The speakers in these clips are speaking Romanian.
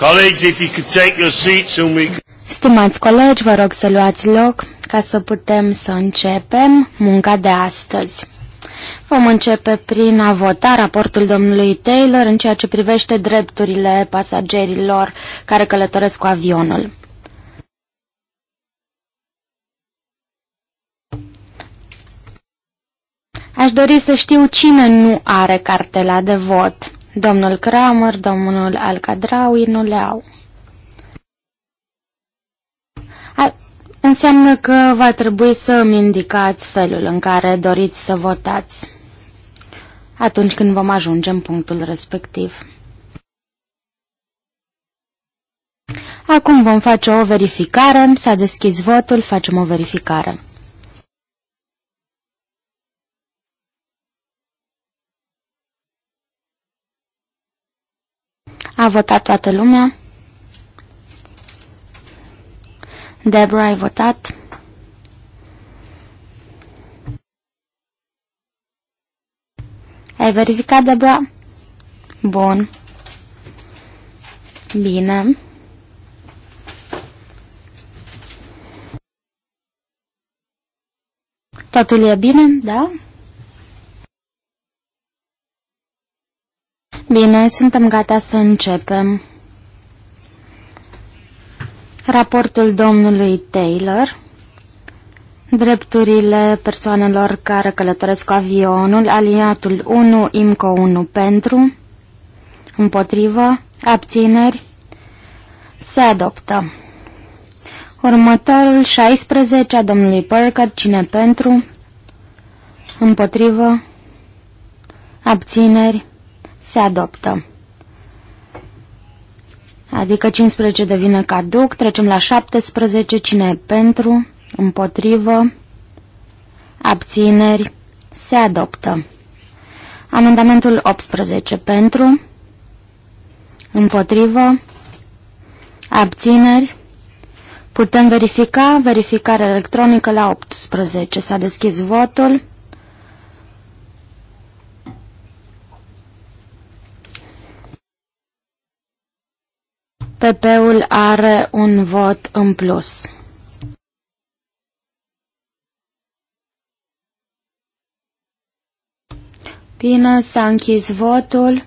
Colleagues, if you could take your seats and we Stimați colegi, vă rog să luați loc ca să putem să începem munca de astăzi. Vom începe prin a vota raportul domnului Taylor în ceea ce privește drepturile pasagerilor care călătoresc cu avionul. Aș dori să știu cine nu are cartela de vot. Domnul Kramer, domnul Alcadraui nu le au. A înseamnă că va trebui să-mi indicați felul în care doriți să votați atunci când vom ajunge în punctul respectiv. Acum vom face o verificare, s-a deschis votul, facem o verificare. A votat toată lumea. Deborah ai votat. Ai verificat, Deborah? Bun. Bine. Totul e bine, da? Bine, suntem gata să începem. Raportul domnului Taylor Drepturile persoanelor care călătoresc cu avionul, aliniatul 1, IMCO 1 pentru, împotrivă, abțineri, se adoptă. Următorul 16 a domnului Parker, cine pentru, împotrivă, abțineri, se adoptă. Adică 15 devine caduc, trecem la 17, cine e pentru, împotrivă, abțineri, se adoptă. Amendamentul 18 pentru, împotrivă, abțineri, putem verifica, verificare electronică la 18, s-a deschis votul. PP-ul are un vot în plus. Bine, s-a închis votul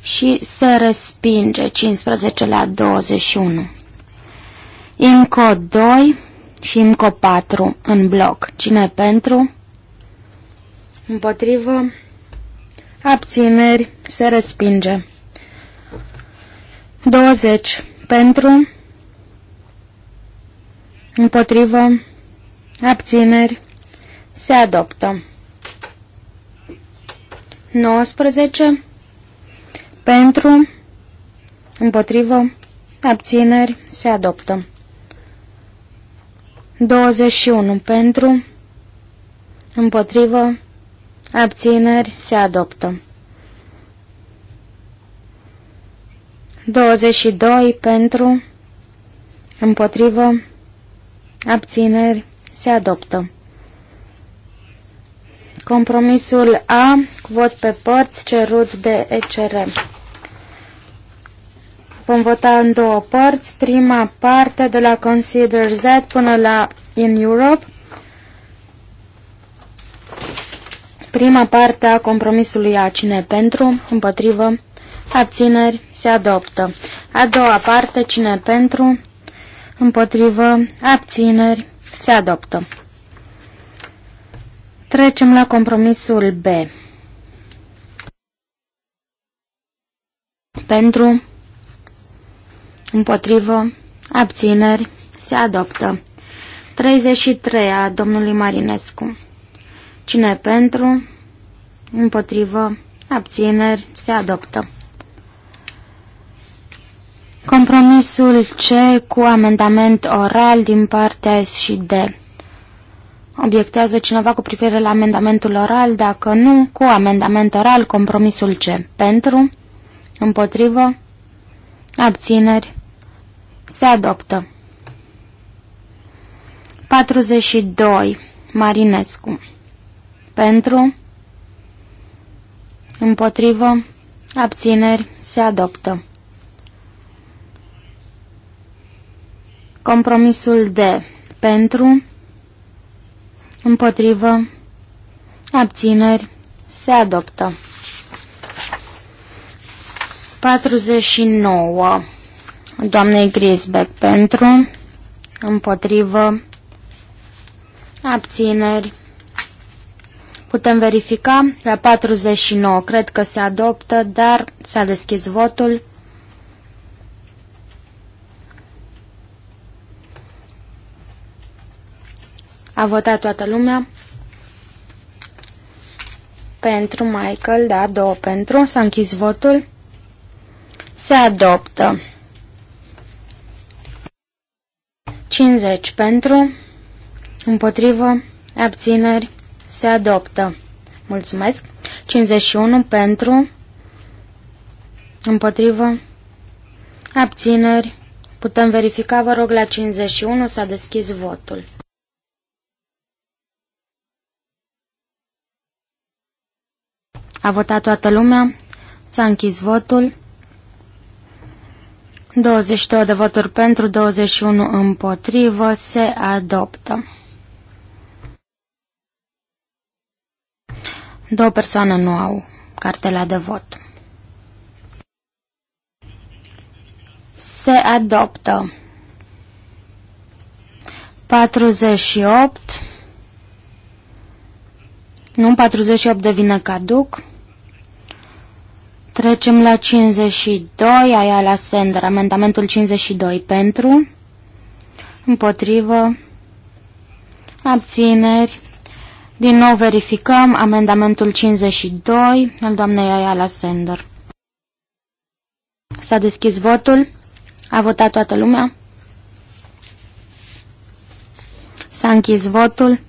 și se respinge 15 la 21. IMCO 2 și IMCO 4 în bloc. Cine pentru? Împotrivă? Abțineri? Se respinge. 20 pentru, împotrivă, abțineri, se adoptă. 19 pentru, împotrivă, abțineri, se adoptă. 21 pentru, împotrivă, abțineri, se adoptă. 22 pentru, împotrivă, abțineri, se adoptă. Compromisul A, cu vot pe părți, cerut de ECR. Vom vota în două părți. Prima parte de la Consider Z până la In Europe. Prima parte a compromisului A. Cine pentru? Împotrivă? Abțineri se adoptă. A doua parte, cine pentru, împotrivă, abțineri se adoptă. Trecem la compromisul B. Pentru, împotrivă, abțineri se adoptă. 33 a domnului Marinescu. Cine pentru, împotrivă, abțineri se adoptă. Compromisul C cu amendament oral din partea S și D. Obiectează cineva cu privire la amendamentul oral? Dacă nu, cu amendament oral, compromisul C. Pentru? Împotrivă? Abțineri? Se adoptă. 42. Marinescu. Pentru? Împotrivă? Abțineri? Se adoptă. Compromisul de Pentru, împotrivă, abțineri, se adoptă. 49. Doamnei Grisbeck pentru, împotrivă, abțineri. Putem verifica la 49. Cred că se adoptă, dar s-a deschis votul. A votat toată lumea. Pentru Michael, da, două pentru. S-a închis votul. Se adoptă. 50 pentru. Împotrivă. Abțineri. Se adoptă. Mulțumesc. 51 pentru. Împotrivă. Abțineri. Putem verifica, vă rog, la 51 s-a deschis votul. A votat toată lumea? S-a închis votul. 22 de voturi pentru, 21 împotrivă, se adoptă. Două persoane nu au cartela de vot. Se adoptă. 48. Nu, 48 devine caduc. Trecem la 52, aia la sender, amendamentul 52 pentru, împotrivă, abțineri. Din nou verificăm amendamentul 52 al doamnei Ayala Sender. S-a deschis votul. A votat toată lumea. S-a închis votul.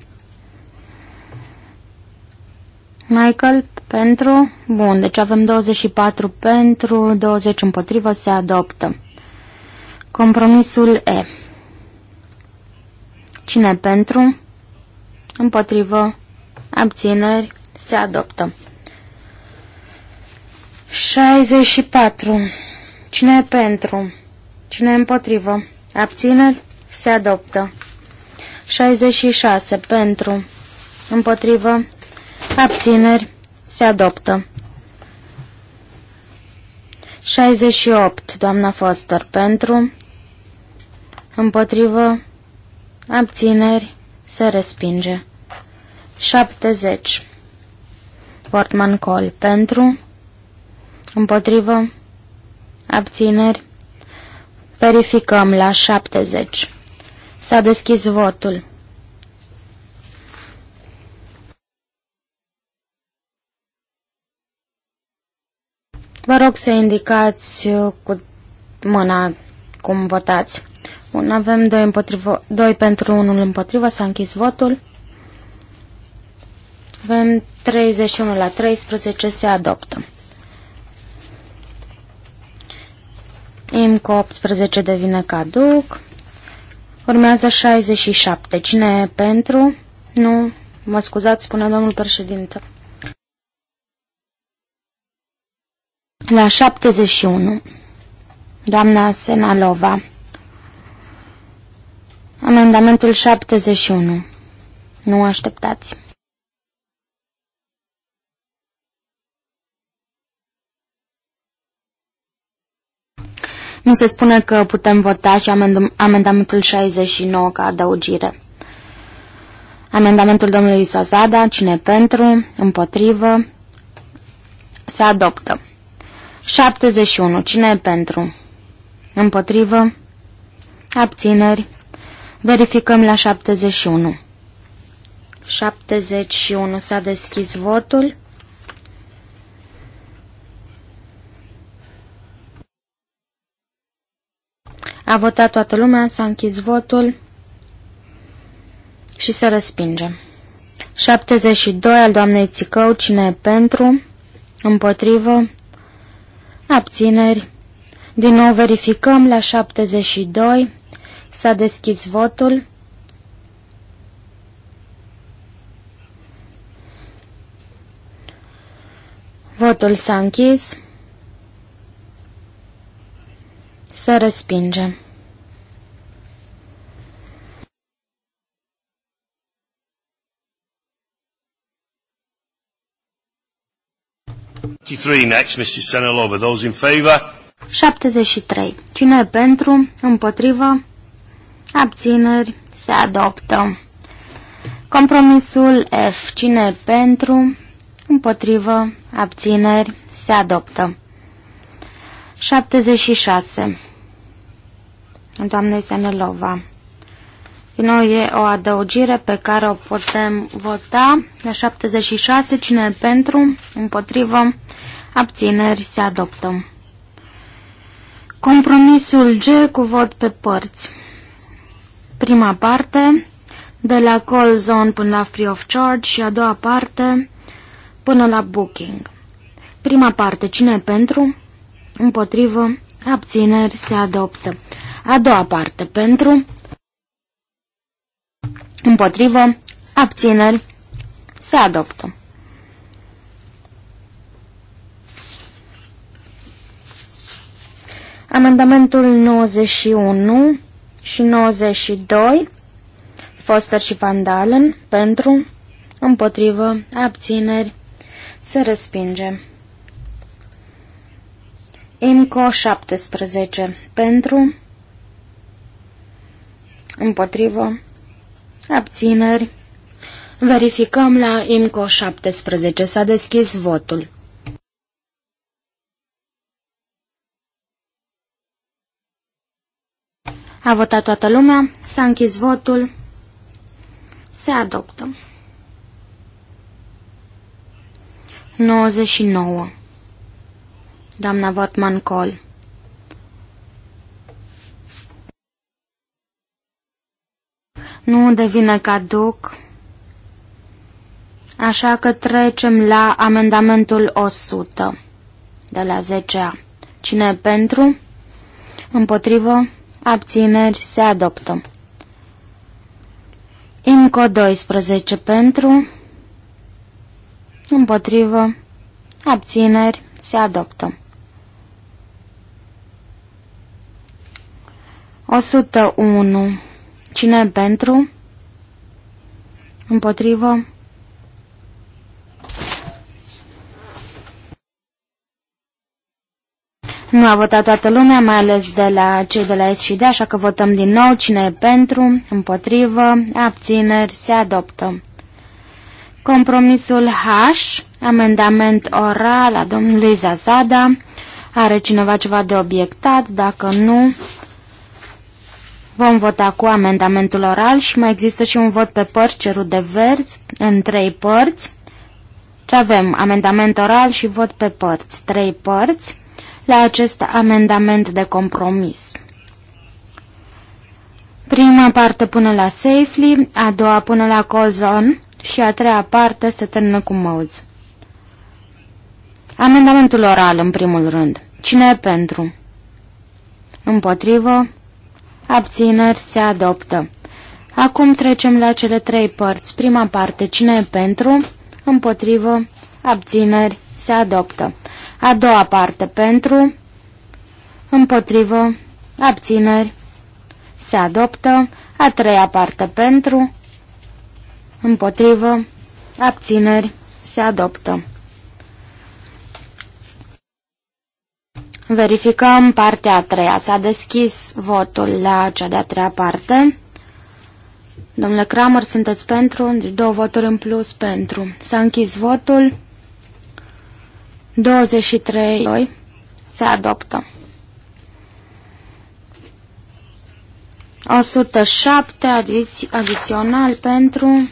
Michael, pentru? Bun, deci avem 24 pentru, 20 împotrivă, se adoptă. Compromisul E. Cine pentru? Împotrivă, abțineri, se adoptă. 64. Cine pentru? Cine împotrivă? Abțineri? Se adoptă. 66. Pentru. Împotrivă. Abțineri. Se adoptă. 68. Doamna Foster. Pentru. Împotrivă. Abțineri. Se respinge. 70. Portman Cole Pentru. Împotrivă. Abțineri. Verificăm la 70. S-a deschis votul. Vă rog să indicați uh, cu mâna cum votați. Bun, avem 2, împotrivă, 2 pentru 1 împotrivă, s-a închis votul. Avem 31 la 13, se adoptă. IMCO 18 devine caduc. Urmează 67. Cine e pentru? Nu, mă scuzați, spune domnul președinte. La 71. Doamna Senalova. Amendamentul 71. Nu așteptați. Mi se spune că putem vota și amendamentul 69 ca adăugire. Amendamentul domnului Sazada, cine pentru, împotrivă, se adoptă. 71. Cine e pentru? Împotrivă? Abțineri? Verificăm la 71. 71. S-a deschis votul. A votat toată lumea, s-a închis votul și se respinge. 72 al doamnei Țicău, cine e pentru, împotrivă, Abțineri. Din nou verificăm la 72. S-a deschis votul. Votul s-a închis. Se respinge. 73 next, Mrs. Senelova. Those in favour? 73. Cine e pentru? Împotrivă? Abțineri? Se adoptă. Compromisul F. Cine e pentru? Împotrivă? Abțineri? Se adoptă. 76. Doamnei Senelova. Din nou e o adăugire pe care o putem vota la 76. Cine e pentru? Împotrivă? Abțineri se adoptă. Compromisul G cu vot pe părți. Prima parte, de la call zone până la free of charge și a doua parte până la booking. Prima parte, cine e pentru? Împotrivă, abțineri se adoptă. A doua parte, pentru, împotrivă, abțineri, se adoptă. Amendamentul 91 și 92, Foster și Van Dalen, pentru, împotrivă, abțineri, se respinge. IMCO 17, pentru, împotrivă, Abțineri. Verificăm la IMCO 17. S-a deschis votul. A votat toată lumea, s-a închis votul, se adoptă. 99. Doamna Votman Col. nu devine caduc, așa că trecem la amendamentul 100 de la 10A. Cine e pentru? Împotrivă? Abțineri? Se adoptă. Inco 12 pentru? Împotrivă? Abțineri? Se adoptă. 101 Cine pentru? Împotrivă? Nu a votat toată lumea, mai ales de la cei de la S și D, așa că votăm din nou cine e pentru, împotrivă, abțineri, se adoptă. Compromisul H, amendament oral a domnului Zazada. Are cineva ceva de obiectat? Dacă nu, Vom vota cu amendamentul oral și mai există și un vot pe părți cerut de verzi în trei părți. avem amendament oral și vot pe părți, trei părți, la acest amendament de compromis. Prima parte până la safely, a doua până la colzon și a treia parte se termină cu modes. Amendamentul oral în primul rând. Cine e pentru? Împotrivă? abțineri se adoptă. Acum trecem la cele trei părți. Prima parte, cine e pentru, împotrivă, abțineri se adoptă. A doua parte, pentru, împotrivă, abțineri se adoptă. A treia parte, pentru, împotrivă, abțineri se adoptă. Verificăm partea a treia. S-a deschis votul la cea de-a treia parte. Domnule Kramer, sunteți pentru? Două voturi în plus pentru. S-a închis votul. 23 Se adoptă. 107 adiț adițional pentru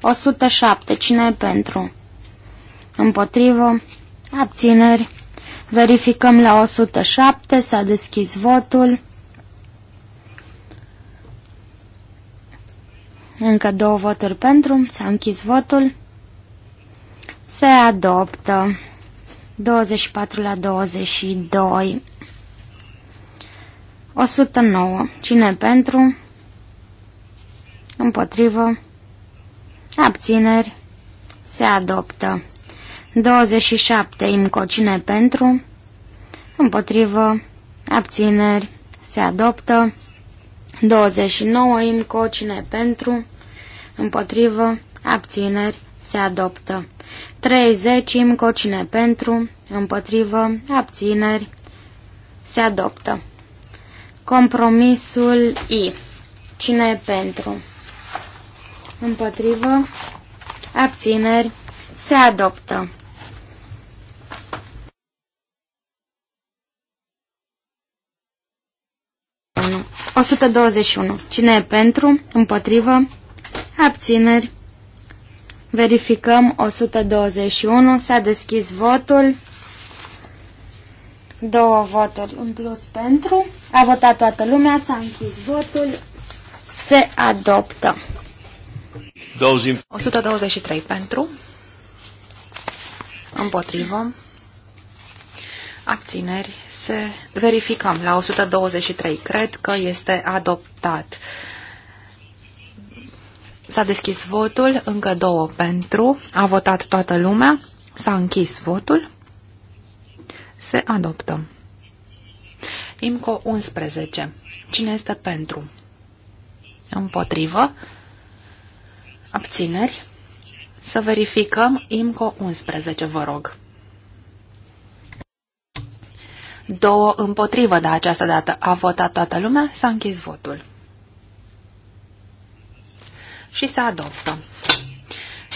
107. Cine e pentru? Împotrivă? Abțineri? Verificăm la 107, s-a deschis votul. Încă două voturi pentru, s-a închis votul. Se adoptă 24 la 22. 109. Cine pentru? Împotrivă. Abțineri. Se adoptă. 27. Imco cine pentru? Împotrivă. Abțineri. Se adoptă. 29. Imco cine pentru? Împotrivă. Abțineri. Se adoptă. 30. Imco cine pentru? Împotrivă. Abțineri. Se adoptă. Compromisul I. Cine e pentru? Împotrivă. Abțineri. Se adoptă. 121. Cine e pentru? Împotrivă? Abțineri. Verificăm 121. S-a deschis votul. Două voturi în plus pentru. A votat toată lumea, s-a închis votul. Se adoptă. 123 pentru. Împotrivă abțineri, se verificăm la 123. Cred că este adoptat. S-a deschis votul, încă două pentru, a votat toată lumea, s-a închis votul, se adoptă. IMCO 11. Cine este pentru? Împotrivă? Abțineri? Să verificăm IMCO 11, vă rog. Două împotrivă de această dată. A votat toată lumea, s-a închis votul. Și se adoptă.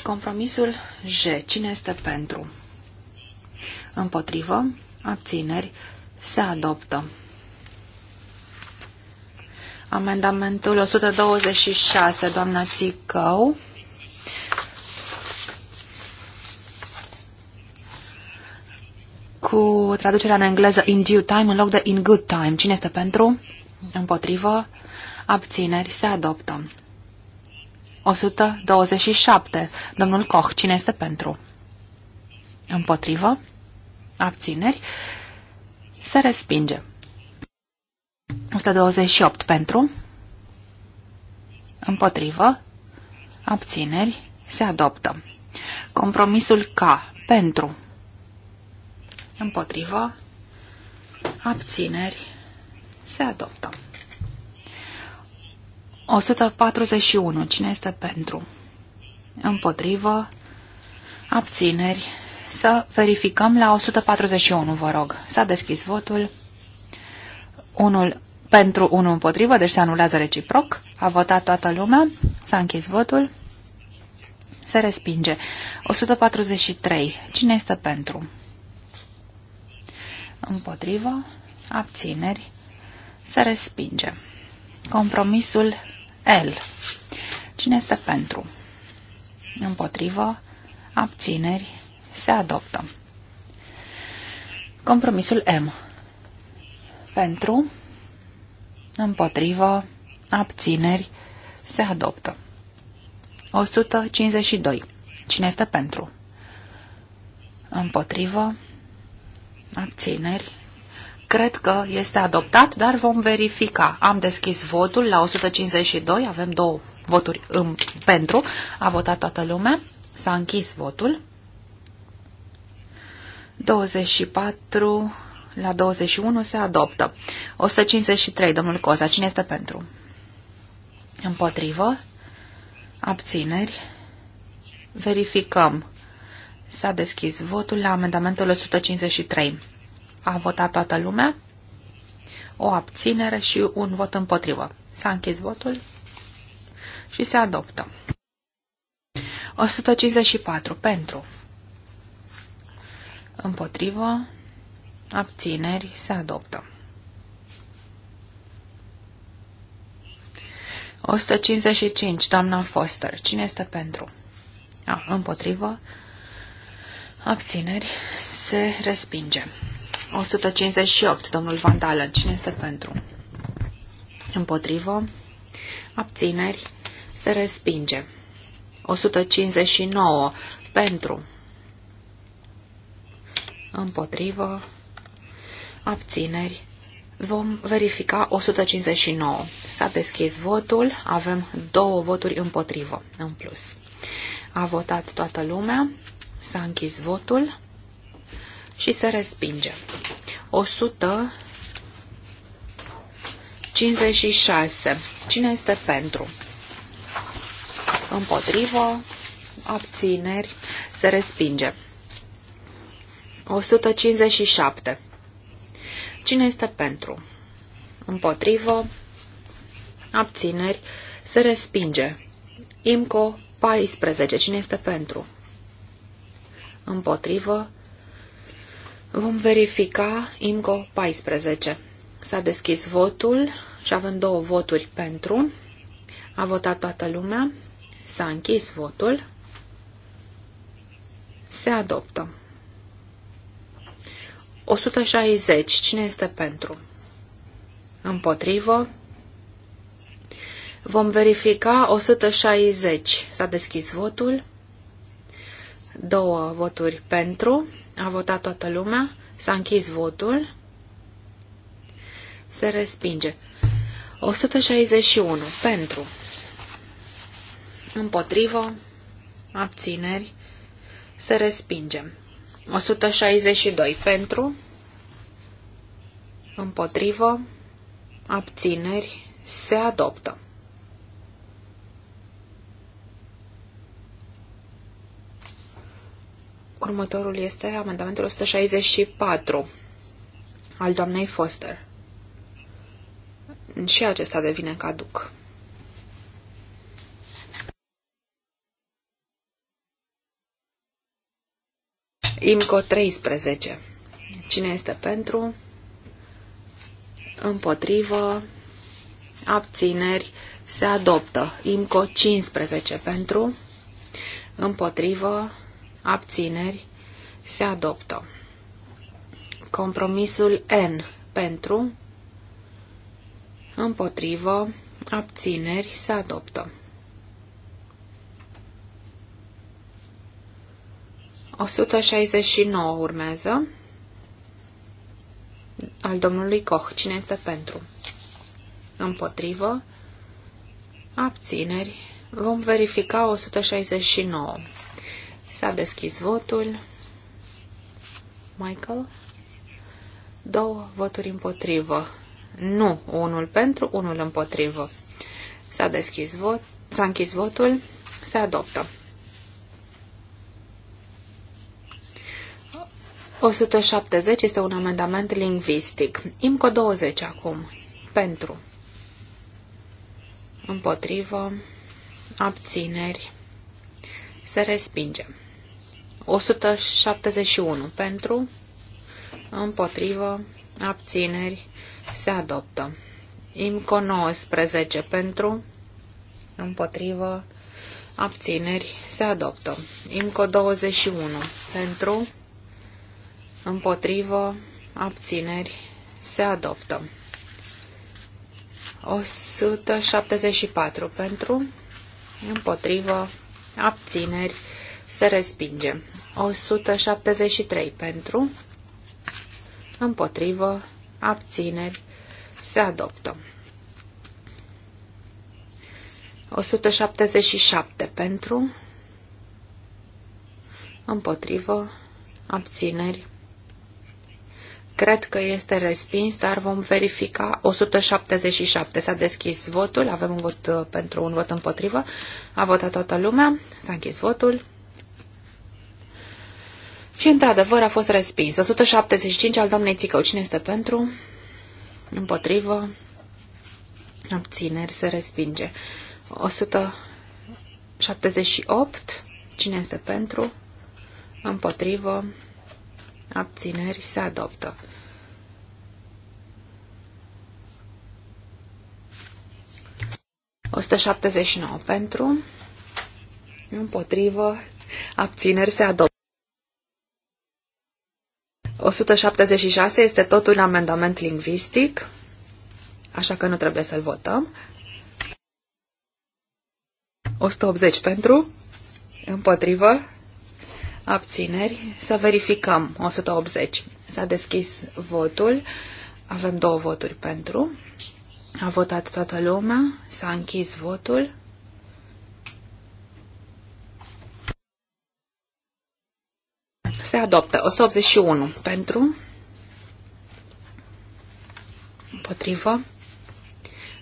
Compromisul J. Cine este pentru? Împotrivă, abțineri, se adoptă. Amendamentul 126, doamna Țicău. cu traducerea în engleză in due time în loc de in good time. Cine este pentru? Împotrivă? Abțineri se adoptă. 127. Domnul Koch, cine este pentru? Împotrivă? Abțineri? Se respinge. 128 pentru? Împotrivă? Abțineri? Se adoptă. Compromisul K. Pentru împotrivă, abțineri, se adoptă. 141. Cine este pentru? Împotrivă, abțineri, să verificăm la 141, vă rog. S-a deschis votul. Unul pentru, unul împotrivă, deci se anulează reciproc. A votat toată lumea. S-a închis votul. Se respinge. 143. Cine este pentru? împotrivă, abțineri, se respinge. Compromisul L. Cine este pentru? Împotrivă, abțineri, se adoptă. Compromisul M. Pentru, împotrivă, abțineri, se adoptă. 152. Cine este pentru? Împotrivă, abțineri. Cred că este adoptat, dar vom verifica. Am deschis votul la 152, avem două voturi în, pentru. A votat toată lumea, s-a închis votul. 24 la 21 se adoptă. 153, domnul Coza, cine este pentru? Împotrivă, abțineri, verificăm. S-a deschis votul la amendamentul 153. A votat toată lumea, o abținere și un vot împotrivă. S-a închis votul și se adoptă. 154. Pentru. Împotrivă. Abțineri. Se adoptă. 155. Doamna Foster. Cine este pentru? A, împotrivă. Abțineri. Se respinge. 158. Domnul Van Cine este pentru? Împotrivă. Abțineri. Se respinge. 159. Pentru. Împotrivă. Abțineri. Vom verifica 159. S-a deschis votul, avem două voturi împotrivă în plus. A votat toată lumea, S-a închis votul și se respinge. 156. Cine este pentru? Împotrivă, abțineri, se respinge. 157. Cine este pentru? Împotrivă, abțineri, se respinge. IMCO 14. Cine este pentru? împotrivă. Vom verifica IMCO 14. S-a deschis votul și avem două voturi pentru. A votat toată lumea. S-a închis votul. Se adoptă. 160. Cine este pentru? Împotrivă. Vom verifica 160. S-a deschis votul. Două voturi pentru. A votat toată lumea. S-a închis votul. Se respinge. 161 pentru. Împotrivă. Abțineri. Se respinge. 162 pentru. Împotrivă. Abțineri. Se adoptă. Următorul este amendamentul 164 al doamnei Foster. Și acesta devine caduc. IMCO 13. Cine este pentru? Împotrivă? Abțineri? Se adoptă. IMCO 15 pentru? Împotrivă? abțineri, se adoptă. Compromisul N pentru, împotrivă, abțineri, se adoptă. 169 urmează al domnului Koch. Cine este pentru? Împotrivă. Abțineri. Vom verifica 169. S-a deschis votul. Michael? Două voturi împotrivă. Nu, unul pentru, unul împotrivă. S-a deschis vot, s-a închis votul, se adoptă. 170 este un amendament lingvistic. IMCO 20 acum. Pentru. Împotrivă. Abțineri. Se respinge. 171 pentru, împotrivă, abțineri, se adoptă. IMCO 19 pentru, împotrivă, abțineri, se adoptă. IMCO 21 pentru, împotrivă, abțineri, se adoptă. 174 pentru, împotrivă, abțineri, se respinge. 173 pentru, împotrivă, abțineri, se adoptă. 177 pentru, împotrivă, abțineri, Cred că este respins, dar vom verifica. 177 s-a deschis votul, avem un vot uh, pentru un vot împotrivă. A votat toată lumea, s-a închis votul. Și într-adevăr a fost respins. 175 al doamnei Țicău. Cine este pentru? Împotrivă? Abțineri se respinge. 178. Cine este pentru? Împotrivă? Abțineri se adoptă. 179 pentru, împotrivă, abțineri se adoptă. 176 este tot un amendament lingvistic, așa că nu trebuie să-l votăm. 180 pentru, împotrivă, abțineri. Să verificăm 180. S-a deschis votul. Avem două voturi pentru. A votat toată lumea, s-a închis votul. Se adoptă 181 pentru, împotrivă.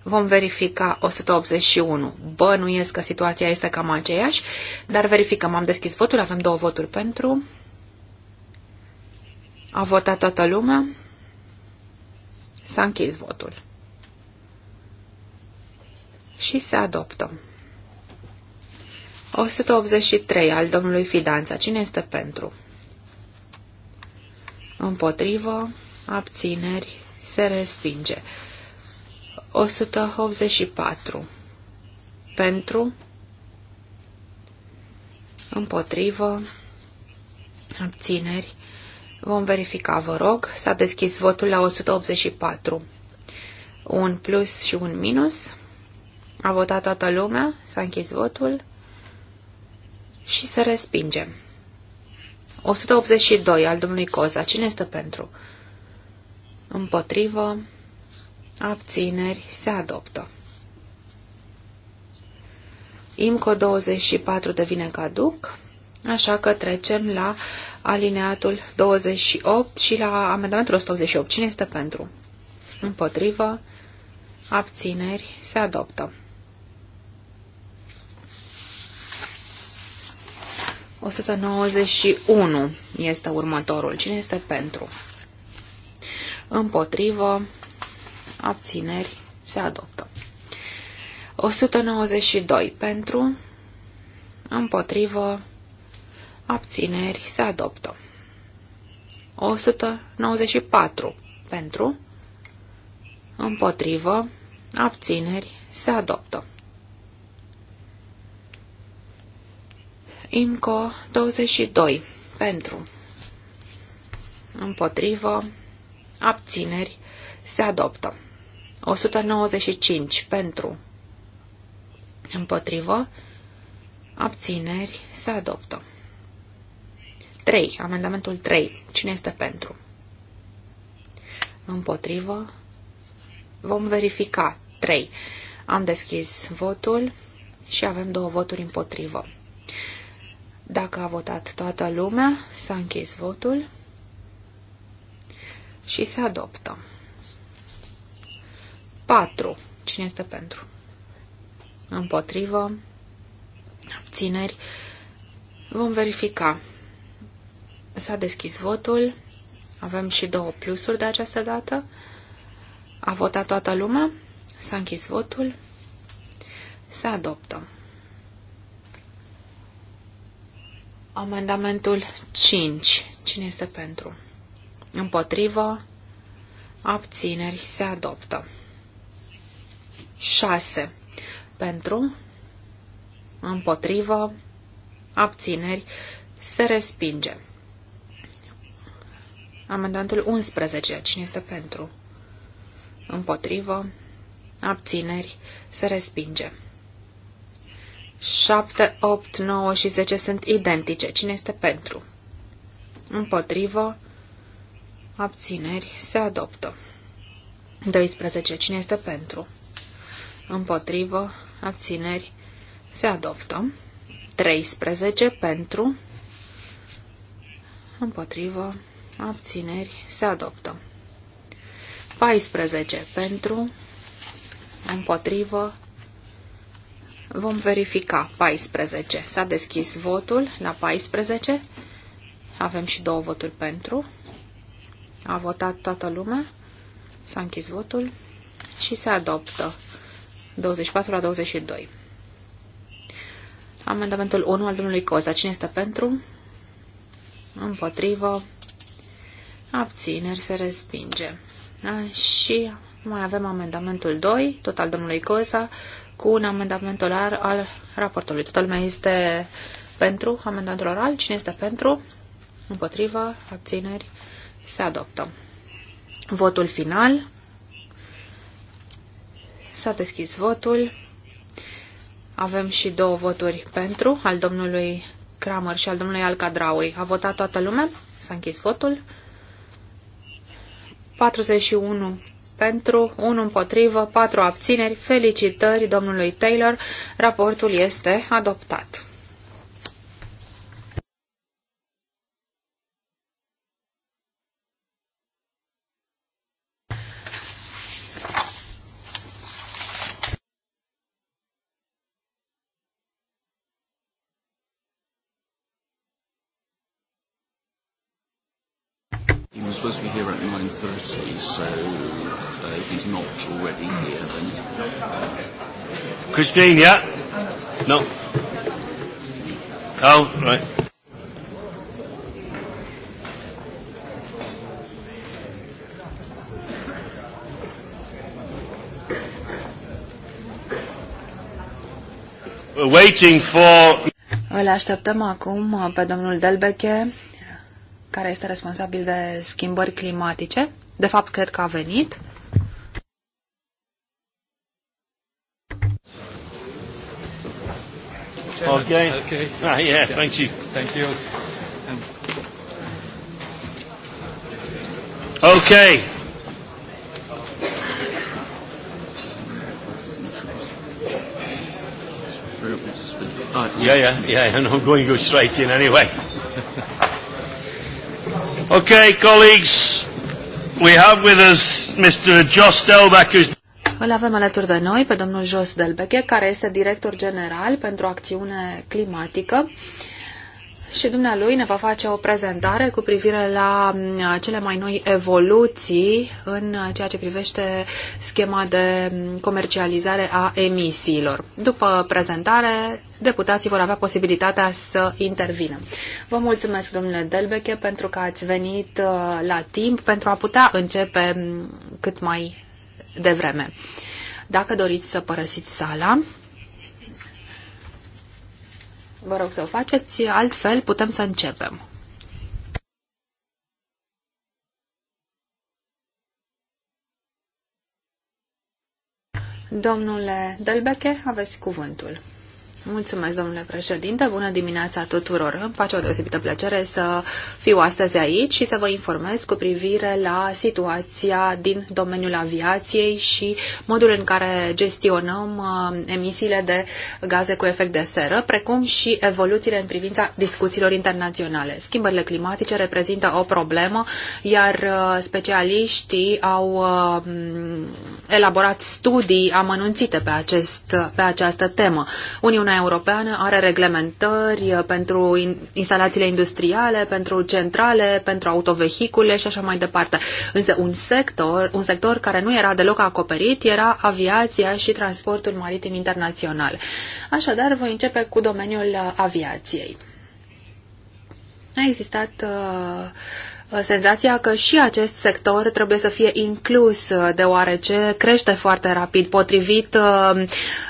Vom verifica 181. Bănuiesc că situația este cam aceeași, dar verificăm. Am deschis votul, avem două voturi pentru. A votat toată lumea. S-a închis votul și se adoptă. 183 al domnului Fidanța. Cine este pentru? Împotrivă, abțineri, se respinge. 184. Pentru, împotrivă, abțineri. Vom verifica, vă rog. S-a deschis votul la 184. Un plus și un minus. A votat toată lumea, s-a închis votul și se respinge. 182 al domnului Coza. Cine este pentru? Împotrivă. Abțineri. Se adoptă. IMCO 24 devine caduc, așa că trecem la alineatul 28 și la amendamentul 188. Cine este pentru? Împotrivă. Abțineri. Se adoptă. 191 este următorul. Cine este pentru? Împotrivă. Abțineri. Se adoptă. 192 pentru. Împotrivă. Abțineri. Se adoptă. 194 pentru. Împotrivă. Abțineri. Se adoptă. IMCO 22. Pentru. Împotrivă. Abțineri. Se adoptă. 195. Pentru. Împotrivă. Abțineri. Se adoptă. 3. Amendamentul 3. Cine este pentru? Împotrivă. Vom verifica. 3. Am deschis votul și avem două voturi împotrivă. Dacă a votat toată lumea, s-a închis votul și se adoptă. 4. Cine este pentru? Împotrivă. Abțineri. Vom verifica. S-a deschis votul. Avem și două plusuri de această dată. A votat toată lumea. S-a închis votul. Se adoptă. Amendamentul 5. Cine este pentru? Împotrivă. Abțineri. Se adoptă. 6. Pentru. Împotrivă. Abțineri. Se respinge. Amendamentul 11. Cine este pentru? Împotrivă. Abțineri. Se respinge. 7, 8, 9 și 10 sunt identice. Cine este pentru? Împotrivă. Abțineri. Se adoptă. 12. Cine este pentru? Împotrivă. Abțineri. Se adoptă. 13. Pentru. Împotrivă. Abțineri. Se adoptă. 14. Pentru. Împotrivă. Vom verifica 14. S-a deschis votul la 14. Avem și două voturi pentru. A votat toată lumea. S-a închis votul și se adoptă 24 la 22. Amendamentul 1 al domnului Coza. Cine este pentru? Împotrivă. Abțineri se respinge. și mai avem amendamentul 2, tot al domnului Coza, cu un amendament oral al raportului. Toată lumea este pentru amendamentul oral. Cine este pentru? Împotrivă? Abțineri? Se adoptă. Votul final. S-a deschis votul. Avem și două voturi pentru, al domnului Kramer și al domnului Alcadraui. A votat toată lumea? S-a închis votul. 41 pentru, 1 împotrivă, 4 abțineri. Felicitări domnului Taylor. Raportul este adoptat. 6.30, so uh, if he's not already here, then... Christine, yeah? No. Oh, right. waiting for... Îl așteptăm acum pe domnul Delbeche care este responsabil de schimbări climatice. De fapt, cred că a venit. Okay. Okay. Ah, yeah, thank you. Thank you. Okay. Ah, yeah, yeah, yeah, and I'm going to go straight in anyway. Okay, colleagues, we have with us Mr. Jos Delbeck, who's... Îl avem alături de noi pe domnul Jos Delbeche, care este director general pentru acțiune climatică și dumnealui ne va face o prezentare cu privire la mm, cele mai noi evoluții în ceea ce privește schema de mm, comercializare a emisiilor. După prezentare, deputații vor avea posibilitatea să intervină. Vă mulțumesc, domnule Delbeche, pentru că ați venit uh, la timp pentru a putea începe mm, cât mai devreme. Dacă doriți să părăsiți sala, Vă rog să o faceți, altfel putem să începem. Domnule Delbeche, aveți cuvântul. Mulțumesc, domnule președinte. Bună dimineața tuturor. Îmi face o deosebită plăcere să fiu astăzi aici și să vă informez cu privire la situația din domeniul aviației și modul în care gestionăm uh, emisiile de gaze cu efect de seră, precum și evoluțiile în privința discuțiilor internaționale. Schimbările climatice reprezintă o problemă, iar uh, specialiștii au uh, elaborat studii amănunțite pe, acest, pe această temă. Uniunea Uniunea Europeană are reglementări uh, pentru instalațiile industriale, pentru centrale, pentru autovehicule și așa mai departe. Însă un sector, un sector care nu era deloc acoperit era aviația și transportul maritim internațional. Așadar, voi începe cu domeniul uh, aviației. A existat uh, Uh, senzația că și acest sector trebuie să fie inclus, uh, deoarece crește foarte rapid. Potrivit uh,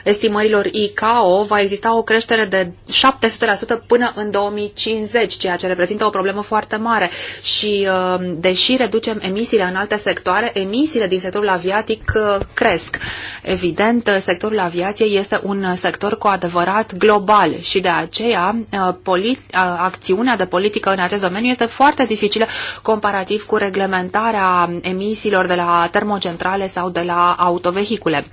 estimărilor ICAO, va exista o creștere de 700% până în 2050, ceea ce reprezintă o problemă foarte mare. Și deși reducem emisiile în alte sectoare, emisiile din sectorul aviatic cresc. Evident, sectorul aviației este un sector cu adevărat global și de aceea acțiunea de politică în acest domeniu este foarte dificilă comparativ cu reglementarea emisiilor de la termocentrale sau de la autovehicule.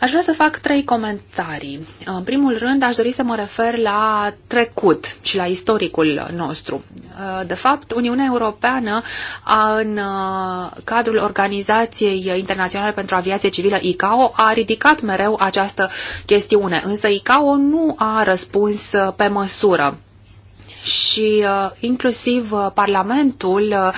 Aș vrea să fac trei comentarii. În primul rând, aș dori să mă refer la trecut și la istoricul nostru. De fapt, Uniunea Europeană, în uh, cadrul Organizației Internaționale pentru Aviație Civilă ICAO, a ridicat mereu această chestiune, însă ICAO nu a răspuns uh, pe măsură și uh, inclusiv uh, Parlamentul uh,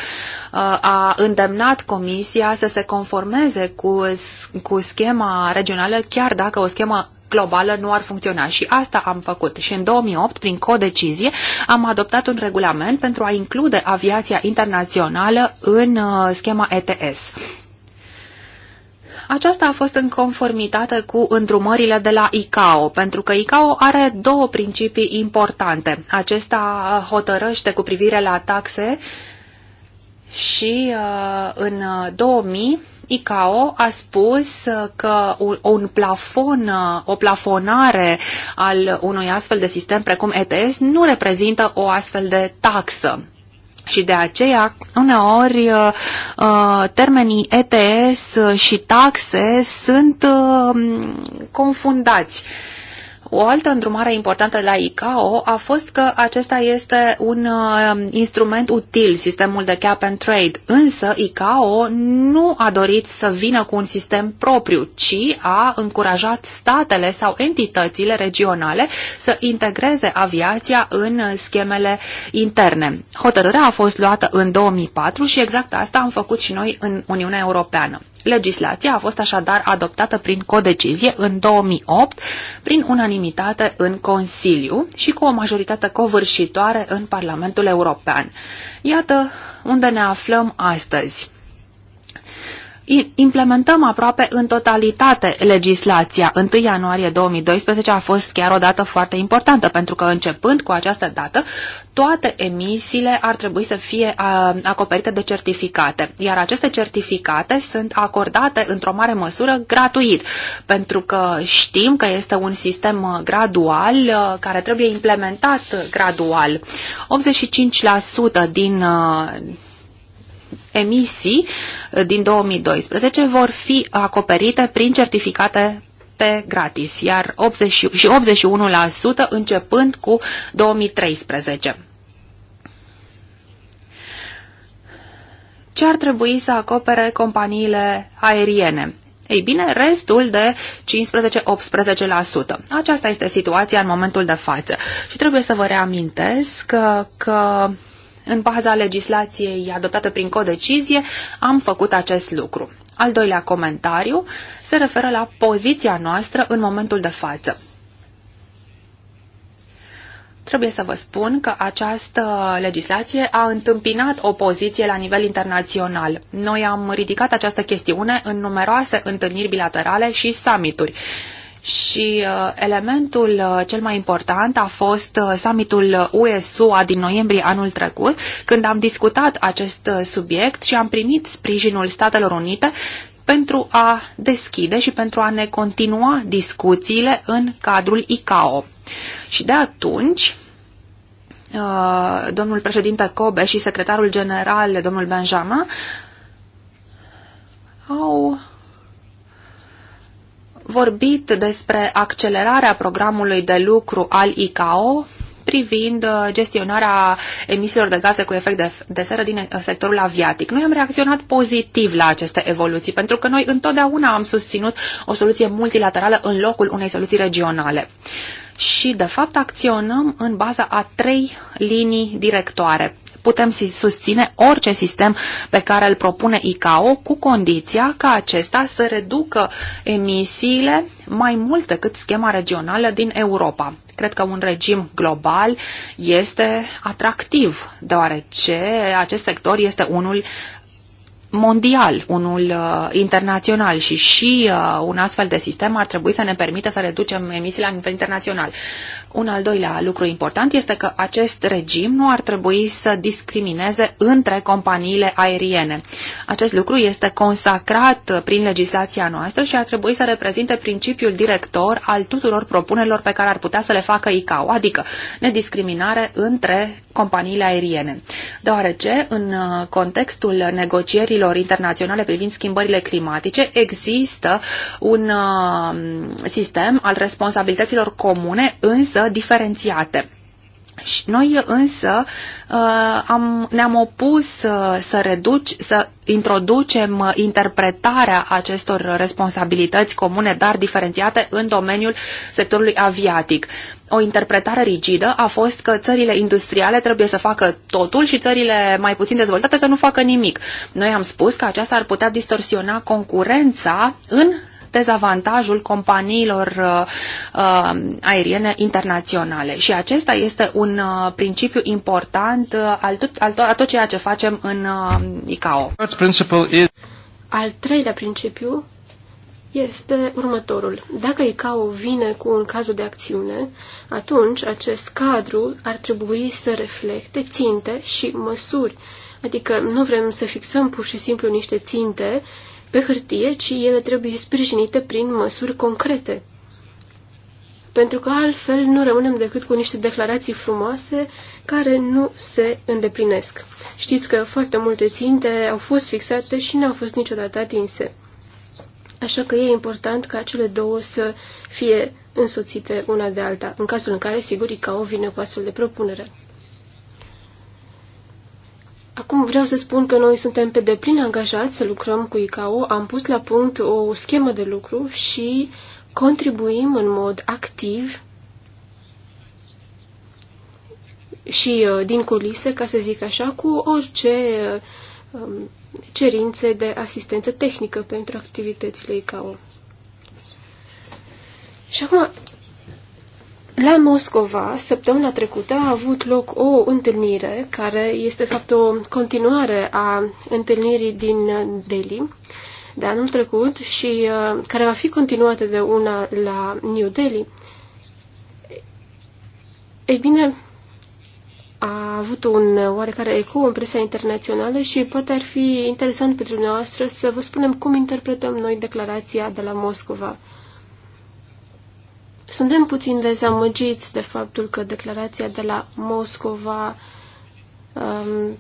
uh, a îndemnat Comisia să se conformeze cu, cu schema regională, chiar dacă o schemă globală nu ar funcționa și asta am făcut și în 2008 prin codecizie am adoptat un regulament pentru a include aviația internațională în uh, schema ETS. Aceasta a fost în conformitate cu îndrumările de la ICAO, pentru că ICAO are două principii importante. Acesta hotărăște cu privire la taxe și uh, în 2000 ICAO a spus uh, că un plafon, uh, o plafonare al unui astfel de sistem precum ETS nu reprezintă o astfel de taxă. Și de aceea, uneori, uh, uh, termenii ETS și taxe sunt uh, confundați. O altă îndrumare importantă la ICAO a fost că acesta este un um, instrument util, sistemul de cap and trade, însă ICAO nu a dorit să vină cu un sistem propriu, ci a încurajat statele sau entitățile regionale să integreze aviația în schemele interne. Hotărârea a fost luată în 2004 și exact asta am făcut și noi în Uniunea Europeană. Legislația a fost așadar adoptată prin codecizie în 2008, prin unanimitate în Consiliu și cu o majoritate covârșitoare în Parlamentul European. Iată unde ne aflăm astăzi implementăm aproape în totalitate legislația. 1 ianuarie 2012 a fost chiar o dată foarte importantă, pentru că începând cu această dată, toate emisiile ar trebui să fie acoperite de certificate, iar aceste certificate sunt acordate într-o mare măsură gratuit, pentru că știm că este un sistem uh, gradual uh, care trebuie implementat uh, gradual. 85% din emisii uh, din 2012 vor fi acoperite prin certificate pe gratis, iar 80 și 81% începând cu 2013. Ce ar trebui să acopere companiile aeriene? Ei bine, restul de 15-18%. Aceasta este situația în momentul de față. Și trebuie să vă reamintesc că, că în baza legislației adoptată prin codecizie, am făcut acest lucru. Al doilea comentariu se referă la poziția noastră în momentul de față. Trebuie să vă spun că această legislație a întâmpinat opoziție la nivel internațional. Noi am ridicat această chestiune în numeroase întâlniri bilaterale și summituri și uh, elementul uh, cel mai important a fost uh, summitul ue din noiembrie anul trecut, când am discutat acest subiect și am primit sprijinul Statelor Unite pentru a deschide și pentru a ne continua discuțiile în cadrul ICAO. Și de atunci, domnul președinte Kobe și secretarul general, domnul Benjamin, au vorbit despre accelerarea programului de lucru al ICAO privind uh, gestionarea emisiilor de gaze cu efect de, de seră din uh, sectorul aviatic. Noi am reacționat pozitiv la aceste evoluții, pentru că noi întotdeauna am susținut o soluție multilaterală în locul unei soluții regionale. Și, de fapt, acționăm în baza a trei linii directoare putem susține orice sistem pe care îl propune ICAO cu condiția ca acesta să reducă emisiile mai mult decât schema regională din Europa. Cred că un regim global este atractiv, deoarece acest sector este unul mondial, unul uh, internațional și și uh, un astfel de sistem ar trebui să ne permită să reducem emisiile la nivel internațional. Un al doilea lucru important este că acest regim nu ar trebui să discrimineze între companiile aeriene. Acest lucru este consacrat prin legislația noastră și ar trebui să reprezinte principiul director al tuturor propunerilor pe care ar putea să le facă ICAO, adică nediscriminare între companiile aeriene. Deoarece în uh, contextul negocierii convențiilor internaționale privind schimbările climatice există un uh, sistem al responsabilităților comune, însă diferențiate. Și noi însă uh, am, ne-am opus uh, să, reduci, să introducem uh, interpretarea acestor responsabilități comune, dar diferențiate în domeniul sectorului aviatic. O interpretare rigidă a fost că țările industriale trebuie să facă totul și țările mai puțin dezvoltate să nu facă nimic. Noi am spus că aceasta ar putea distorsiona concurența în dezavantajul companiilor uh, uh, aeriene internaționale. Și acesta este un uh, principiu important al tot, al tot, ceea ce facem în ICAO. Al treilea principiu este următorul. Dacă ICAO vine cu un cadru de acțiune, atunci acest cadru ar trebui să reflecte ținte și măsuri. Adică nu vrem să fixăm pur și simplu niște ținte pe hârtie, ci ele trebuie sprijinite prin măsuri concrete. Pentru că altfel nu rămânem decât cu niște declarații frumoase care nu se îndeplinesc. Știți că foarte multe ținte au fost fixate și nu au fost niciodată atinse. Așa că e important ca cele două să fie însoțite una de alta, în cazul în care, sigur, ICAO vine cu astfel de propunere. Acum vreau să spun că noi suntem pe deplin angajați să lucrăm cu ICAO, am pus la punct o schemă de lucru și contribuim în mod activ și uh, din culise, ca să zic așa, cu orice uh, um, cerințe de asistență tehnică pentru activitățile ICAO. Și acum la Moscova, săptămâna trecută, a avut loc o întâlnire care este, de fapt, o continuare a întâlnirii din Delhi de anul trecut și uh, care va fi continuată de una la New Delhi. Ei bine, a avut un oarecare eco în presa internațională și poate ar fi interesant pentru noastră să vă spunem cum interpretăm noi declarația de la Moscova. Suntem puțin dezamăgiți de faptul că declarația de la Moscova um,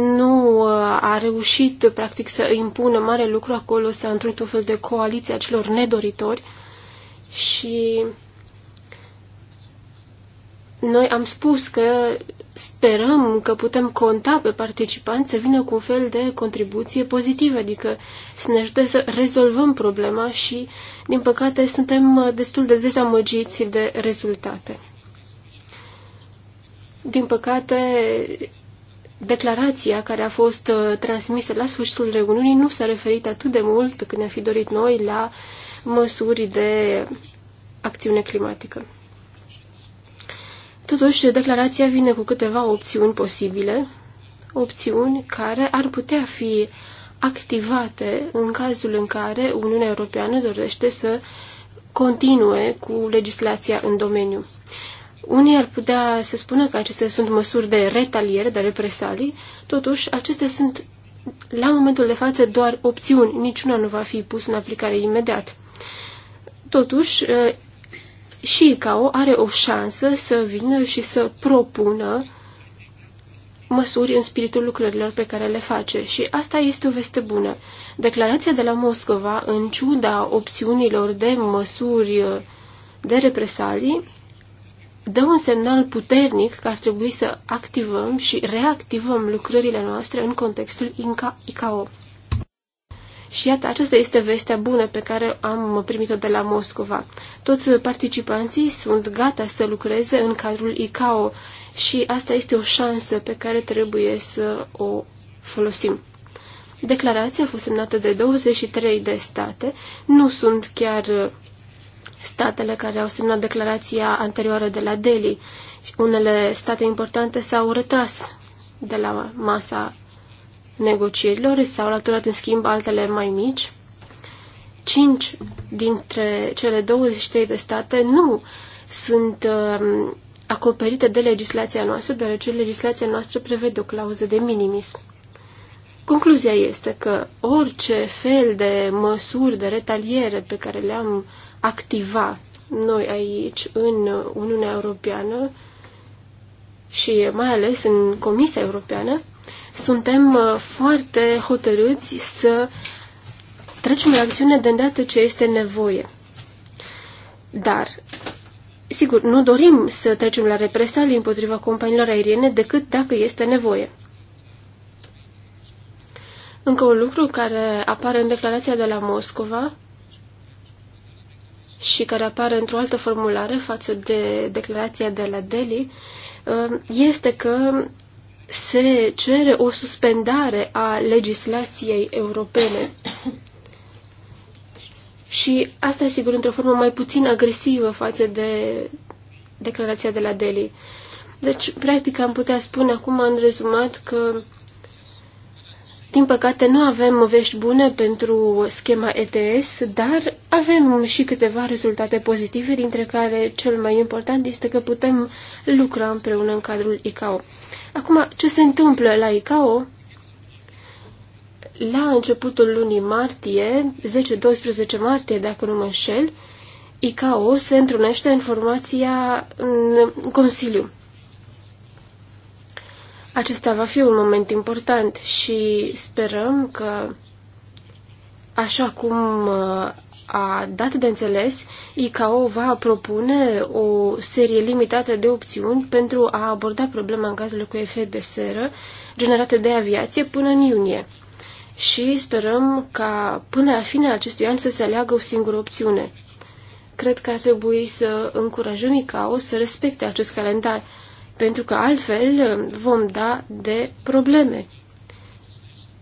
nu uh, a reușit, practic, să impună mare lucru acolo, s-a într un fel de coaliție a celor nedoritori și noi am spus că sperăm că putem conta pe participanți să vină cu un fel de contribuție pozitivă, adică să ne ajute să rezolvăm problema și, din păcate, suntem destul de dezamăgiți de rezultate. Din păcate, declarația care a fost uh, transmisă la sfârșitul reuniunii nu s-a referit atât de mult pe cât ne a fi dorit noi la măsuri de acțiune climatică. Totuși, declarația vine cu câteva opțiuni posibile, opțiuni care ar putea fi activate în cazul în care Uniunea Europeană dorește să continue cu legislația în domeniu. Unii ar putea să spună că acestea sunt măsuri de retaliere, de represalii, totuși acestea sunt la momentul de față doar opțiuni, niciuna nu va fi pus în aplicare imediat. Totuși, și ICAO are o șansă să vină și să propună măsuri în spiritul lucrărilor pe care le face și asta este o veste bună. Declarația de la Moscova, în ciuda opțiunilor de măsuri de represalii, dă un semnal puternic că ar trebui să activăm și reactivăm lucrările noastre în contextul ICAO. Și iată, aceasta este vestea bună pe care am primit-o de la Moscova. Toți participanții sunt gata să lucreze în cadrul ICAO și asta este o șansă pe care trebuie să o folosim. Declarația a fost semnată de 23 de state, nu sunt chiar uh, statele care au semnat declarația anterioară de la Delhi. Unele state importante s-au retras de la masa negocierilor, este au alăturat în schimb altele mai mici. Cinci dintre cele 23 de state nu sunt uh, acoperite de legislația noastră, deoarece legislația noastră prevede o clauză de minimis. Concluzia este că orice fel de măsuri de retaliere pe care le-am activa noi aici, în Uniunea Europeană și mai ales în Comisia Europeană, suntem uh, foarte hotărâți să trecem la acțiune de îndată ce este nevoie. Dar, sigur, nu dorim să trecem la represalii împotriva companiilor aeriene decât dacă este nevoie. Încă un lucru care apare în declarația de la Moscova și care apare într-o altă formulare față de declarația de la Delhi uh, este că se cere o suspendare a legislației europene. Și asta e sigur într-o formă mai puțin agresivă față de declarația de la Delhi. Deci, practic, am putea spune acum, în rezumat, că din păcate, nu avem vești bune pentru schema ETS, dar avem și câteva rezultate pozitive, dintre care cel mai important este că putem lucra împreună în cadrul ICAO. Acum, ce se întâmplă la ICAO? La începutul lunii martie, 10-12 martie, dacă nu mă înșel, ICAO se întrunește în formația în Consiliu. Acesta va fi un moment important și sperăm că, așa cum uh, a dat de înțeles, ICAO va propune o serie limitată de opțiuni pentru a aborda problema în cazul cu efect de seră generate de aviație până în iunie. Și sperăm ca până la finele acestui an să se aleagă o singură opțiune. Cred că ar trebui să încurajăm ICAO să respecte acest calendar pentru că altfel um, vom da de probleme.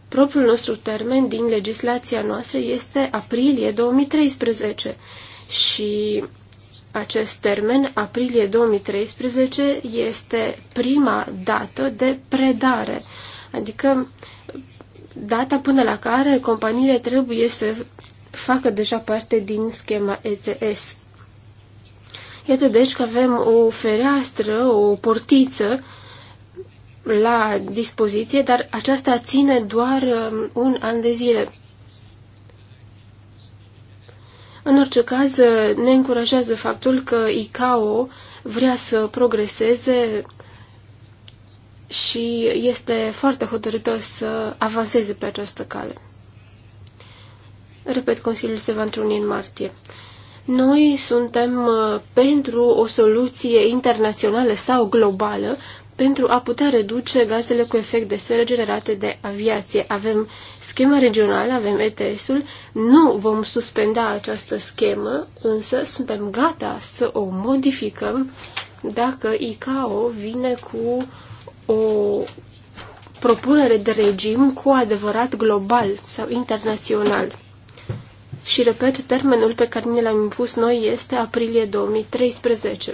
Propriul nostru termen din legislația noastră este aprilie 2013 și acest termen, aprilie 2013, este prima dată de predare, adică data până la care companiile trebuie să facă deja parte din schema ETS. Iată deci că avem o fereastră, o portiță la dispoziție, dar aceasta ține doar um, un an de zile. În orice caz, ne încurajează faptul că ICAO vrea să progreseze și este foarte hotărâtă să avanseze pe această cale. Repet, Consiliul se va întruni în martie. Noi suntem uh, pentru o soluție internațională sau globală pentru a putea reduce gazele cu efect de seră generate de aviație. Avem schema regională, avem ETS-ul, nu vom suspenda această schemă, însă suntem gata să o modificăm dacă ICAO vine cu o propunere de regim cu adevărat global sau internațional. Și, repet, termenul pe care ne l-am impus noi este aprilie 2013.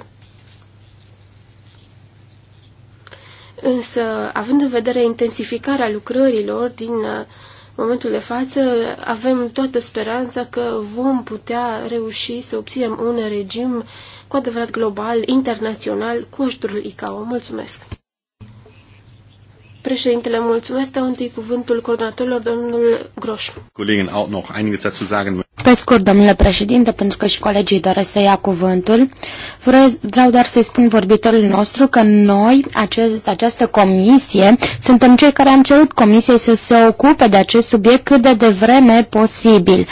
Însă, având în vedere intensificarea lucrărilor din uh, momentul de față, avem toată speranța că vom putea reuși să obținem un regim cu adevărat global, internațional, cu ajutorul ICAO. Mulțumesc! Președintele, mulțumesc. Dau întâi cuvântul coordonatorilor, domnul Groș. Pe scurt, domnule președinte, pentru că și colegii doresc să ia cuvântul, vreau doar să-i spun vorbitorul nostru că noi, acest, această comisie, suntem cei care am cerut comisiei să se ocupe de acest subiect cât de devreme posibil.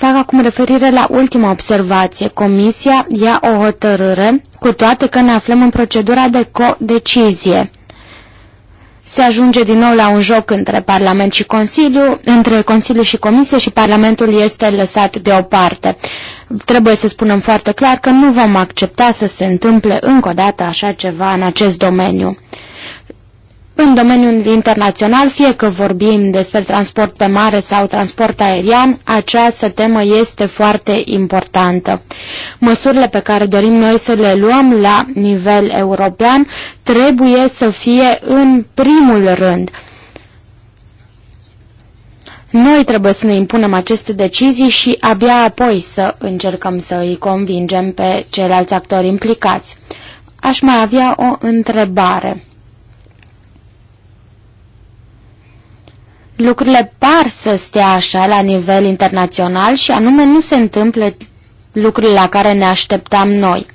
Fac acum referire la ultima observație. Comisia ia o hotărâre, cu toate că ne aflăm în procedura de co-decizie. Se ajunge din nou la un joc între Parlament și Consiliu, între Consiliu și Comisie și Parlamentul este lăsat deoparte. Trebuie să spunem foarte clar că nu vom accepta să se întâmple încă o dată așa ceva în acest domeniu în domeniul internațional, fie că vorbim despre transport pe mare sau transport aerian, această temă este foarte importantă. Măsurile pe care dorim noi să le luăm la nivel european trebuie să fie în primul rând. Noi trebuie să ne impunem aceste decizii și abia apoi să încercăm să îi convingem pe ceilalți actori implicați. Aș mai avea o întrebare. lucrurile par să stea așa la nivel internațional și anume nu se întâmplă lucrurile la care ne așteptam noi.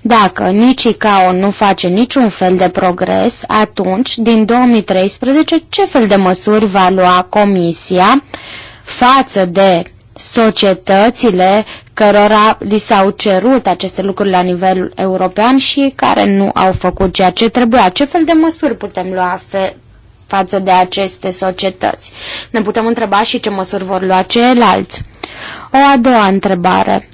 Dacă nici ICAO nu face niciun fel de progres, atunci, din 2013, ce fel de măsuri va lua Comisia față de societățile cărora li s-au cerut aceste lucruri la nivel european și care nu au făcut ceea ce trebuia. Ce fel de măsuri putem lua față de aceste societăți. Ne putem întreba și ce măsuri vor lua ceilalți. O a doua întrebare.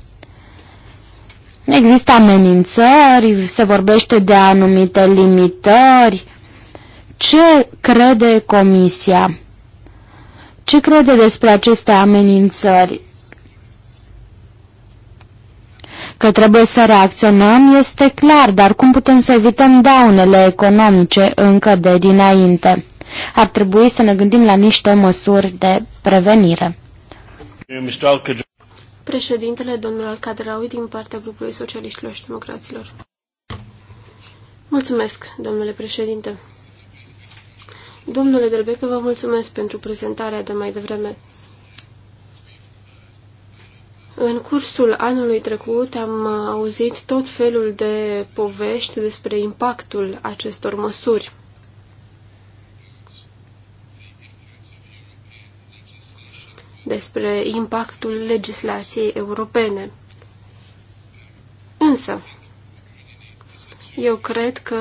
Există amenințări, se vorbește de anumite limitări. Ce crede Comisia? Ce crede despre aceste amenințări? Că trebuie să reacționăm este clar, dar cum putem să evităm daunele economice încă de dinainte? Ar trebui să ne gândim la niște măsuri de prevenire. Președintele, domnul Alcadraui, din partea grupului socialiștilor și democraților. Mulțumesc, domnule președinte. Domnule Delbecă, vă mulțumesc pentru prezentarea de mai devreme. În cursul anului trecut am auzit tot felul de povești despre impactul acestor măsuri. despre impactul legislației europene. Însă, eu cred că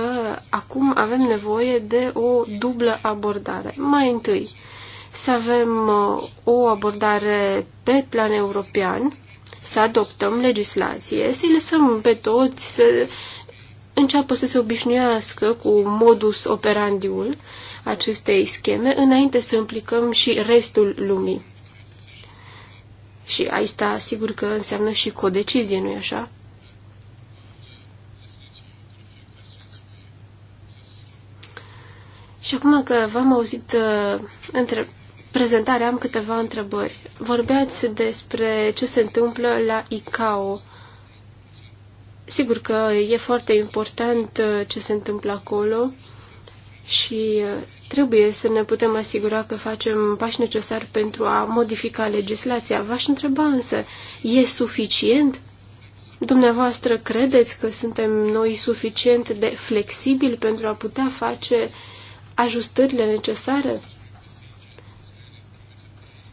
acum avem nevoie de o dublă abordare. Mai întâi, să avem uh, o abordare pe plan european, să adoptăm legislație, să-i lăsăm pe toți să înceapă să se obișnuiască cu modus operandiul acestei scheme, înainte să implicăm și restul lumii. Și asta da, sigur că înseamnă și codecizie, nu-i așa? Și acum că v-am auzit uh, între prezentarea, am câteva întrebări. Vorbeați despre ce se întâmplă la ICAO. Sigur că e foarte important uh, ce se întâmplă acolo și uh, Trebuie să ne putem asigura că facem pași necesari pentru a modifica legislația. V-aș întreba însă, e suficient? Dumneavoastră credeți că suntem noi suficient de flexibili pentru a putea face ajustările necesare?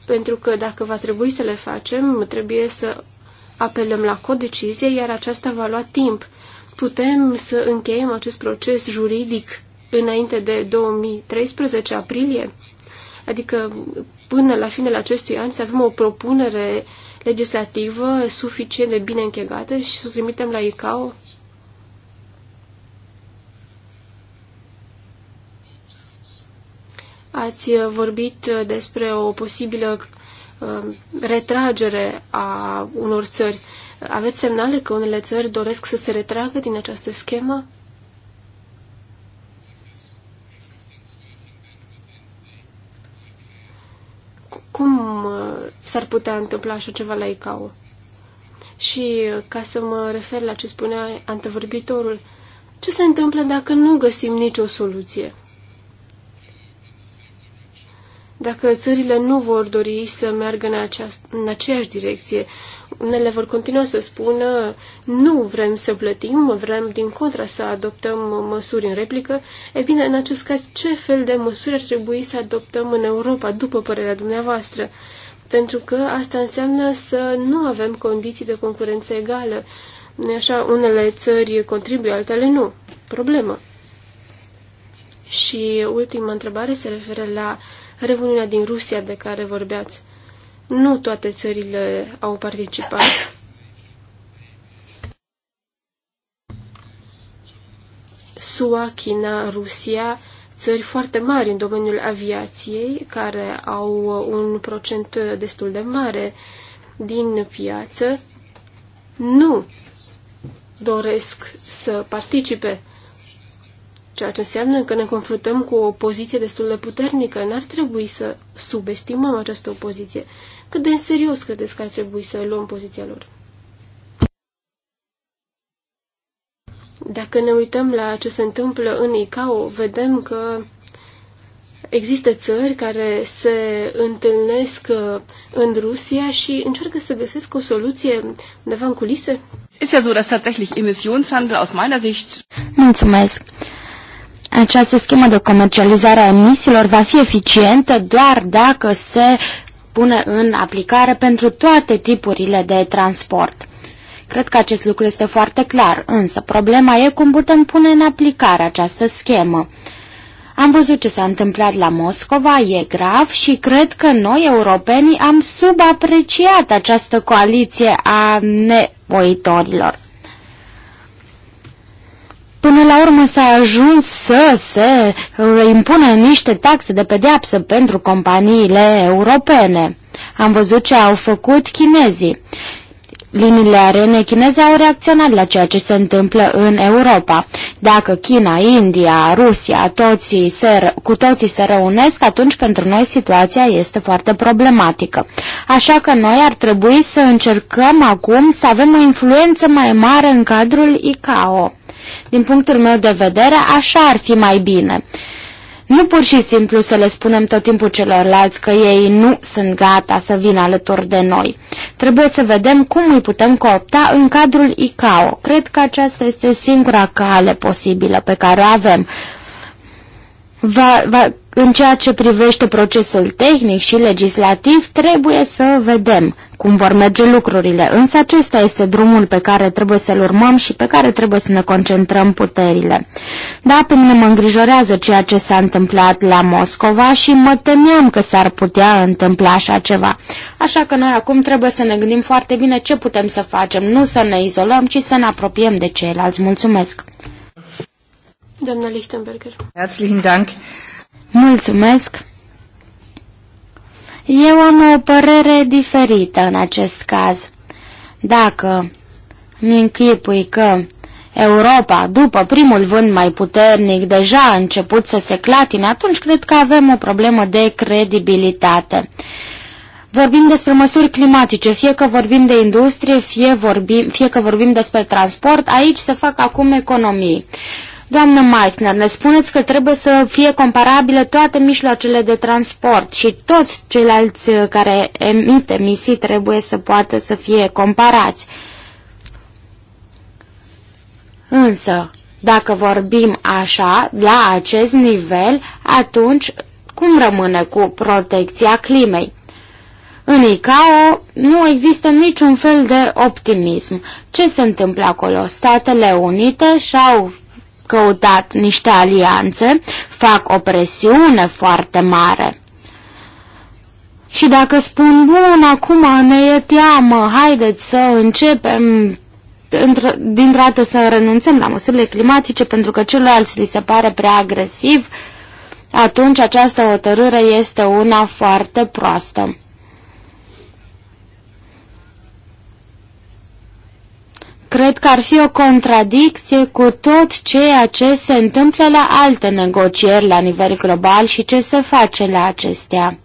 Pentru că dacă va trebui să le facem, trebuie să apelăm la codecizie, iar aceasta va lua timp. Putem să încheiem acest proces juridic înainte de 2013 aprilie, adică până la finele acestui an să avem o propunere legislativă suficient de bine închegată și să o trimitem la ICAO? Ați vorbit despre o posibilă uh, retragere a unor țări. Aveți semnale că unele țări doresc să se retragă din această schemă? Cum uh, s-ar putea întâmpla așa ceva la ICAO? Și uh, ca să mă refer la ce spunea antevorbitorul, ce se întâmplă dacă nu găsim nicio soluție? dacă țările nu vor dori să meargă în, aceast- în aceeași direcție. Unele vor continua să spună nu vrem să plătim, vrem din contra să adoptăm măsuri în replică. E bine, în acest caz, ce fel de măsuri ar trebui să adoptăm în Europa, după părerea dumneavoastră? Pentru că asta înseamnă să nu avem condiții de concurență egală. nu așa, unele țări contribuie, altele nu. Problemă. Și ultima întrebare se referă la reuniunea din Rusia de care vorbeați. Nu toate țările au participat. SUA, China, Rusia, țări foarte mari în domeniul aviației, care au un procent destul de mare din piață, nu doresc să participe ceea ce înseamnă că ne confruntăm cu o opoziție destul de puternică. N-ar trebui să subestimăm această opoziție. Cât de în serios credeți că ar trebui să luăm poziția lor? Dacă ne uităm la ce se întâmplă în ICAO, vedem că există țări care se întâlnesc uh, în Rusia și încearcă să găsesc o soluție undeva în culise? Este ja so, dass tatsächlich Emissionshandel aus meiner Sicht... Mulțumesc. Această schemă de comercializare a emisiilor va fi eficientă doar dacă se pune în aplicare pentru toate tipurile de transport. Cred că acest lucru este foarte clar, însă problema e cum putem pune în aplicare această schemă. Am văzut ce s-a întâmplat la Moscova, e grav și cred că noi, europenii, am subapreciat această coaliție a nevoitorilor. Până la urmă s-a ajuns să se uh, impună niște taxe de pedeapsă pentru companiile europene. Am văzut ce au făcut chinezii. Liniile arene chineze au reacționat la ceea ce se întâmplă în Europa. Dacă China, India, Rusia, toții se, cu toții se reunesc, atunci pentru noi situația este foarte problematică. Așa că noi ar trebui să încercăm acum să avem o influență mai mare în cadrul ICAO. Din punctul meu de vedere, așa ar fi mai bine. Nu pur și simplu să le spunem tot timpul celorlalți că ei nu sunt gata să vină alături de noi. Trebuie să vedem cum îi putem coopta în cadrul ICAO. Cred că aceasta este singura cale posibilă pe care o avem. Va, va, în ceea ce privește procesul tehnic și legislativ, trebuie să vedem cum vor merge lucrurile, însă acesta este drumul pe care trebuie să-l urmăm și pe care trebuie să ne concentrăm puterile. Da, pe mine mă îngrijorează ceea ce s-a întâmplat la Moscova și mă temeam că s-ar putea întâmpla așa ceva. Așa că noi acum trebuie să ne gândim foarte bine ce putem să facem, nu să ne izolăm, ci să ne apropiem de ceilalți. Mulțumesc! Doamna Lichtenberger. Herzlichen Dank. Mulțumesc! Eu am o părere diferită în acest caz. Dacă mi închipui că Europa, după primul vânt mai puternic, deja a început să se clatine, atunci cred că avem o problemă de credibilitate. Vorbim despre măsuri climatice, fie că vorbim de industrie, fie, vorbim, fie că vorbim despre transport, aici se fac acum economii. Doamnă Meissner, ne spuneți că trebuie să fie comparabile toate mijloacele de transport și toți ceilalți uh, care emit emisii trebuie să poată să fie comparați. Însă, dacă vorbim așa, la acest nivel, atunci cum rămâne cu protecția climei? În ICAO nu există niciun fel de optimism. Ce se întâmplă acolo? Statele Unite și-au căutat niște alianțe, fac o presiune foarte mare. Și dacă spun, bun, acum ne e teamă, haideți să începem dintr-o dată să renunțăm la măsurile climatice pentru că celorlalți li se pare prea agresiv, atunci această hotărâre este una foarte proastă. Cred că ar fi o contradicție cu tot ceea ce se întâmplă la alte negocieri la nivel global și ce se face la acestea.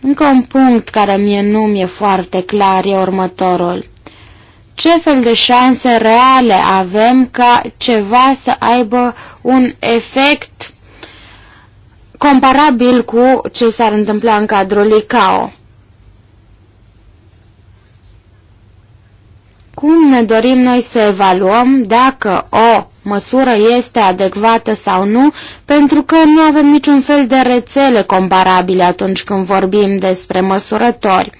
Încă un punct care mie nu mi-e foarte clar e următorul. Ce fel de șanse reale avem ca ceva să aibă un efect comparabil cu ce s-ar întâmpla în cadrul ICAO? Cum ne dorim noi să evaluăm dacă o măsură este adecvată sau nu, pentru că nu avem niciun fel de rețele comparabile atunci când vorbim despre măsurători.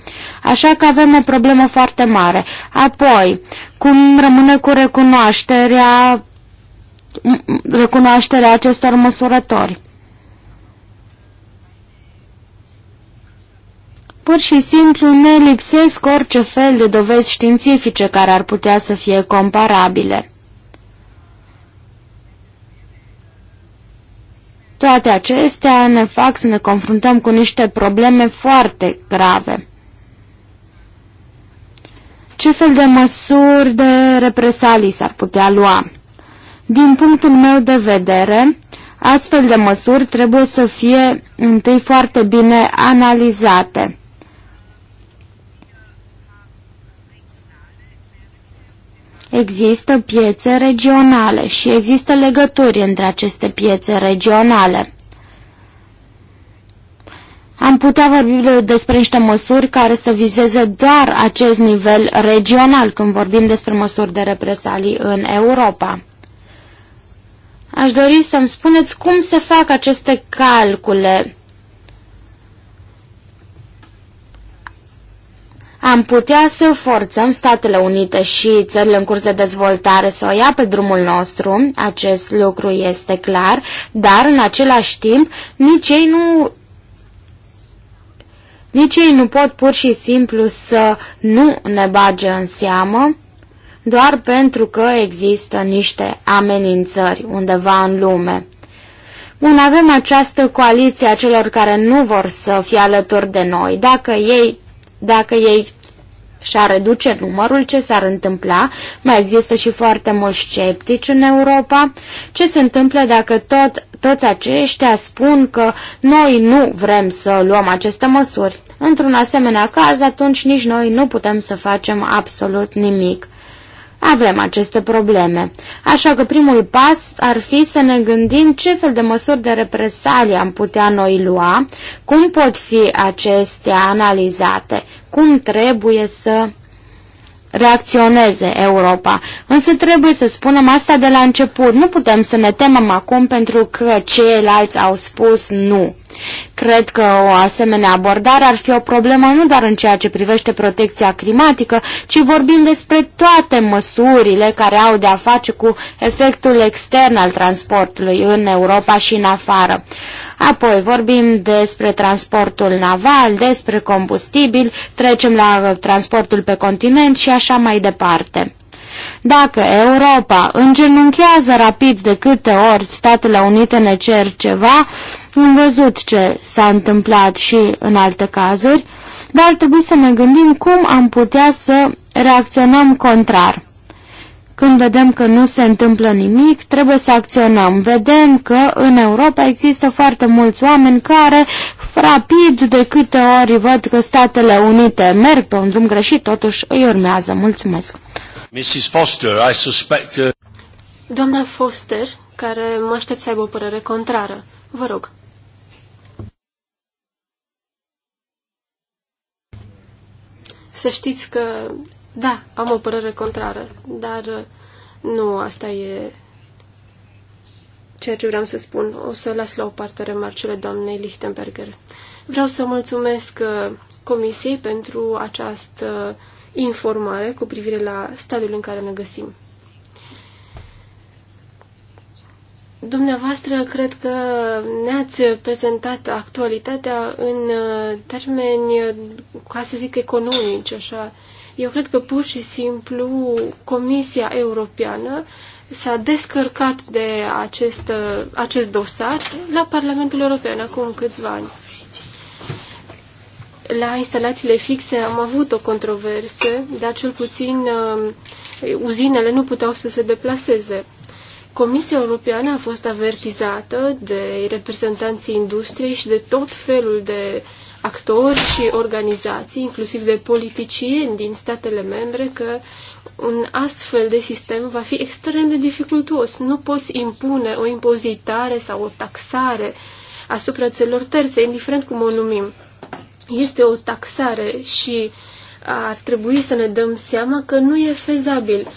Așa că avem o problemă foarte mare. Apoi, cum rămâne cu recunoașterea, recunoașterea acestor măsurători? Pur și simplu ne lipsesc orice fel de dovezi științifice care ar putea să fie comparabile. Toate acestea ne fac să ne confruntăm cu niște probleme foarte grave. Ce fel de măsuri de represalii s-ar putea lua? Din punctul meu de vedere, astfel de măsuri trebuie să fie întâi foarte bine analizate. Există piețe regionale și există legături între aceste piețe regionale. Am putea vorbi despre niște măsuri care să vizeze doar acest nivel regional când vorbim despre măsuri de represalii în Europa. Aș dori să-mi spuneți cum se fac aceste calcule am putea să forțăm Statele Unite și țările în curs de dezvoltare să o ia pe drumul nostru, acest lucru este clar, dar în același timp nici ei nu nici ei nu pot pur și simplu să nu ne bage în seamă doar pentru că există niște amenințări undeva în lume. Bun, avem această coaliție a celor care nu vor să fie alături de noi. Dacă ei dacă ei și ar reduce numărul, ce s-ar întâmpla? Mai există și foarte mulți sceptici în Europa. Ce se întâmplă dacă tot, toți aceștia spun că noi nu vrem să luăm aceste măsuri? Într-un asemenea caz, atunci nici noi nu putem să facem absolut nimic. Avem aceste probleme. Așa că primul pas ar fi să ne gândim ce fel de măsuri de represalie am putea noi lua, cum pot fi acestea analizate, cum trebuie să reacționeze Europa. Însă trebuie să spunem asta de la început. Nu putem să ne temem acum pentru că ceilalți au spus nu. Cred că o asemenea abordare ar fi o problemă nu doar în ceea ce privește protecția climatică, ci vorbim despre toate măsurile care au de a face cu efectul extern al transportului în Europa și în afară. Apoi vorbim despre transportul naval, despre combustibil, trecem la uh, transportul pe continent și așa mai departe. Dacă Europa îngenunchează rapid de câte ori Statele Unite ne cer ceva, am văzut ce s-a întâmplat și în alte cazuri, dar trebuie să ne gândim cum am putea să reacționăm contrar. Când vedem că nu se întâmplă nimic, trebuie să acționăm. Vedem că în Europa există foarte mulți oameni care rapid de câte ori văd că Statele Unite merg pe un drum greșit, totuși îi urmează. Mulțumesc! Mrs. Foster, I suspect... Uh... Doamna Foster, care mă aștept să aibă o părere contrară, vă rog. Să știți că da, am o părere contrară, dar uh, nu asta e ceea ce vreau să spun. O să las la o parte remarcele doamnei Lichtenberger. Vreau să mulțumesc uh, Comisiei pentru această informare cu privire la stadiul în care ne găsim. Dumneavoastră, cred că ne-ați prezentat actualitatea în uh, termeni, ca să zic, economici, așa, eu cred că pur și simplu Comisia Europeană s-a descărcat de acest, acest dosar la Parlamentul European acum câțiva ani. La instalațiile fixe am avut o controversă, dar cel puțin uh, uzinele nu puteau să se deplaseze. Comisia Europeană a fost avertizată de reprezentanții industriei și de tot felul de uh, actori și organizații, inclusiv de politicieni din statele membre, că un astfel de sistem va fi extrem de dificultos. Nu poți impune o impozitare sau o taxare asupra celor terțe, indiferent cum o numim. Este o taxare și ar trebui să ne dăm seama că nu e fezabil.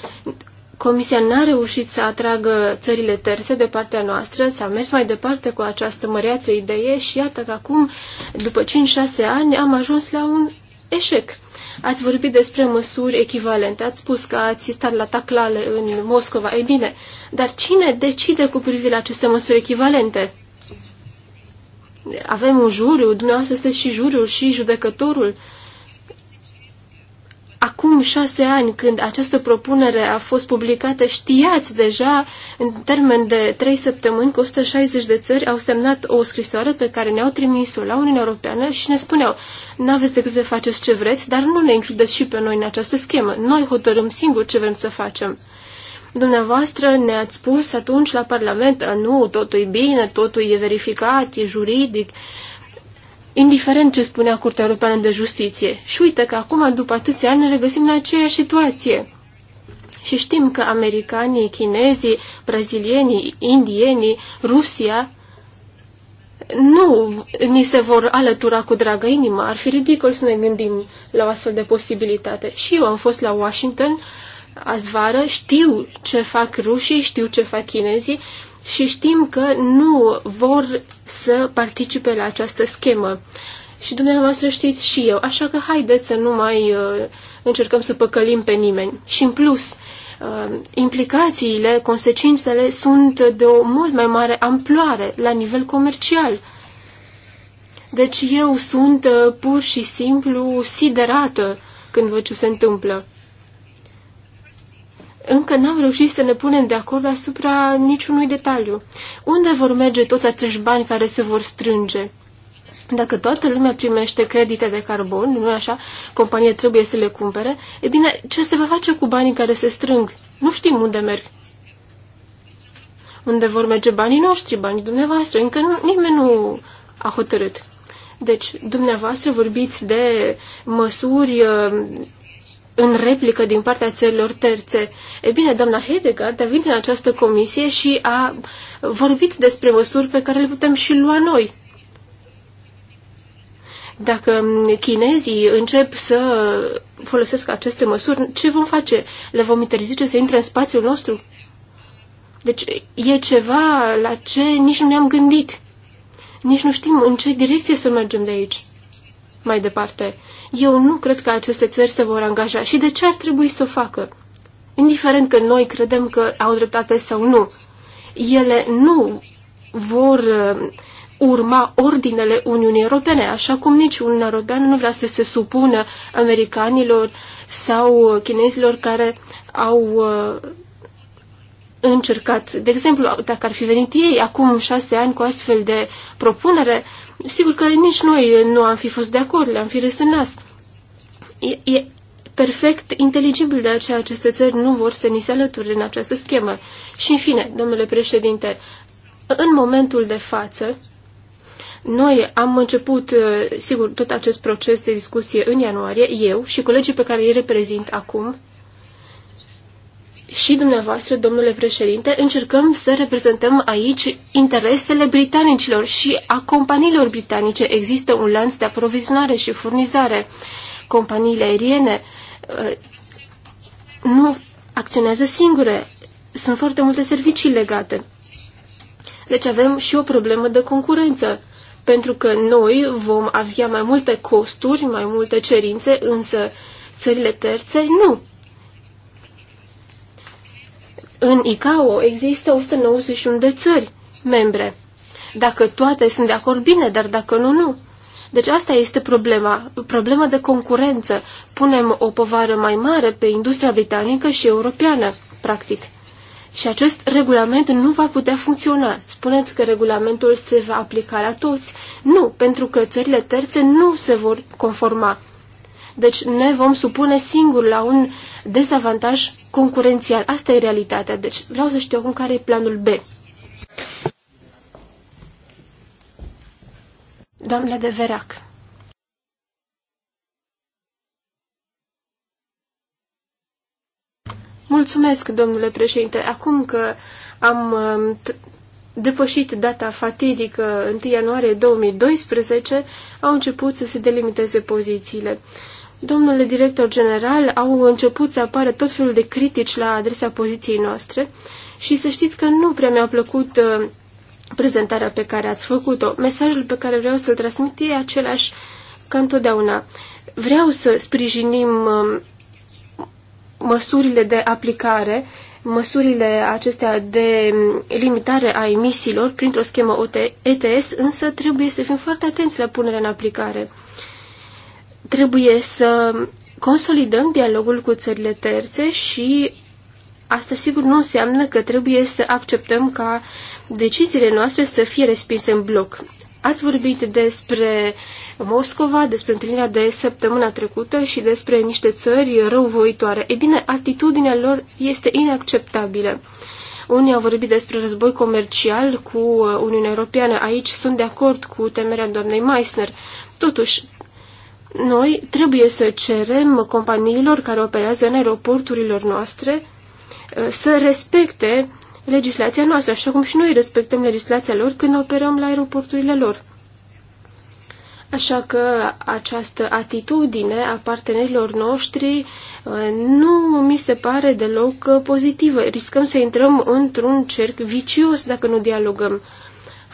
Comisia n-a reușit să atragă țările terse de partea noastră, s-a mers mai departe cu această măreață idee și iată că acum, după 5-6 ani, am ajuns la un eșec. Ați vorbit despre măsuri echivalente, ați spus că ați stat la taclale în Moscova. Ei bine, dar cine decide cu privire la aceste măsuri echivalente? Avem un juriu, dumneavoastră sunteți și juriul și judecătorul. Uh, acum șase ani, când această propunere a fost publicată, știați deja, în termen de trei săptămâni, că 160 de țări au semnat o scrisoare pe care ne-au trimis-o la Uniunea Europeană și ne spuneau nu aveți decât să faceți ce vreți, dar nu ne includeți și pe noi în această schemă. Noi hotărâm singur ce vrem să facem. Dumneavoastră ne-ați spus atunci la Parlament, nu, totul e bine, totul e verificat, e juridic, indiferent ce spunea Curtea Europeană de Justiție. Și uite că acum, după atâția ani, ne regăsim în aceeași situație. Și știm că americanii, chinezii, brazilienii, indienii, Rusia nu ni se vor alătura cu dragă inimă. Ar fi ridicol să ne gândim la o astfel de posibilitate. Și eu am fost la Washington azvară, știu ce fac rușii, știu ce fac chinezii și știm că nu vor să participe la această schemă. Și dumneavoastră știți și eu, așa că haideți să nu mai uh, încercăm să păcălim pe nimeni. Și în plus, uh, implicațiile, consecințele sunt de o mult mai mare amploare la nivel comercial. Deci eu sunt uh, pur și simplu siderată când văd ce se întâmplă încă n-am reușit să ne punem de acord asupra niciunui detaliu. Unde vor merge toți acești bani care se vor strânge? Dacă toată lumea primește credite de carbon, nu așa, compania trebuie să le cumpere, e bine, ce se va face cu banii care se strâng? Nu știm unde merg. Unde vor merge banii noștri, banii dumneavoastră, încă nu, nimeni nu a hotărât. Deci, dumneavoastră vorbiți de măsuri uh, în replică din partea țărilor terțe. E bine, doamna Heidegger, a venit în această comisie și a vorbit despre măsuri pe care le putem și lua noi. Dacă chinezii încep să folosesc aceste măsuri, ce vom face? Le vom interzice să intre în spațiul nostru? Deci e ceva la ce nici nu ne-am gândit. Nici nu știm în ce direcție să mergem de aici. Mai departe, eu nu cred că aceste țări se vor angaja. Și de ce ar trebui să o facă? Indiferent că noi credem că au dreptate sau nu, ele nu vor uh, urma ordinele Uniunii Europene, așa cum nici Uniunea Europeană nu vrea să se supună americanilor sau chinezilor care au uh, încercat. De exemplu, dacă ar fi venit ei acum șase ani cu astfel de propunere, sigur că nici noi nu am fi fost de acord, le-am fi răsănat. E, e perfect inteligibil de aceea aceste țări nu vor să ni se alăture în această schemă. Și în fine, domnule președinte, în momentul de față, noi am început, uh, sigur, tot acest proces de discuție în ianuarie, eu și colegii pe care îi reprezint acum, și dumneavoastră, domnule președinte, încercăm să reprezentăm aici interesele britanicilor și a companiilor britanice. Există un lanț de aprovizionare și furnizare. Companiile aeriene uh, nu acționează singure. Sunt foarte multe servicii legate. Deci avem și o problemă de concurență, pentru că noi vom avea mai multe costuri, mai multe cerințe, însă țările terțe nu. În ICAO există 191 de țări membre. Dacă toate sunt de acord, bine, dar dacă nu, nu. Deci asta este problema, problema de concurență. Punem o povară mai mare pe industria britanică și europeană, practic. Și acest regulament nu va putea funcționa. Spuneți că regulamentul se va aplica la toți. Nu, pentru că țările terțe nu se vor conforma. Deci ne vom supune singur la un dezavantaj concurențial. Asta e realitatea. Deci vreau să știu acum care e planul B. Doamna de Verac. Mulțumesc, domnule președinte. Acum că am um, depășit data fatidică 1 ianuarie 2012, au început să se delimiteze pozițiile domnule director general, au început să apară tot felul de critici la adresa poziției noastre și să știți că nu prea mi-a plăcut uh, prezentarea pe care ați făcut-o. Mesajul pe care vreau să-l transmit e același ca întotdeauna. Vreau să sprijinim uh, măsurile de aplicare, măsurile acestea de mm, limitare a emisiilor printr-o schemă ETS, însă trebuie să fim foarte atenți la punerea în aplicare. Trebuie să consolidăm dialogul cu țările terțe și asta sigur nu înseamnă că trebuie să acceptăm ca deciziile noastre să fie respinse în bloc. Ați vorbit despre Moscova, despre întâlnirea de săptămâna trecută și despre niște țări răuvoitoare. E bine, atitudinea lor este inacceptabilă. Unii au vorbit despre război comercial cu Uniunea Europeană. Aici sunt de acord cu temerea doamnei Meissner. Totuși, noi trebuie să cerem companiilor care operează în aeroporturilor noastre uh, să respecte legislația noastră, așa cum și noi respectăm legislația lor când operăm la aeroporturile lor. Așa că această atitudine a partenerilor noștri uh, nu mi se pare deloc uh, pozitivă. Riscăm să intrăm într-un cerc vicios dacă nu dialogăm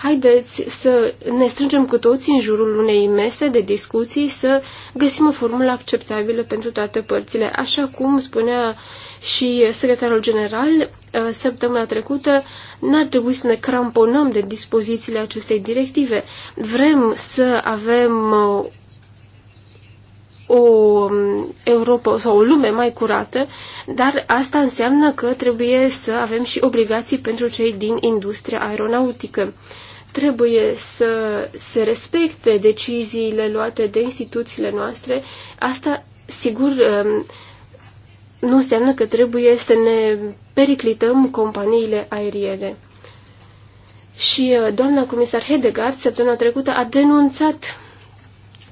haideți să ne strângem cu toții în jurul unei mese de discuții, să găsim o formulă acceptabilă pentru toate părțile. Așa cum spunea și secretarul general uh, săptămâna trecută, n-ar trebui să ne cramponăm de dispozițiile acestei directive. Vrem să avem uh, o um, Europa sau o lume mai curată, dar asta înseamnă că trebuie să avem și obligații pentru cei din industria aeronautică. Trebuie să se respecte deciziile luate de instituțiile noastre. Asta, sigur, um, nu înseamnă că trebuie să ne periclităm companiile aeriene. Și uh, doamna comisar Hedegaard, săptămâna trecută, a denunțat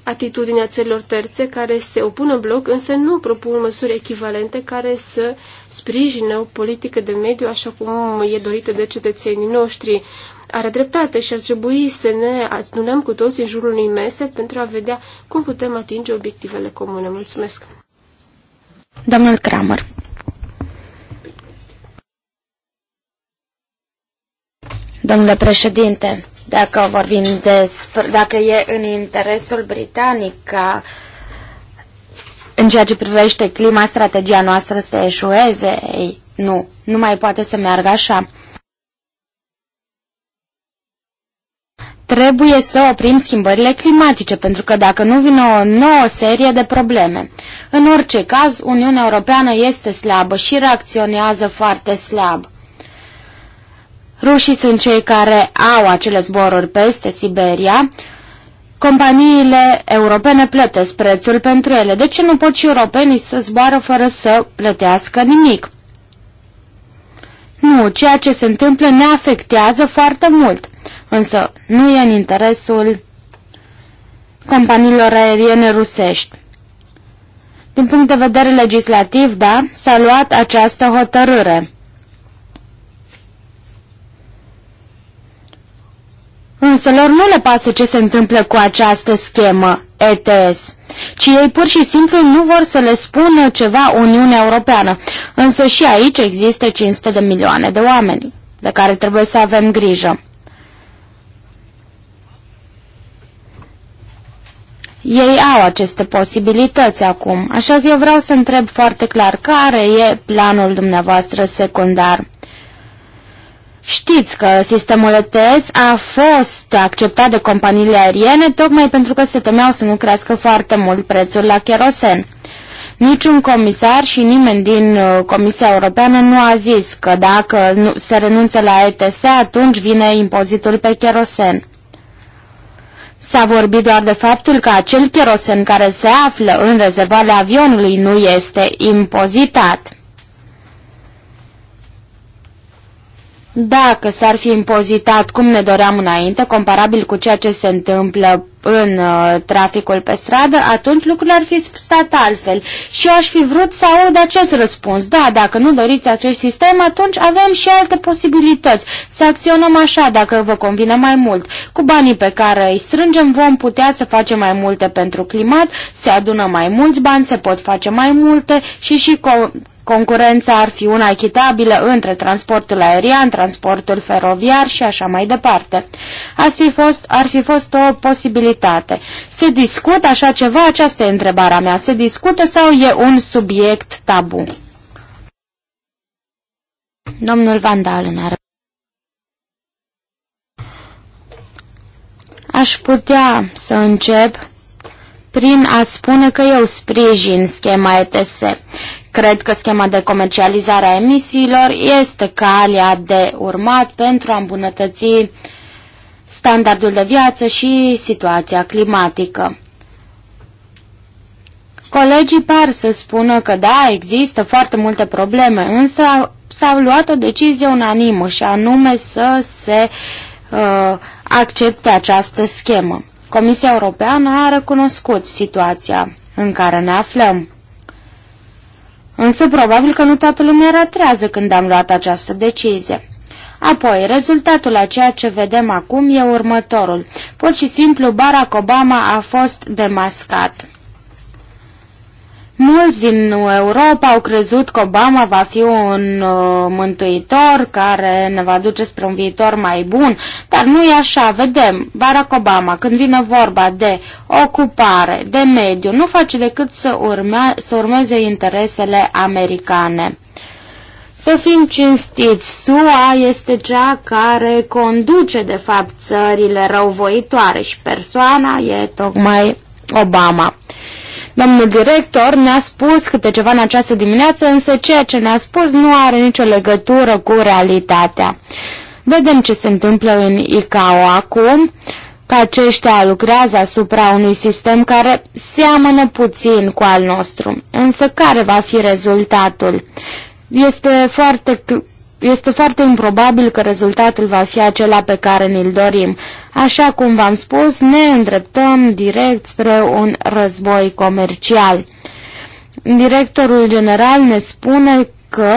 atitudinea țărilor terțe care se opun în bloc, însă nu propun măsuri echivalente care să sprijine o politică de mediu așa cum e dorită de cetățenii noștri. Are dreptate și ar trebui să ne adunăm cu toți în jurul unei mese pentru a vedea cum putem atinge obiectivele comune. Mulțumesc! Domnul Kramer. Domnule președinte, dacă vorbim despre, dacă e în interesul britanic ca în ceea ce privește clima, strategia noastră să eșueze, ei, nu, nu mai poate să meargă așa. Trebuie să oprim schimbările climatice, pentru că dacă nu vine o nouă serie de probleme. În orice caz, Uniunea Europeană este slabă și reacționează foarte slab. Rușii sunt cei care au acele zboruri peste Siberia. Companiile europene plătesc prețul pentru ele. De ce nu pot și europenii să zboară fără să plătească nimic? Nu, ceea ce se întâmplă ne afectează foarte mult, însă nu e în interesul companiilor aeriene rusești. Din punct de vedere legislativ, da, s-a luat această hotărâre. Însă lor nu le pasă ce se întâmplă cu această schemă ETS, ci ei pur și simplu nu vor să le spună ceva Uniunea Europeană. Însă și aici există 500 de milioane de oameni de care trebuie să avem grijă. Ei au aceste posibilități acum, așa că eu vreau să întreb foarte clar care e planul dumneavoastră secundar. Știți că sistemul ETS a fost acceptat de companiile aeriene tocmai pentru că se temeau să nu crească foarte mult prețul la cherosen. Niciun comisar și nimeni din uh, Comisia Europeană nu a zis că dacă se renunță la ETS, atunci vine impozitul pe cherosen. S-a vorbit doar de faptul că acel cherosen care se află în rezervarea avionului nu este impozitat. Dacă s-ar fi impozitat cum ne doream înainte, comparabil cu ceea ce se întâmplă în uh, traficul pe stradă, atunci lucrurile ar fi stat altfel. Și eu aș fi vrut să aud acest răspuns. Da, dacă nu doriți acest sistem, atunci avem și alte posibilități. Să acționăm așa, dacă vă convine mai mult. Cu banii pe care îi strângem vom putea să facem mai multe pentru climat, se adună mai mulți bani, se pot face mai multe și și Concurența ar fi una echitabilă între transportul aerian, transportul feroviar și așa mai departe. Ar fi fost, ar fi fost o posibilitate. Se discută așa ceva? Aceasta e întrebarea mea. Se discută sau e un subiect tabu? Domnul Vandal în are... Aș putea să încep prin a spune că eu sprijin schema ETS. Cred că schema de comercializare a emisiilor este calea de urmat pentru a îmbunătăți standardul de viață și situația climatică. Colegii par să spună că da, există foarte multe probleme, însă s-a luat o decizie unanimă și anume să se uh, accepte această schemă. Comisia Europeană a recunoscut situația în care ne aflăm. Însă probabil că nu toată lumea era trează când am luat această decizie. Apoi, rezultatul a ceea ce vedem acum e următorul. Pur și simplu, Barack Obama a fost demascat. Mulți din Europa au crezut că Obama va fi un uh, mântuitor care ne va duce spre un viitor mai bun, dar nu e așa. Vedem, Barack Obama, când vine vorba de ocupare, de mediu, nu face decât să, urme, să urmeze interesele americane. Să fim cinstiți, SUA este cea care conduce, de fapt, țările răuvoitoare și persoana e tocmai Obama. Domnul director ne-a spus câte ceva în această dimineață, însă ceea ce ne-a spus nu are nicio legătură cu realitatea. Vedem ce se întâmplă în ICAO acum, că aceștia lucrează asupra unui sistem care seamănă puțin cu al nostru. Însă care va fi rezultatul? Este foarte este foarte improbabil că rezultatul va fi acela pe care ne-l dorim. Așa cum v-am spus, ne îndreptăm direct spre un război comercial. Directorul general ne spune că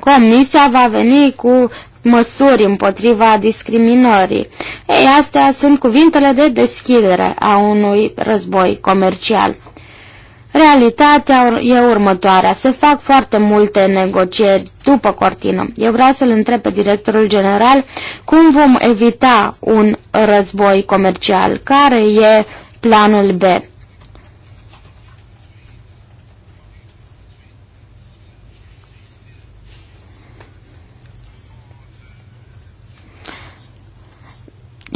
Comisia va veni cu măsuri împotriva discriminării. Ei, astea sunt cuvintele de deschidere a unui război comercial. Realitatea e următoarea. Se fac foarte multe negocieri după cortină. Eu vreau să-l întreb pe directorul general cum vom evita un război comercial, care e planul B.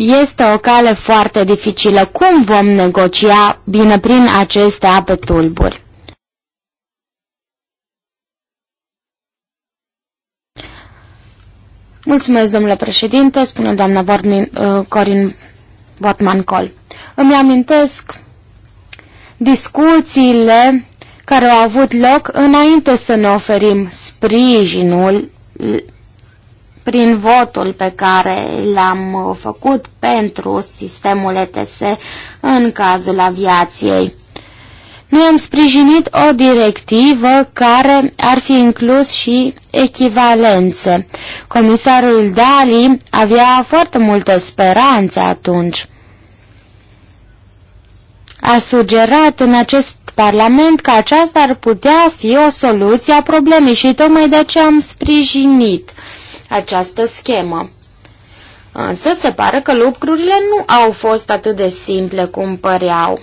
Este o cale foarte dificilă. Cum vom negocia bine prin aceste ape tulburi? Mulțumesc, domnule președinte, spune doamna Vornin, uh, Corin Botman-Col. Îmi amintesc discuțiile care au avut loc înainte să ne oferim sprijinul prin votul pe care l-am făcut pentru sistemul ETS în cazul aviației. Noi am sprijinit o directivă care ar fi inclus și echivalențe. Comisarul Dali avea foarte multe speranțe atunci. A sugerat în acest Parlament că aceasta ar putea fi o soluție a problemei și tocmai de aceea am sprijinit această schemă. Însă se pare că lucrurile nu au fost atât de simple cum păreau.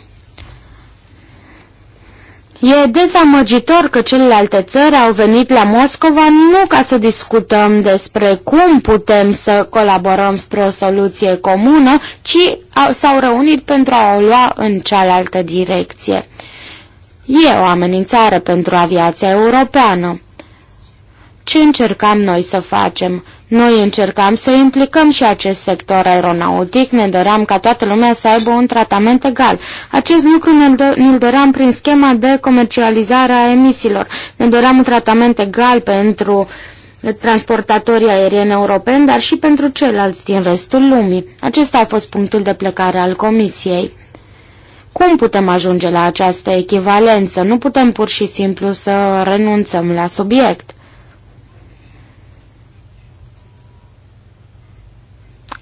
E dezamăgitor că celelalte țări au venit la Moscova nu ca să discutăm despre cum putem să colaborăm spre o soluție comună, ci s-au reunit pentru a o lua în cealaltă direcție. E o amenințare pentru aviația europeană. Ce încercam noi să facem? Noi încercam să implicăm și acest sector aeronautic, ne doream ca toată lumea să aibă un tratament egal. Acest lucru ne-l do ne doream prin schema de comercializare a emisiilor. Ne doream un tratament egal pentru transportatorii aerieni europeni, dar și pentru ceilalți din restul lumii. Acesta a fost punctul de plecare al Comisiei. Cum putem ajunge la această echivalență? Nu putem pur și simplu să renunțăm la subiect.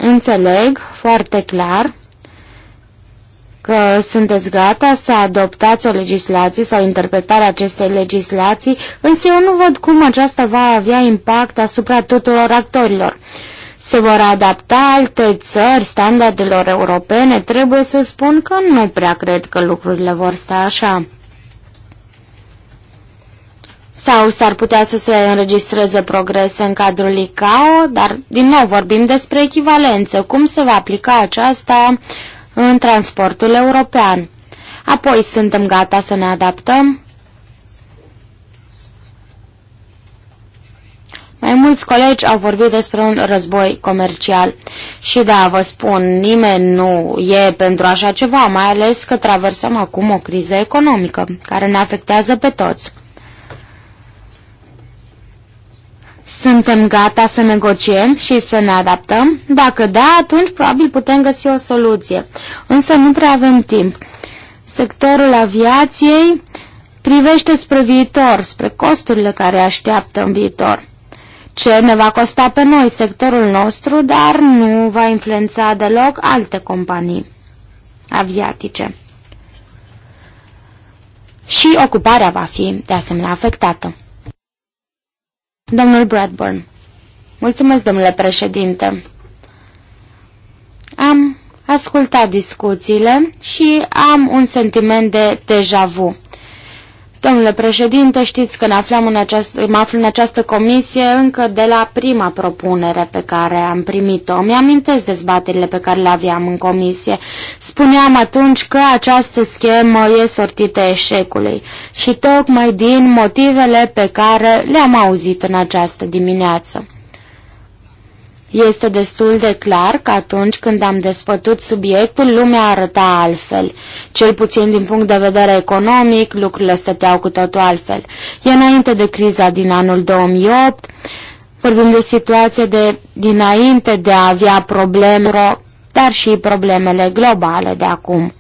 Înțeleg foarte clar că sunteți gata să adoptați o legislație sau interpretarea acestei legislații, însă eu nu văd cum aceasta va avea impact asupra tuturor actorilor. Se vor adapta alte țări standardelor europene, trebuie să spun că nu prea cred că lucrurile vor sta așa sau s-ar putea să se înregistreze progrese în cadrul ICAO, dar din nou vorbim despre echivalență, cum se va aplica aceasta în transportul european. Apoi suntem gata să ne adaptăm? Mai mulți colegi au vorbit despre un război comercial. Și da, vă spun, nimeni nu e pentru așa ceva, mai ales că traversăm acum o criză economică, care ne afectează pe toți. Suntem gata să negociem și să ne adaptăm? Dacă da, atunci probabil putem găsi o soluție. Însă nu prea avem timp. Sectorul aviației privește spre viitor, spre costurile care așteaptă în viitor. Ce ne va costa pe noi sectorul nostru, dar nu va influența deloc alte companii aviatice. Și ocuparea va fi de asemenea afectată. Domnul Bradburn. Mulțumesc, domnule președinte. Am ascultat discuțiile și am un sentiment de deja vu. Domnule președinte, știți că ne aflăm în această, mă aflu în această comisie încă de la prima propunere pe care am primit-o. Mi-amintesc dezbaterile pe care le aveam în comisie. Spuneam atunci că această schemă e sortită eșecului și tocmai din motivele pe care le-am auzit în această dimineață. Este destul de clar că atunci când am despătut subiectul, lumea arăta altfel. Cel puțin din punct de vedere economic, lucrurile stăteau cu totul altfel. E înainte de criza din anul 2008, vorbim de o situație de dinainte de a avea probleme, dar și problemele globale de acum.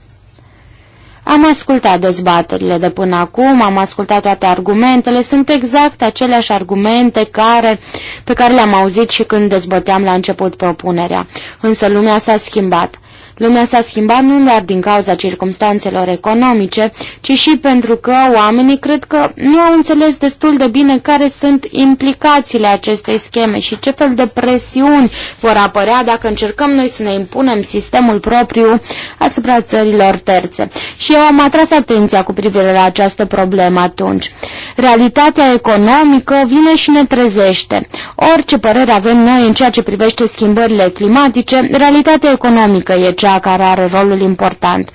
Am ascultat dezbaterile de până acum, am ascultat toate argumentele, sunt exact aceleași argumente care, pe care le-am auzit și când dezbăteam la început propunerea, însă lumea s-a schimbat. Lumea s-a schimbat nu doar din cauza circumstanțelor economice, ci și pentru că oamenii cred că nu au înțeles destul de bine care sunt implicațiile acestei scheme și ce fel de presiuni vor apărea dacă încercăm noi să ne impunem sistemul propriu asupra țărilor terțe. Și eu am atras atenția cu privire la această problemă atunci. Realitatea economică vine și ne trezește. Orice părere avem noi în ceea ce privește schimbările climatice, realitatea economică e cea cea care are rolul important.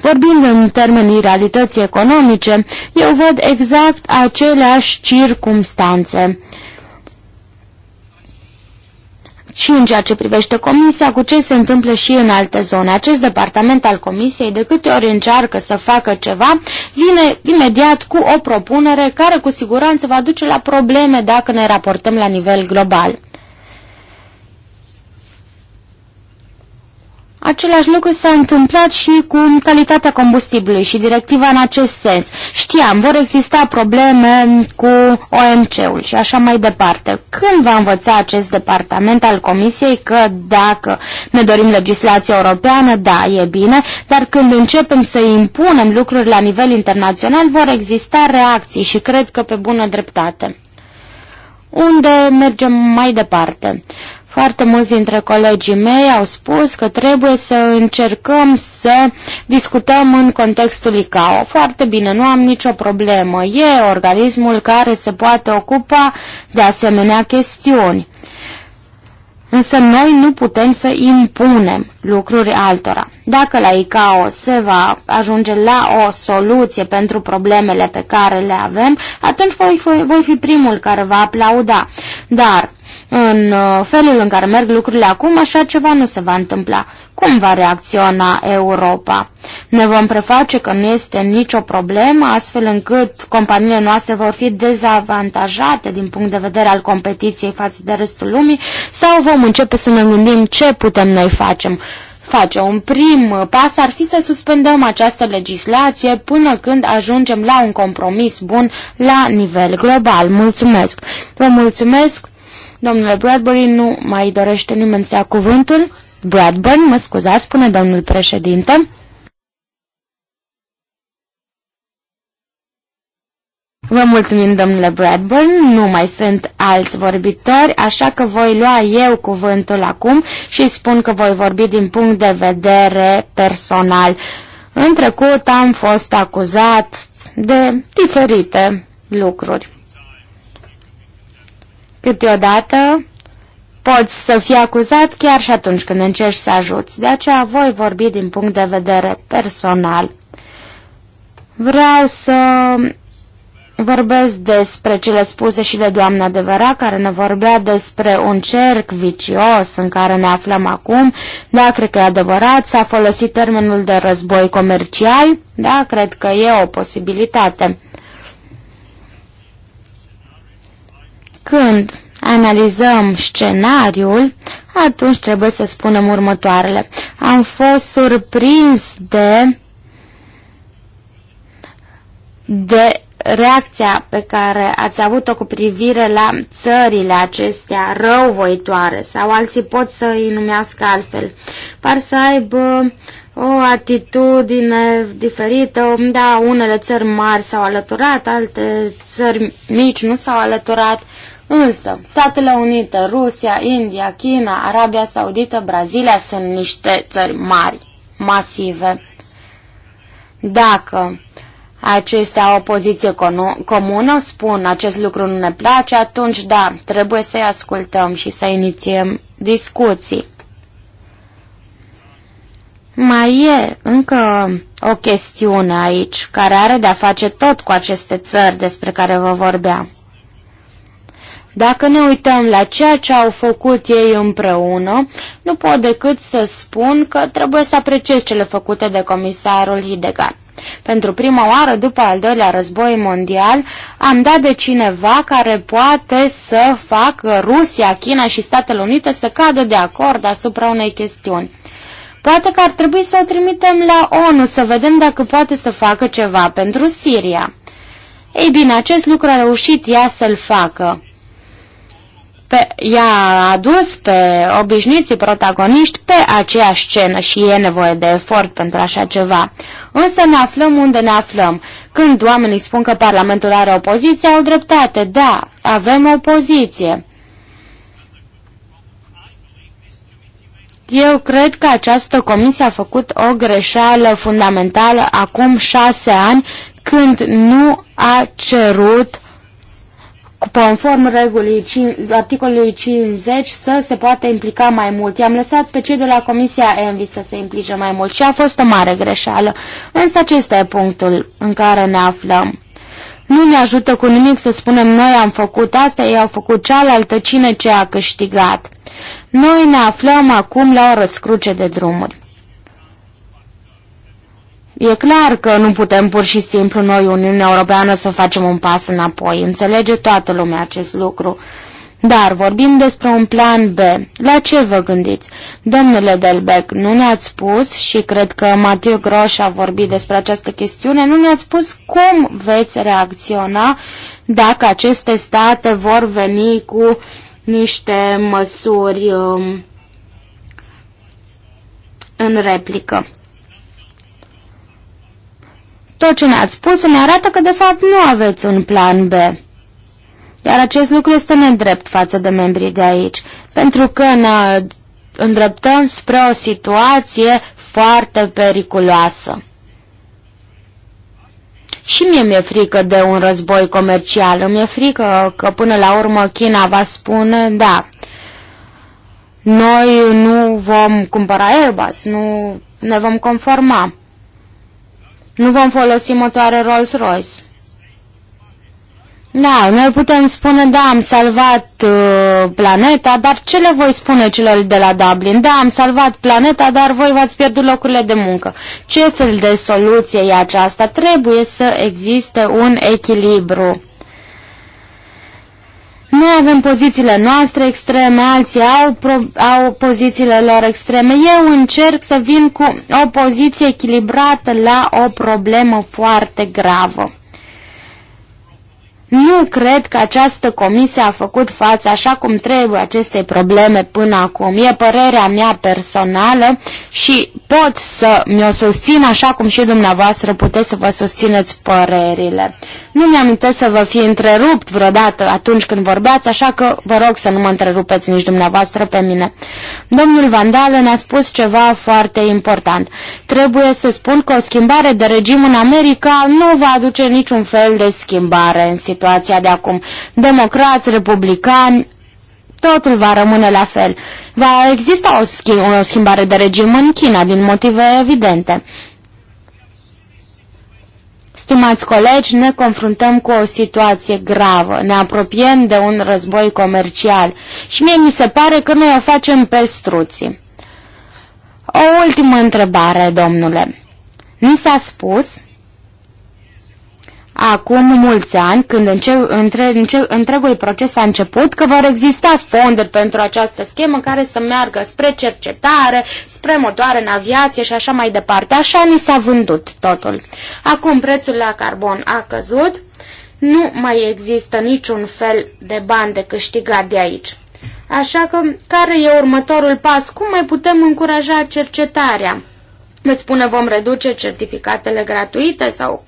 Vorbind în termenii realității economice, eu văd exact aceleași circumstanțe. Și în ceea ce privește comisia, cu ce se întâmplă și în alte zone. Acest departament al comisiei, de câte ori încearcă să facă ceva, vine imediat cu o propunere care cu siguranță va duce la probleme dacă ne raportăm la nivel global. Același lucru s-a întâmplat și cu calitatea combustibilului și directiva în acest sens. Știam, vor exista probleme cu OMC-ul și așa mai departe. Când va învăța acest departament al Comisiei că dacă ne dorim legislația europeană, da, e bine, dar când începem să impunem lucruri la nivel internațional, vor exista reacții și cred că pe bună dreptate. Unde mergem mai departe? Foarte mulți dintre colegii mei au spus că trebuie să încercăm să discutăm în contextul ICAO. Foarte bine, nu am nicio problemă. E organismul care se poate ocupa de asemenea chestiuni. Însă noi nu putem să impunem lucruri altora. Dacă la ICAO se va ajunge la o soluție pentru problemele pe care le avem, atunci voi, voi, voi fi primul care va aplauda. Dar în uh, felul în care merg lucrurile acum, așa ceva nu se va întâmpla. Cum va reacționa Europa? Ne vom preface că nu este nicio problemă, astfel încât companiile noastre vor fi dezavantajate din punct de vedere al competiției față de restul lumii, sau vom începe să ne gândim ce putem noi facem, face. Un prim pas ar fi să suspendăm această legislație până când ajungem la un compromis bun la nivel global. Mulțumesc! Vă mulțumesc! Domnule Bradbury, nu mai dorește nimeni să ia cuvântul? Bradburn, mă scuzați, spune domnul președinte. Vă mulțumim, domnule Bradburn, nu mai sunt alți vorbitori, așa că voi lua eu cuvântul acum și spun că voi vorbi din punct de vedere personal. În trecut am fost acuzat de diferite lucruri. Câteodată poți să fii acuzat chiar și atunci când încerci să ajuți, de aceea voi vorbi din punct de vedere personal. Vreau să Vorbesc despre cele spuse și de doamna Devera, care ne vorbea despre un cerc vicios în care ne aflăm acum. Da, cred că e adevărat, s-a folosit termenul de război comercial. Da, cred că e o posibilitate. Când analizăm scenariul, atunci trebuie să spunem următoarele. Am fost surprins de de reacția pe care ați avut-o cu privire la țările acestea răuvoitoare sau alții pot să îi numească altfel. Par să aibă o atitudine diferită, da, unele țări mari s-au alăturat, alte țări mici nu s-au alăturat, însă Statele Unite, Rusia, India, China, Arabia Saudită, Brazilia sunt niște țări mari, masive. Dacă uh, acestea au o poziție comună, spun acest lucru nu ne place, atunci da, trebuie să-i ascultăm și să inițiem discuții. Mai e încă o chestiune aici, care are de-a face tot cu aceste țări despre care vă vorbeam. Dacă ne uităm la ceea ce au făcut ei împreună, nu pot decât să spun că trebuie să apreciez cele făcute de comisarul Hidegard. Pentru prima oară după al doilea război mondial am dat de cineva care poate să facă Rusia, China și Statele Unite să cadă de acord asupra unei chestiuni. Poate că ar trebui să o trimitem la ONU să vedem dacă poate să facă ceva pentru Siria. Ei bine, acest lucru a reușit ea să-l facă pe, i-a adus pe obișnuiții protagoniști pe aceeași scenă și e nevoie de efort pentru așa ceva. Însă ne aflăm unde ne aflăm. Când oamenii spun că Parlamentul are opoziție, au dreptate. Da, avem opoziție. Eu cred că această comisie a făcut o greșeală fundamentală acum șase ani când nu a cerut conform regulii articolului 50 să se poată implica mai mult. I-am lăsat pe cei de la Comisia Envi să se implice mai mult și a fost o mare greșeală. Însă acesta e punctul în care ne aflăm. Nu ne ajută cu nimic să spunem noi am făcut asta, ei au făcut cealaltă, cine ce a câștigat. Noi ne aflăm acum la o răscruce de drumuri. E clar că nu putem pur și simplu noi, Uniunea Europeană, să facem un pas înapoi. Înțelege toată lumea acest lucru. Dar vorbim despre un plan B. La ce vă gândiți? Domnule Delbec, nu ne-ați spus, și cred că Matiu Groș a vorbit despre această chestiune, nu ne-ați spus cum veți reacționa dacă aceste state vor veni cu niște măsuri um, în replică. Tot ce ne-ați spus ne arată că de fapt nu aveți un plan B. Iar acest lucru este nedrept față de membrii de aici, pentru că ne îndreptăm spre o situație foarte periculoasă. Și mie mi-e frică de un război comercial, mi-e frică că până la urmă China va spune, da, noi nu vom cumpăra Airbus, nu ne vom conforma. Nu vom folosi motoare Rolls-Royce. Da, noi putem spune, da, am salvat uh, planeta, dar ce le voi spune celor de la Dublin? Da, am salvat planeta, dar voi v-ați pierdut locurile de muncă. Ce fel de soluție e aceasta? Trebuie să existe un echilibru. Noi avem pozițiile noastre extreme, alții au, pro, au pozițiile lor extreme. Eu încerc să vin cu o poziție echilibrată la o problemă foarte gravă. Nu cred că această comisie a făcut față așa cum trebuie acestei probleme până acum. E părerea mea personală și pot să mi-o susțin așa cum și dumneavoastră puteți să vă susțineți părerile. Nu mi-amintesc să vă fi întrerupt vreodată atunci când vorbeați, așa că vă rog să nu mă întrerupeți nici dumneavoastră pe mine. Domnul Vandale ne-a spus ceva foarte important. Trebuie să spun că o schimbare de regim în America nu va aduce niciun fel de schimbare în situația de acum. Democrați, republicani, totul va rămâne la fel. Va exista o, schim o schimbare de regim în China, din motive evidente. Stimați colegi, ne confruntăm cu o situație gravă, ne apropiem de un război comercial și mie mi se pare că noi o facem pe struții. O ultimă întrebare, domnule. Ni s-a spus acum mulți ani, când înce între înce întregul proces a început, că vor exista fonduri pentru această schemă care să meargă spre cercetare, spre motoare în aviație și așa mai departe. Așa ni s-a vândut totul. Acum prețul la carbon a căzut, nu mai există niciun fel de bani de câștigat de aici. Așa că, care e următorul pas? Cum mai putem încuraja cercetarea? Îți spune, vom reduce certificatele gratuite sau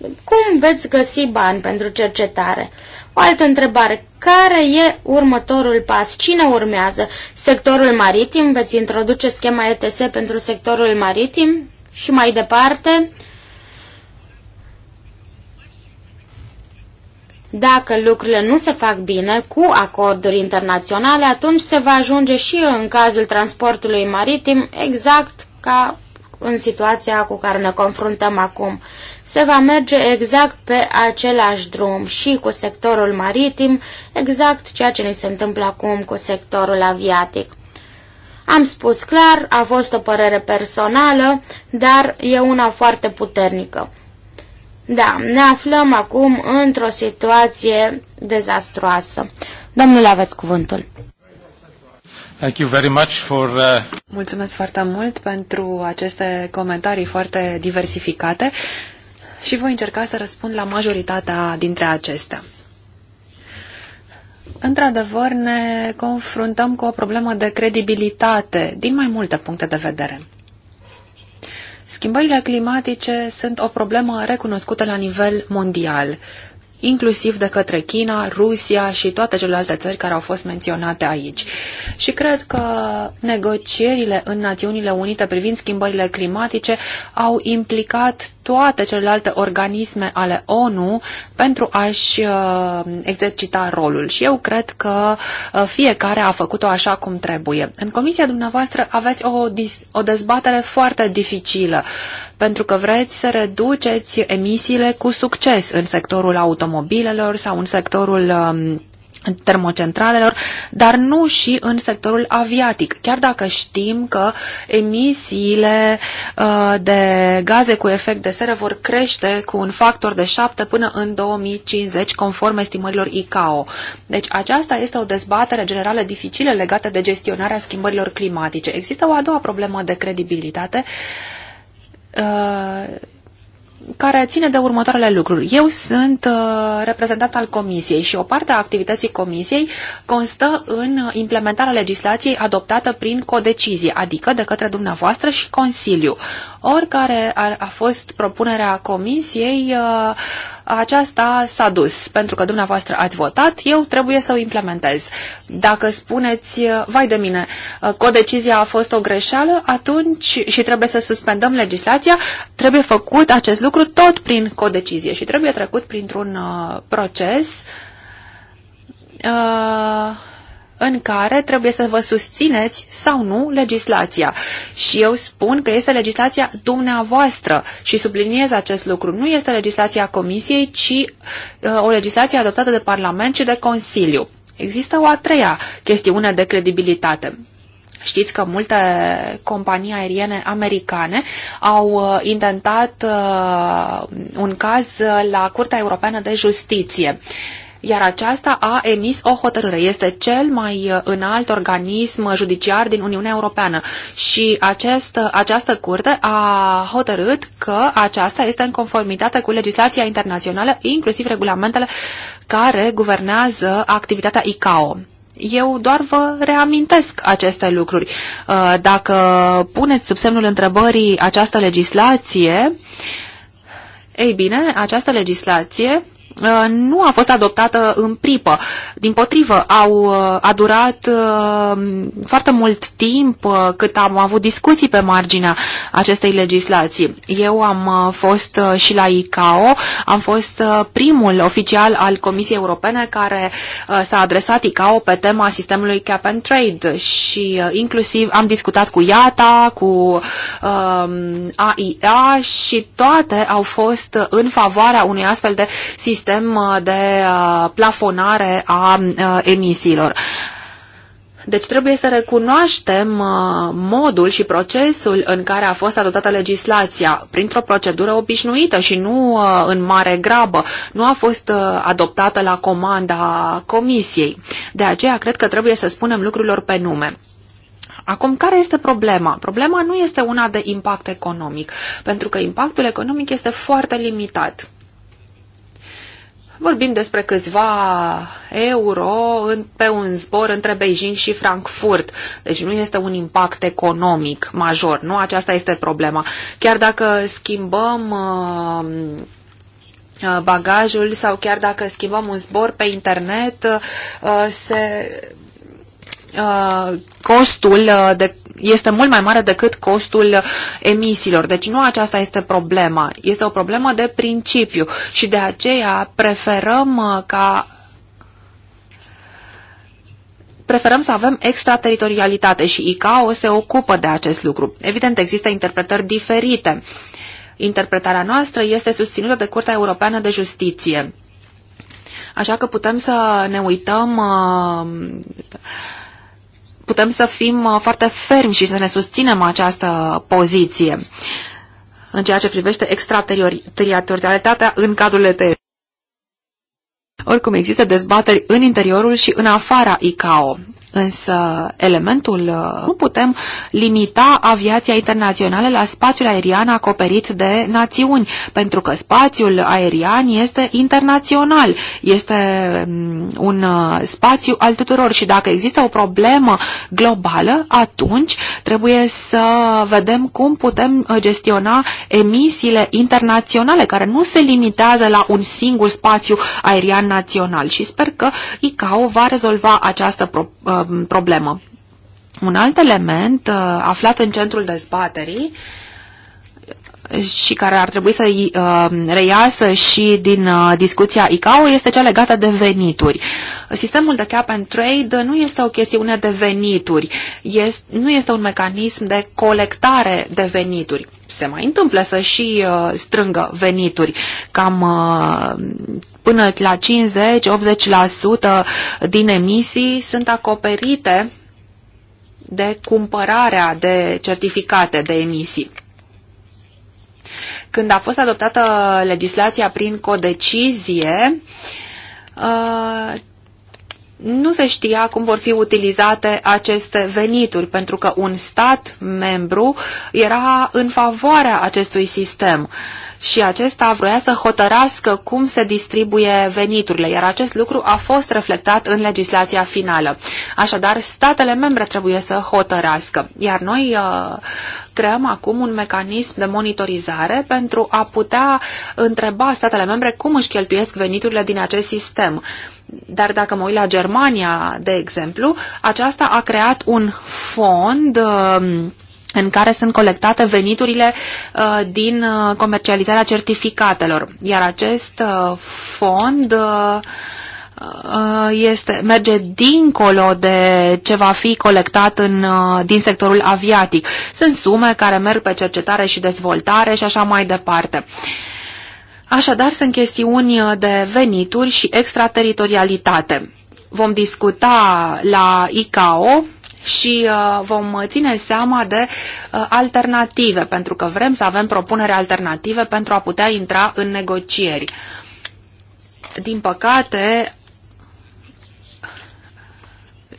cum veți găsi bani pentru cercetare? O altă întrebare. Care e următorul pas? Cine urmează? Sectorul maritim? Veți introduce schema ETS pentru sectorul maritim? Și mai departe? Dacă lucrurile nu se fac bine cu acorduri internaționale, atunci se va ajunge și în cazul transportului maritim exact ca în situația cu care ne confruntăm acum. Se va merge exact pe același drum și cu sectorul maritim, exact ceea ce ne se întâmplă acum cu sectorul aviatic. Am spus clar, a fost o părere personală, dar e una foarte puternică. Da, ne aflăm acum într-o situație dezastroasă. Domnule, aveți cuvântul. Thank you very much for, uh... Mulțumesc foarte mult pentru aceste comentarii foarte diversificate și voi încerca să răspund la majoritatea dintre acestea. Într-adevăr, ne confruntăm cu o problemă de credibilitate din mai multe puncte de vedere. Schimbările climatice sunt o problemă recunoscută la nivel mondial inclusiv de către China, Rusia și toate celelalte țări care au fost menționate aici. Și cred că negocierile în Națiunile Unite privind schimbările climatice au implicat toate celelalte organisme ale ONU pentru a-și uh, exercita rolul. Și eu cred că uh, fiecare a făcut-o așa cum trebuie. În comisia dumneavoastră aveți o, o dezbatere foarte dificilă, pentru că vreți să reduceți emisiile cu succes în sectorul auto automobilelor sau în sectorul um, termocentralelor, dar nu și în sectorul aviatic, chiar dacă știm că emisiile uh, de gaze cu efect de seră vor crește cu un factor de 7 până în 2050, conform estimărilor ICAO. Deci aceasta este o dezbatere generală dificilă legată de gestionarea schimbărilor climatice. Există o a doua problemă de credibilitate uh, care ține de următoarele lucruri. Eu sunt uh, reprezentant al Comisiei și o parte a activității Comisiei constă în implementarea legislației adoptată prin codecizie, adică de către dumneavoastră și Consiliu. Oricare a, a fost propunerea Comisiei, uh, aceasta s-a dus, pentru că dumneavoastră ați votat, eu trebuie să o implementez. Dacă spuneți, uh, vai de mine, uh, codecizia a fost o greșeală, atunci și trebuie să suspendăm legislația, trebuie făcut acest lucru lucru tot prin codecizie și trebuie trecut printr-un uh, proces uh, în care trebuie să vă susțineți sau nu legislația. Și eu spun că este legislația dumneavoastră și subliniez acest lucru. Nu este legislația Comisiei, ci uh, o legislație adoptată de Parlament și de Consiliu. Există o a treia chestiune de credibilitate. Știți că multe companii aeriene americane au uh, intentat uh, un caz uh, la Curtea Europeană de Justiție iar aceasta a emis o hotărâre. Este cel mai înalt organism judiciar din Uniunea Europeană și acest, această curte a hotărât că aceasta este în conformitate cu legislația internațională, inclusiv regulamentele care guvernează activitatea ICAO. Eu doar vă reamintesc aceste lucruri. Uh, dacă puneți sub semnul întrebării această legislație, ei bine, această legislație Uh, nu a fost adoptată în pripă. Din potrivă, au, uh, a durat uh, foarte mult timp cât am avut discuții pe marginea acestei legislații. Eu am fost și la ICAO, am fost primul oficial al Comisiei Europene care s-a adresat ICAO pe tema sistemului cap and trade și inclusiv am discutat cu IATA, cu um, AIA și toate au fost în favoarea unui astfel de sistem sistem uh, de uh, plafonare a uh, emisiilor. Deci trebuie să recunoaștem modul și procesul în care a fost adoptată legislația, printr-o procedură obișnuită și nu în mare grabă. Nu a fost adoptată la comanda comisiei. De aceea cred că trebuie să spunem lucrurilor pe nume. Acum, care este problema? Problema nu este una de impact economic, pentru că impactul economic este foarte limitat. Vorbim despre câțiva euro în, pe un zbor între Beijing și Frankfurt. Deci nu este un impact economic major, nu? Aceasta este problema. Chiar dacă schimbăm uh, uh bagajul sau chiar dacă schimbăm un zbor pe internet, uh, se Uh, costul uh, de, este mult mai mare decât costul emisiilor. Deci nu aceasta este problema. Este o problemă de principiu și de aceea preferăm uh, ca preferăm să avem extrateritorialitate și ICAO se ocupă de acest lucru. Evident, există interpretări diferite. Interpretarea noastră este susținută de Curtea Europeană de Justiție. Așa că putem să ne uităm uh, putem să fim uh, foarte fermi și să ne susținem această poziție în ceea ce privește extraterritorialitatea în cadrul ETE. Oricum există dezbateri în interiorul și în afara ICAO. Însă elementul uh, nu putem limita aviația internațională la spațiul aerian acoperit de națiuni, pentru că spațiul aerian este internațional, este mm, un uh, spațiu al tuturor și dacă există o problemă globală, atunci trebuie să vedem cum putem uh, gestiona emisiile internaționale care nu se limitează la un singur spațiu aerian național și sper că ICAO va rezolva această problemă problemă. Un alt element uh, aflat în centrul dezbaterii și care ar trebui să uh, reiasă și din uh, discuția ICAO este cea legată de venituri. Sistemul de cap and trade nu este o chestiune de venituri, este, nu este un mecanism de colectare de venituri. Se mai întâmplă să și uh, strângă venituri, cam până la 50-80% din emisii sunt acoperite de cumpărarea de certificate de emisii. Când a fost adoptată legislația prin codecizie, uh, nu se știa cum vor fi utilizate aceste venituri, pentru că un stat membru era în favoarea acestui sistem. Uh, și acesta vroia să hotărască cum se distribuie veniturile, iar acest lucru a fost reflectat în legislația finală. Așadar, statele membre trebuie să hotărască, iar noi uh, creăm acum un mecanism de monitorizare pentru a putea întreba statele membre cum își cheltuiesc veniturile din acest sistem. Dar dacă mă uit la Germania, de exemplu, aceasta a creat un fond uh, în care sunt colectate veniturile uh, din uh, comercializarea certificatelor. Iar acest uh, fond este, merge dincolo de ce va fi colectat în, din sectorul aviatic. Sunt sume care merg pe cercetare și dezvoltare și așa mai departe. Așadar, sunt chestiuni de venituri și extrateritorialitate. Vom discuta la ICAO și uh, vom ține seama de uh, alternative, pentru că vrem să avem propunere alternative pentru a putea intra în negocieri. Din păcate,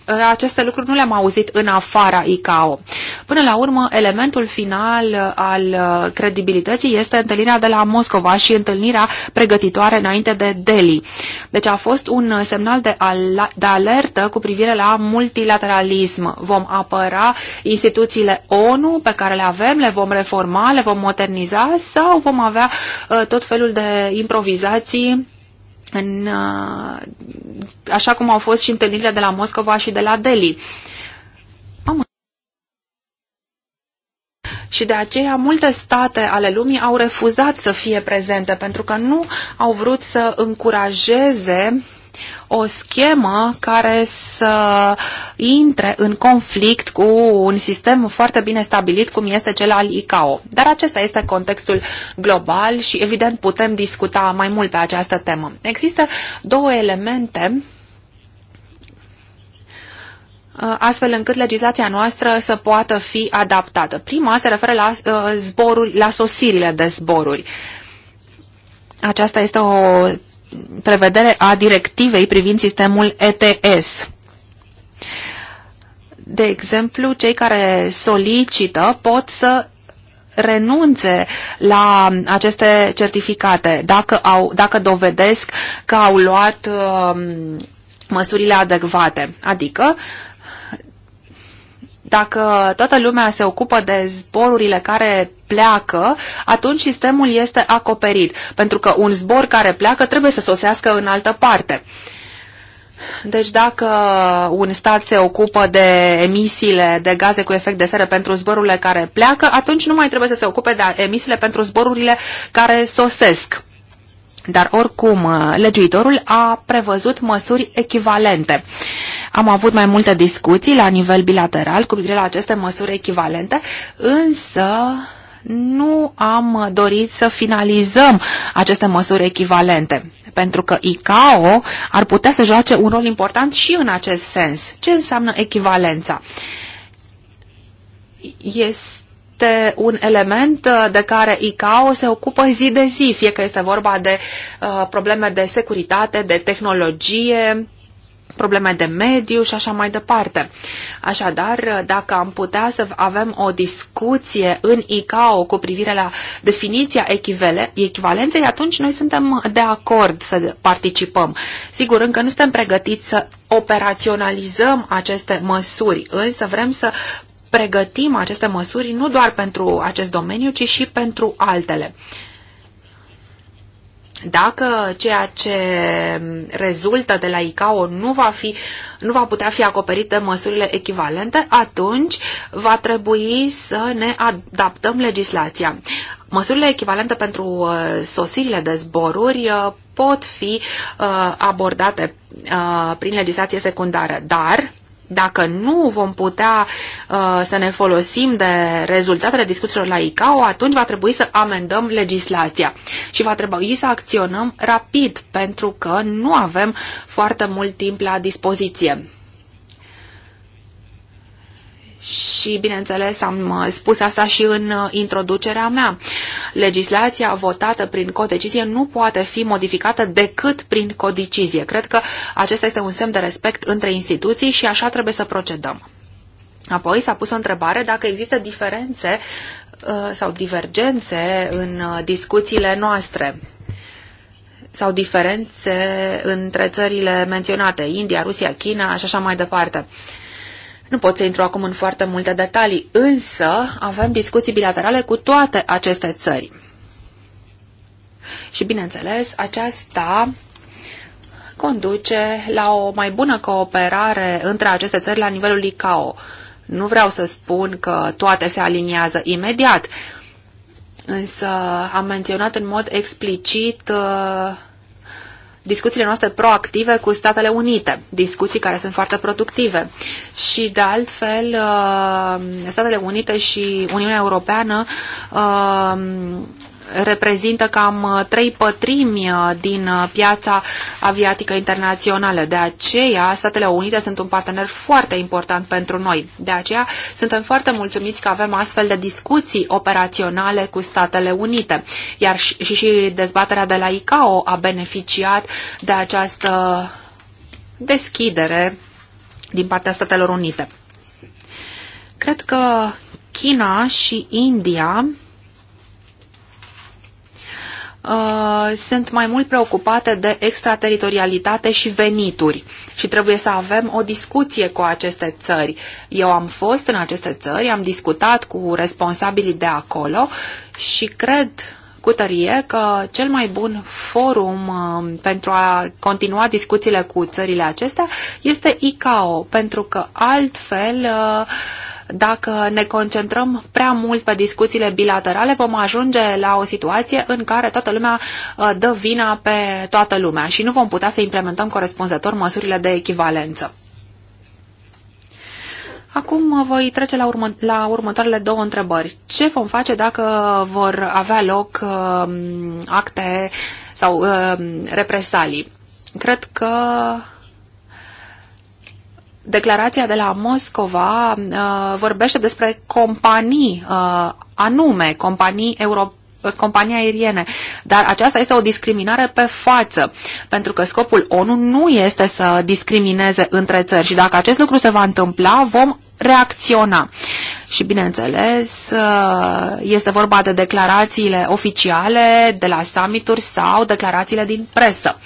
Eh, aceste lucruri nu le-am auzit în afara ICAO. Până la urmă, elementul final eh, al eh, credibilității este întâlnirea de la Moscova și întâlnirea pregătitoare înainte de Delhi. Deci a fost un semnal de, al- de alertă cu privire la multilateralism. Vom apăra instituțiile ONU pe care le avem, le vom reforma, le vom moderniza sau vom avea uh, tot felul de improvizații în, uh, așa cum au fost și întâlnirile de la Moscova și de la Delhi. și de aceea multe state ale lumii au refuzat să fie prezente pentru că nu au vrut să încurajeze o schemă care să intre în conflict cu un sistem foarte bine stabilit cum este cel al ICAO. Dar acesta este contextul global și evident putem discuta mai mult pe această temă. Există două elemente uh, astfel încât legislația noastră să poată fi adaptată. Prima se referă la uh, zboruri, la sosirile de zboruri. Aceasta este o prevedere a directivei privind sistemul ETS. De exemplu, cei care solicită pot să renunțe la aceste certificate dacă, au, dacă dovedesc că au luat uh, măsurile adecvate, adică dacă toată lumea se ocupă de zborurile care pleacă, atunci sistemul este acoperit, pentru că un zbor care pleacă trebuie să sosească în altă parte. Deci dacă un stat se ocupă de emisiile de gaze cu efect de seră pentru zborurile care pleacă, atunci nu mai trebuie să se ocupe de emisiile pentru zborurile care sosesc. Dar oricum, uh, legiuitorul a prevăzut măsuri echivalente. Am avut mai multe discuții la nivel bilateral cu privire la aceste măsuri echivalente, însă nu am dorit să finalizăm aceste măsuri echivalente pentru că ICAO ar putea să joace un rol important și în acest sens. Ce înseamnă echivalența? Este este un element uh, de care ICAO se ocupă zi de zi, fie că este vorba de uh, probleme de securitate, de tehnologie, probleme de mediu și așa mai departe. Așadar, uh, dacă am putea să avem o discuție în ICAO cu privire la definiția echivalenței, atunci noi suntem de acord să participăm. Sigur, încă nu suntem pregătiți să operaționalizăm aceste măsuri, însă vrem să pregătim aceste măsuri nu doar pentru acest domeniu, ci și pentru altele. Dacă ceea ce rezultă de la ICAO nu va, fi, nu va putea fi acoperit de măsurile echivalente, atunci va trebui să ne adaptăm legislația. Măsurile echivalente pentru uh, sosirile de zboruri uh, pot fi uh, abordate prin legislație secundară, dar dacă nu vom putea uh, să ne folosim de rezultatele discuțiilor la ICAO, atunci va trebui să amendăm legislația și va trebui să acționăm rapid, pentru că nu avem foarte mult timp la dispoziție și, bineînțeles, am uh, spus asta și în uh, introducerea mea. Legislația votată prin codecizie nu poate fi modificată decât prin codecizie. Cred că acesta este un semn de respect între instituții și așa trebuie să procedăm. Apoi s-a pus o întrebare dacă există diferențe uh, sau divergențe în discuțiile noastre sau diferențe între țările menționate, India, Rusia, China și așa mai departe. Uh, nu pot să intru acum în foarte multe detalii, însă avem discuții bilaterale cu toate aceste țări. Și, bineînțeles, aceasta conduce la o mai bună cooperare între aceste țări la nivelul ICAO. Nu vreau să spun că toate se aliniază imediat, însă am menționat în mod explicit uh, discuțiile noastre proactive cu Statele Unite, discuții care sunt foarte productive. Și de altfel, uh, Statele Unite și Uniunea Europeană uh, reprezintă cam uh, trei pătrimi uh, din uh, piața aviatică internațională. De aceea, Statele Unite sunt un partener foarte important pentru noi. De aceea, suntem foarte mulțumiți că avem astfel de discuții operaționale cu Statele Unite. Iar și, și dezbaterea de la ICAO a beneficiat de această deschidere din partea Statelor Unite. Cred că China și India Uh, sunt mai mult preocupate de extrateritorialitate și venituri și trebuie să avem o discuție cu aceste țări. Eu am fost în aceste țări, am discutat cu responsabilii de acolo și cred cu tărie că cel mai bun forum uh, pentru a continua discuțiile cu țările acestea este ICAO, pentru că altfel uh, dacă ne concentrăm prea mult pe discuțiile bilaterale, vom ajunge la o situație în care toată lumea uh, dă vina pe toată lumea și nu vom putea să implementăm corespunzător măsurile de echivalență. Acum uh, voi trece la, urmă, la următoarele două întrebări. Ce vom face dacă vor avea loc uh, acte sau uh, represalii? Cred că declarația de la Moscova uh, vorbește despre companii uh, anume, companii europene companii aeriene. Dar aceasta este o discriminare pe față, pentru că scopul ONU nu este să discrimineze între țări și dacă acest lucru se va întâmpla, vom reacționa. Și bineînțeles, uh, este vorba de declarațiile oficiale de la summituri sau declarațiile din presă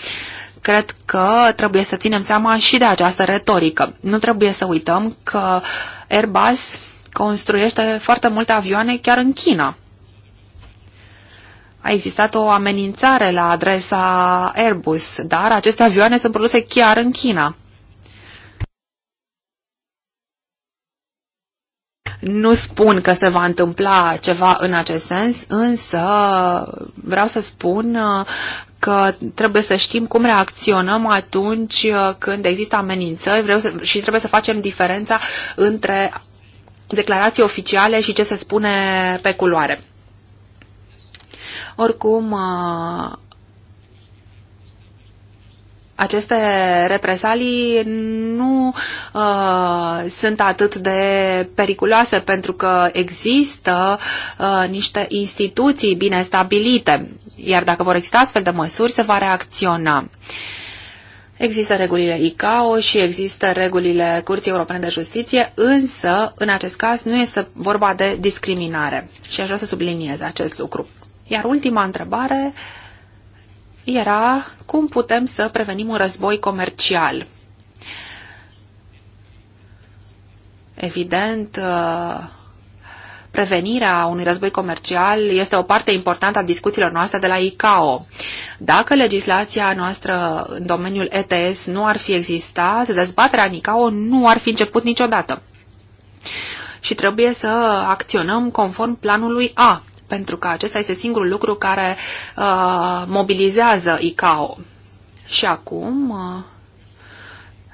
cred că trebuie să ținem seama și de această retorică. Nu trebuie să uităm că Airbus construiește foarte multe avioane chiar în China. A existat o amenințare la adresa Airbus, dar aceste avioane sunt produse chiar în China. Nu spun că se va întâmpla ceva în acest sens, însă vreau să spun că trebuie să știm cum reacționăm atunci uh, când există amenințări vreau să, și trebuie să facem diferența între declarații oficiale și ce se spune pe culoare. Oricum, uh, aceste represalii nu uh, sunt atât de periculoase pentru că există uh, niște instituții bine stabilite iar dacă vor exista astfel de măsuri, se va reacționa. Există regulile ICAO și există regulile Curții Europene de Justiție, însă, în acest caz, nu este vorba de discriminare. Și aș vrea să subliniez acest lucru. Iar ultima întrebare era cum putem să prevenim un război comercial. Evident, uh, prevenirea unui război comercial este o parte importantă a discuțiilor noastre de la ICAO. Dacă legislația noastră în domeniul ETS nu ar fi existat, dezbaterea în ICAO nu ar fi început niciodată. Și trebuie să acționăm conform planului A, pentru că acesta este singurul lucru care uh, mobilizează ICAO. Și acum uh,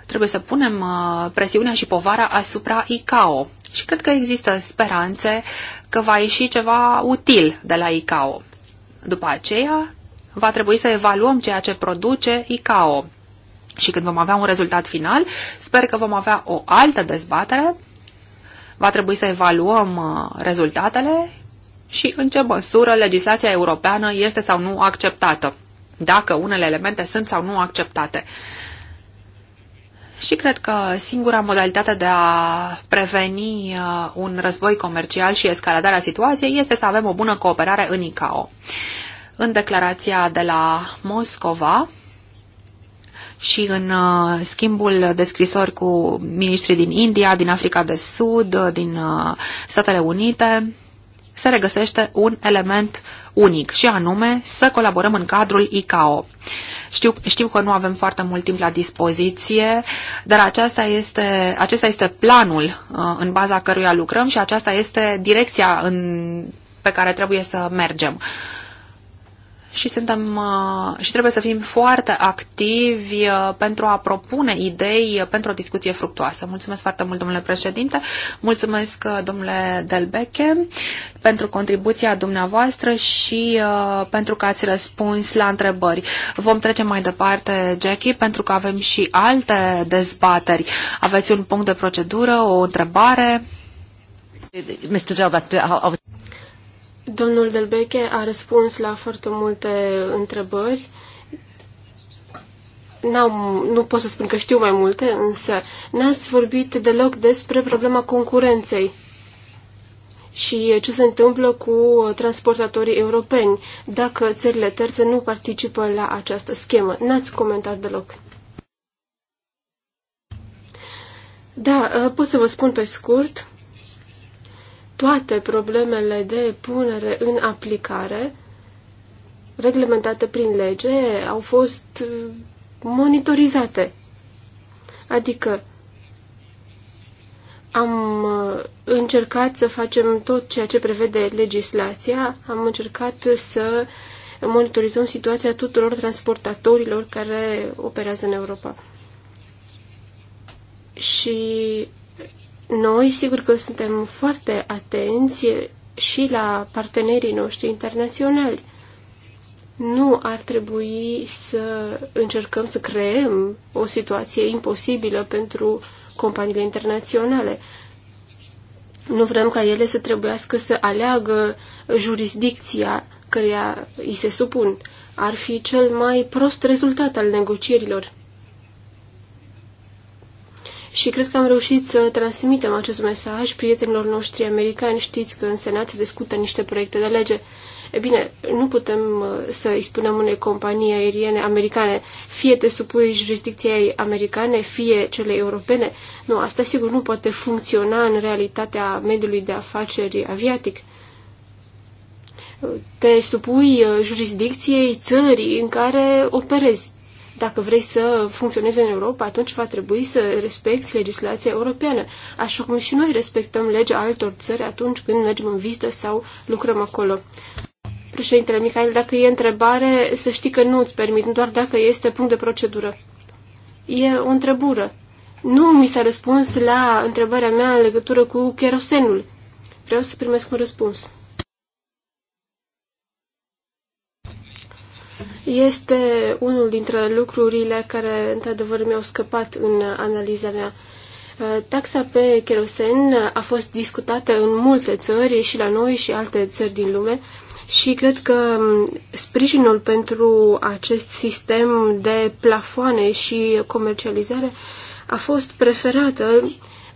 trebuie să punem uh, presiunea și povara asupra ICAO și cred că există speranțe că va ieși ceva util de la ICAO. După aceea, va trebui să evaluăm ceea ce produce ICAO. Și când vom avea un rezultat final, sper că vom avea o altă dezbatere. Va trebui să evaluăm uh, rezultatele și în ce măsură legislația europeană este sau nu acceptată, dacă unele elemente sunt sau nu acceptate. Și cred că singura modalitate de a preveni uh, un război comercial și escaladarea situației este să avem o bună cooperare în ICAO. În declarația de la Moscova și în uh, schimbul de scrisori cu ministrii din India, din Africa de Sud, uh, din Statele Unite, se regăsește un element unic și anume să colaborăm în cadrul ICAO. Știu, știu că nu avem foarte mult timp la dispoziție, dar aceasta este, acesta este planul uh, în baza căruia lucrăm și aceasta este direcția în, pe care trebuie să mergem și, suntem, uh, și trebuie să fim foarte activi uh, pentru a propune idei uh, pentru o discuție fructuoasă. Mulțumesc foarte mult, domnule președinte, mulțumesc, domnule Delbeche, pentru contribuția dumneavoastră și pentru că ați răspuns la întrebări. Vom trece mai departe, Jackie, pentru că avem și alte dezbateri. Aveți un punct de procedură, o întrebare? Mr. Delbeck, Domnul Delbeche a răspuns la foarte multe întrebări. N-am, nu pot să spun că știu mai multe, însă n-ați vorbit deloc despre problema concurenței și ce se întâmplă cu transportatorii europeni dacă țările terțe nu participă la această schemă. N-ați comentat deloc. Da, pot să vă spun pe scurt toate problemele de punere în aplicare reglementate prin lege au fost uh, monitorizate. Adică am uh, încercat să facem tot ceea ce prevede legislația, am încercat să monitorizăm situația tuturor transportatorilor care operează în Europa. Și noi, sigur că suntem foarte atenți și la partenerii noștri internaționali. Nu ar trebui să încercăm să creăm o situație imposibilă pentru companiile internaționale. Nu vrem ca ele să trebuiască să aleagă jurisdicția căreia îi se supun. Ar fi cel mai prost rezultat al negocierilor și cred că am reușit să transmitem acest mesaj prietenilor noștri americani. Știți că în Senat se discută niște proiecte de lege. E bine, nu putem uh, să îi spunem unei companii aeriene americane, fie te supui jurisdicției americane, fie cele europene. Nu, asta sigur nu poate funcționa în realitatea mediului de afaceri aviatic. Te supui uh, jurisdicției țării în care operezi. Dacă vrei să funcționezi în Europa, atunci va trebui să respecti legislația europeană, așa cum și noi respectăm legea altor țări atunci când mergem în vizită sau lucrăm acolo. Președintele Mihail, dacă e întrebare, să știi că nu îți permit, doar dacă este punct de procedură. E o întrebură. Nu mi s-a răspuns la întrebarea mea în legătură cu cherosenul. Vreau să primesc un răspuns. este unul dintre lucrurile care, într-adevăr, mi-au scăpat în analiza mea. Uh, taxa pe kerosen a fost discutată în multe țări, și la noi și alte țări din lume, și cred că um, sprijinul pentru acest sistem de plafoane și comercializare a fost preferată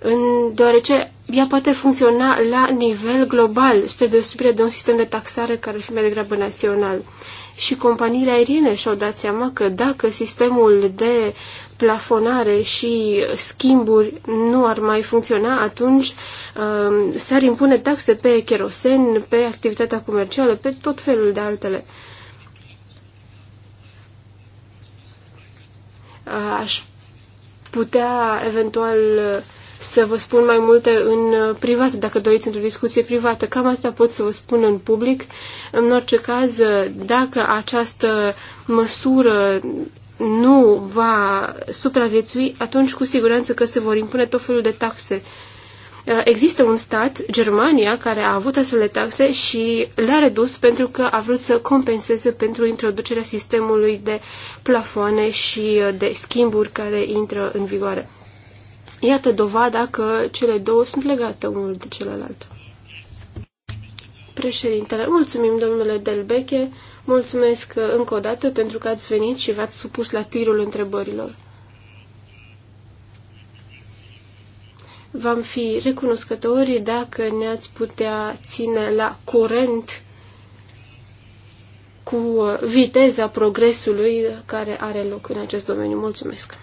în, deoarece ea poate funcționa la nivel global, spre deosebire de un sistem de taxare care ar fi mai degrabă național și companiile aeriene și-au dat seama că dacă sistemul de plafonare și schimburi nu ar mai funcționa, atunci um, s-ar impune taxe pe kerosen, pe activitatea comercială, pe tot felul de altele. Aș putea eventual uh, să vă spun mai multe în uh, privat, dacă doriți într-o discuție privată. Cam asta pot să vă spun în public. În orice caz, uh, dacă această măsură nu va supraviețui, atunci cu siguranță că se vor impune tot felul de taxe. Uh, există un stat, Germania, care a avut astfel de taxe și le-a redus pentru că a vrut să compenseze pentru introducerea sistemului de plafoane și de schimburi care intră în vigoare. Iată dovada că cele două sunt legate unul de celălalt. Președintele, mulțumim domnule Delbeche, mulțumesc încă o dată pentru că ați venit și v-ați supus la tirul întrebărilor. v-am fi recunoscători dacă ne-ați putea ține la curent cu viteza progresului care are loc în acest domeniu. Mulțumesc!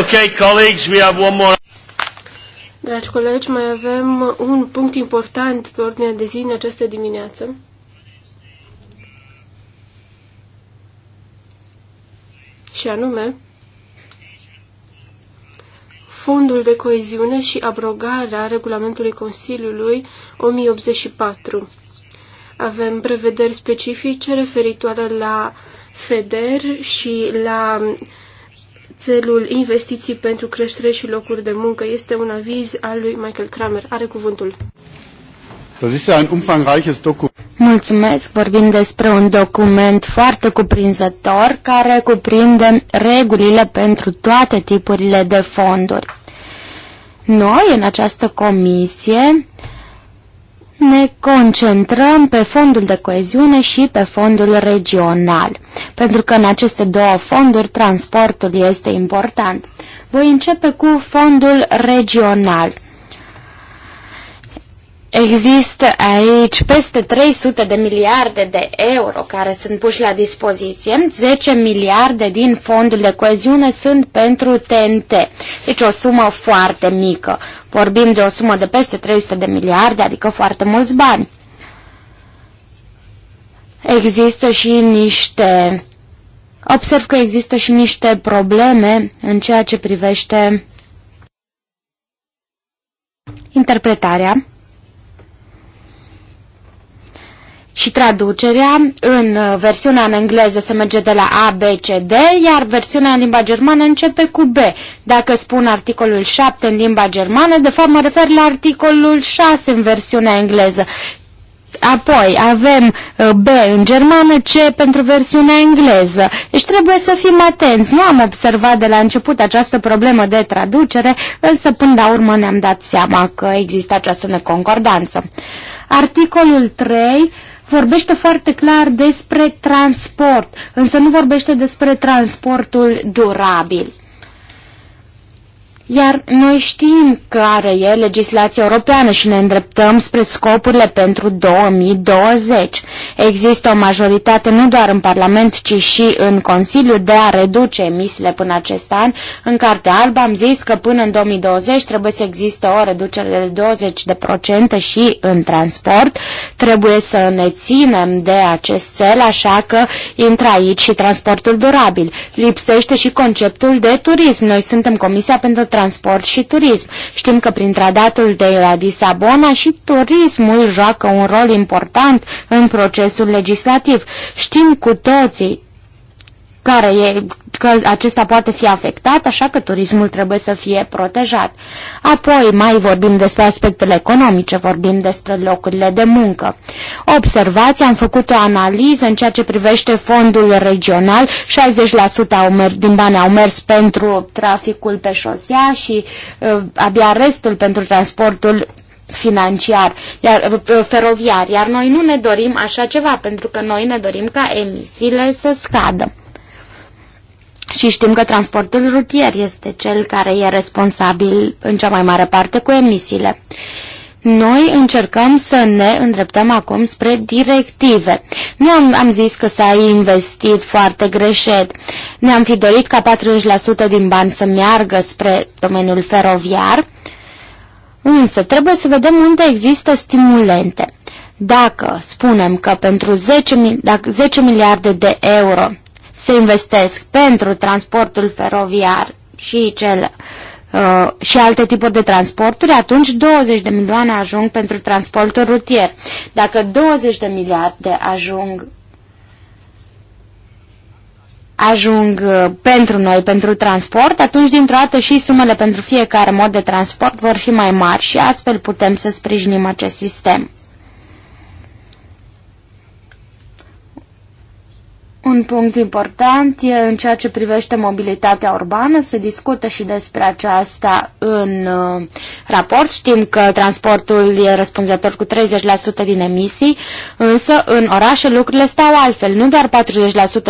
Ok, colleagues, we have one more. Dragi colegi, mai avem un punct important pe ordinea de zi în această dimineață. Și anume, Fondul de coeziune și abrogarea regulamentului Consiliului 1084. Avem prevederi specifice referitoare la FEDER și la uh, țelul investiții pentru creștere și locuri de muncă. Este un aviz al lui Michael Kramer. Are cuvântul. Mulțumesc, vorbim despre un document foarte cuprinzător care cuprinde regulile pentru toate tipurile de fonduri. Noi, în această comisie, ne concentrăm pe fondul de coeziune și pe fondul regional, pentru că în aceste două fonduri transportul este important. Voi începe cu fondul regional. Există aici peste 300 de miliarde de euro care sunt puși la dispoziție. 10 miliarde din fondul de coeziune sunt pentru TNT. Deci o sumă foarte mică. Vorbim de o sumă de peste 300 de miliarde, adică foarte mulți bani. Există și niște... Observ că există și niște probleme în ceea ce privește interpretarea. și traducerea în uh, versiunea în engleză se merge de la A, B, C, D, iar versiunea în limba germană începe cu B. Dacă spun articolul 7 în limba germană, de fapt mă refer la articolul 6 în versiunea engleză. Apoi avem uh, B în germană, C pentru versiunea engleză. Deci trebuie să fim atenți. Nu am observat de la început această problemă de traducere, însă până la urmă ne-am dat seama că există această neconcordanță. Articolul 3 vorbește foarte clar despre transport, însă nu vorbește despre transportul durabil. Iar noi știm care e legislația europeană și ne îndreptăm spre scopurile pentru 2020. Există o majoritate nu doar în Parlament, ci și în Consiliu de a reduce emisiile până acest an. În Cartea Albă am zis că până în 2020 trebuie să existe o reducere de 20% și în transport. Trebuie să ne ținem de acest cel, așa că intră aici și transportul durabil. Lipsește și conceptul de turism. Noi suntem Comisia pentru transport și turism. Știm că prin tratatul de la Lisabona și turismul joacă un rol important în procesul legislativ. Știm cu toții care e, că acesta poate fi afectat, așa că turismul trebuie să fie protejat. Apoi mai vorbim despre aspectele economice, vorbim despre locurile de muncă. Observați, am făcut o analiză în ceea ce privește fondul regional, 60% au mer- din bani au mers pentru traficul pe șosea și uh, abia restul pentru transportul financiar, iar, uh, uh, feroviar, iar noi nu ne dorim așa ceva, pentru că noi ne dorim ca emisiile să scadă. Și știm că transportul rutier este cel care e responsabil în cea mai mare parte cu emisiile. Noi încercăm să ne îndreptăm acum spre directive. Nu am, am zis că s-a investit foarte greșit. Ne-am fi dorit ca 40% din bani să meargă spre domeniul feroviar, însă trebuie să vedem unde există stimulente. Dacă spunem că pentru 10, dacă 10 miliarde de euro se investesc pentru transportul feroviar și cel uh, și alte tipuri de transporturi, atunci 20 de milioane ajung pentru transportul rutier. Dacă 20 de miliarde ajung ajung uh, pentru noi, pentru transport, atunci dintr-o dată și sumele pentru fiecare mod de transport vor fi mai mari și astfel putem să sprijinim acest sistem. Un punct important e în ceea ce privește mobilitatea urbană, se discută și despre aceasta în uh, raport. Știm că transportul e răspunzător cu 30% din emisii, însă în orașe lucrurile stau altfel. Nu doar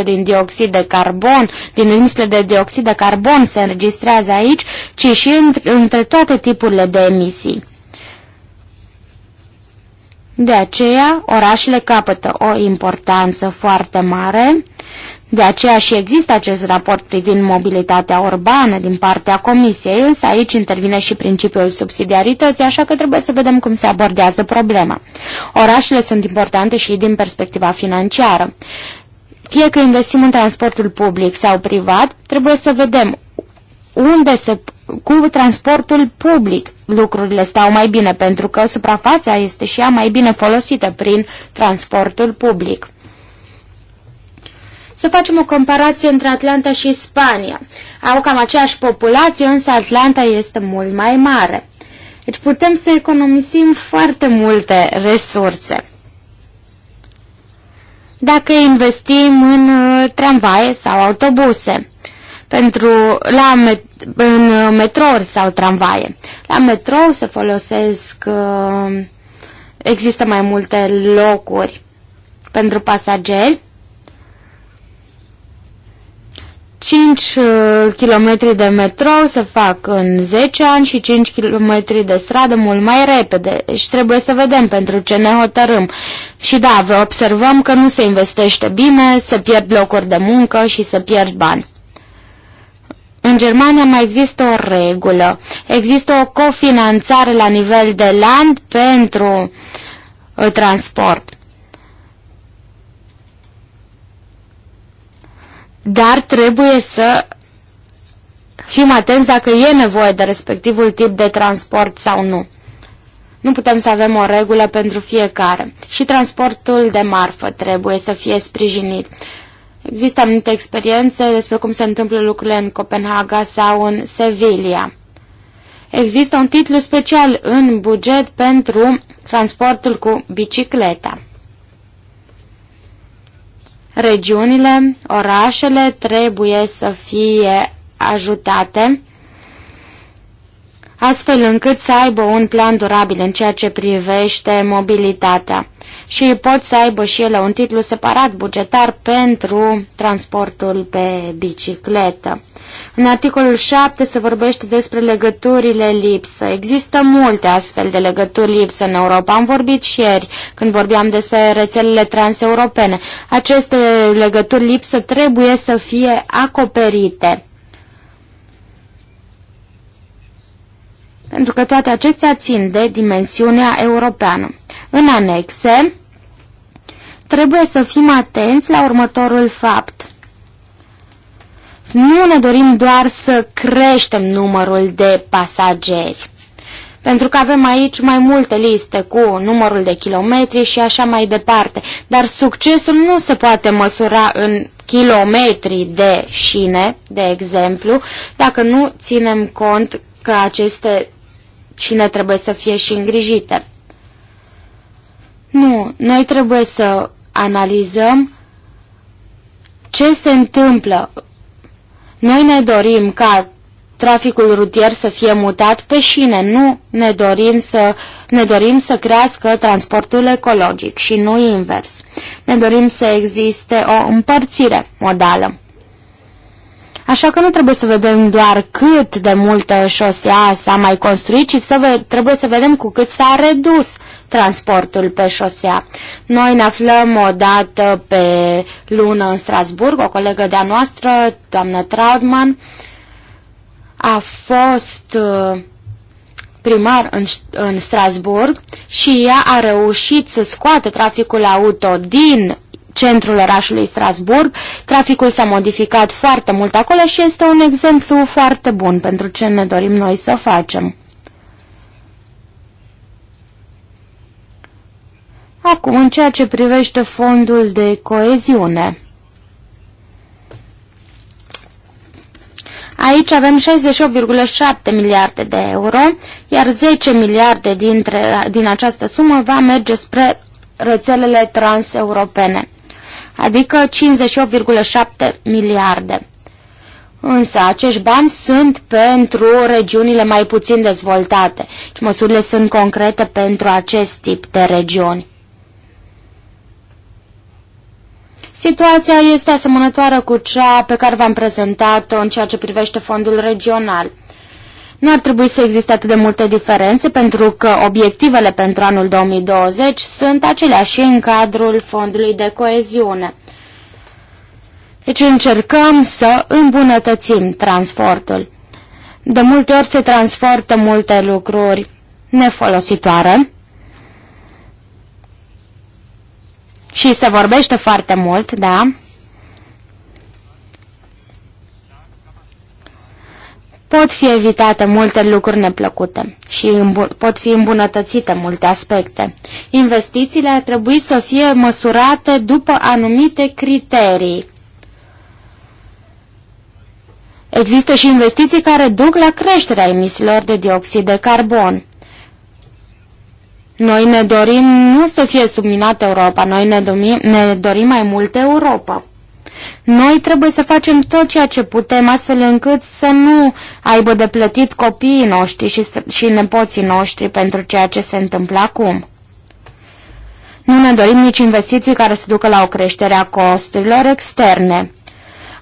40% din dioxid de carbon, din emisiile de dioxid de carbon se înregistrează aici, ci și între, între toate tipurile de emisii. De aceea, orașele capătă o importanță foarte mare. De aceea și există acest raport privind mobilitatea urbană din partea Comisiei, însă aici intervine și principiul subsidiarității, așa că trebuie să vedem cum se abordează problema. Orașele sunt importante și din perspectiva financiară. Fie că investim în transportul public sau privat, trebuie să vedem unde se, cu transportul public lucrurile stau mai bine, pentru că suprafața este și ea mai bine folosită prin transportul public. Să facem o comparație între Atlanta și Spania. Au cam aceeași populație, însă Atlanta este mult mai mare. Deci putem să economisim foarte multe resurse. Dacă investim în uh, tramvaie sau autobuse pentru la met, în uh, metrouri sau tramvaie. La metrou se folosesc, uh, există mai multe locuri pentru pasageri. 5 uh, km de metrou se fac în 10 ani și 5 km de stradă mult mai repede. Și deci trebuie să vedem pentru ce ne hotărâm. Și da, vă observăm că nu se investește bine, se pierd locuri de muncă și se pierd bani. În Germania mai există o regulă. Există o cofinanțare la nivel de land pentru uh, transport. Dar trebuie să fim atenți dacă e nevoie de respectivul tip de transport sau nu. Nu putem să avem o regulă pentru fiecare. Și transportul de marfă trebuie să fie sprijinit. Există anumite experiențe despre cum se întâmplă lucrurile în Copenhaga sau în Sevilla. Există un titlu special în buget pentru transportul cu bicicleta. Regiunile, orașele trebuie să fie ajutate astfel încât să aibă un plan durabil în ceea ce privește mobilitatea și pot să aibă și ele un titlu separat bugetar pentru transportul pe bicicletă. În articolul 7 se vorbește despre legăturile lipsă. Există multe astfel de legături lipsă în Europa. Am vorbit și ieri când vorbeam despre rețelele transeuropene. Aceste legături lipsă trebuie să fie acoperite. pentru că toate acestea țin de dimensiunea europeană. În anexe, trebuie să fim atenți la următorul fapt. Nu ne dorim doar să creștem numărul de pasageri, pentru că avem aici mai multe liste cu numărul de kilometri și așa mai departe, dar succesul nu se poate măsura în kilometri de șine, de exemplu, dacă nu ținem cont că aceste cine trebuie să fie și îngrijite. Nu, noi trebuie să analizăm ce se întâmplă. Noi ne dorim ca traficul rutier să fie mutat pe șine, nu ne dorim să, ne dorim să crească transportul ecologic și nu invers. Ne dorim să existe o împărțire modală. Așa că nu trebuie să vedem doar cât de multă șosea s-a mai construit, ci să trebuie să vedem cu cât s-a redus transportul pe șosea. Noi ne aflăm o dată pe lună în Strasburg, o colegă de-a noastră, doamna Traudman, a fost uh, primar în, în Strasburg și ea a reușit să scoată traficul auto din centrul orașului Strasburg. Traficul s-a modificat foarte mult acolo și este un exemplu foarte bun pentru ce ne dorim noi să facem. Acum, în ceea ce privește fondul de coeziune. Aici avem 68,7 miliarde de euro, iar 10 miliarde dintre, din această sumă va merge spre rețelele transeuropene adică 58,7 miliarde. Însă acești bani sunt pentru regiunile mai puțin dezvoltate și măsurile sunt concrete pentru acest tip de regiuni. Situația este asemănătoare cu cea pe care v-am prezentat-o în ceea ce privește fondul regional. Nu ar trebui să existe atât de multe diferențe pentru că obiectivele pentru anul 2020 sunt aceleași în cadrul fondului de coeziune. Deci încercăm să îmbunătățim transportul. De multe ori se transportă multe lucruri nefolositoare și se vorbește foarte mult, da, pot fi evitate multe lucruri neplăcute și pot fi îmbunătățite multe aspecte. Investițiile ar trebui să fie măsurate după anumite criterii. Există și investiții care duc la creșterea emisiilor de dioxid de carbon. Noi ne dorim nu să fie subminată Europa, noi ne, dorim, ne dorim mai mult Europa. Noi trebuie să facem tot ceea ce putem astfel încât să nu aibă de plătit copiii noștri și, și nepoții noștri pentru ceea ce se întâmplă acum. Nu ne dorim nici investiții care să ducă la o creștere a costurilor externe.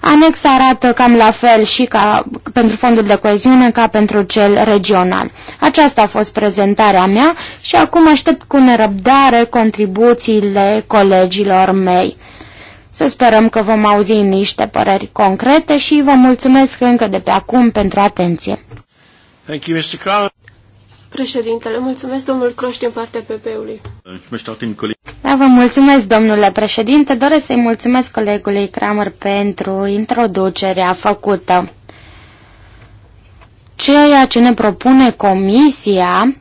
Anexa arată cam la fel și ca pentru fondul de coeziune ca pentru cel regional. Aceasta a fost prezentarea mea și acum aștept cu nerăbdare contribuțiile colegilor mei. Să sperăm că vom auzi niște păreri concrete și vă mulțumesc încă de pe acum pentru atenție. Thank you, Mr. Președintele, mulțumesc domnul Croști din partea PP-ului. Da, vă mulțumesc, domnule președinte. Doresc să-i mulțumesc colegului Kramer pentru introducerea făcută. Ceea ce ne propune comisia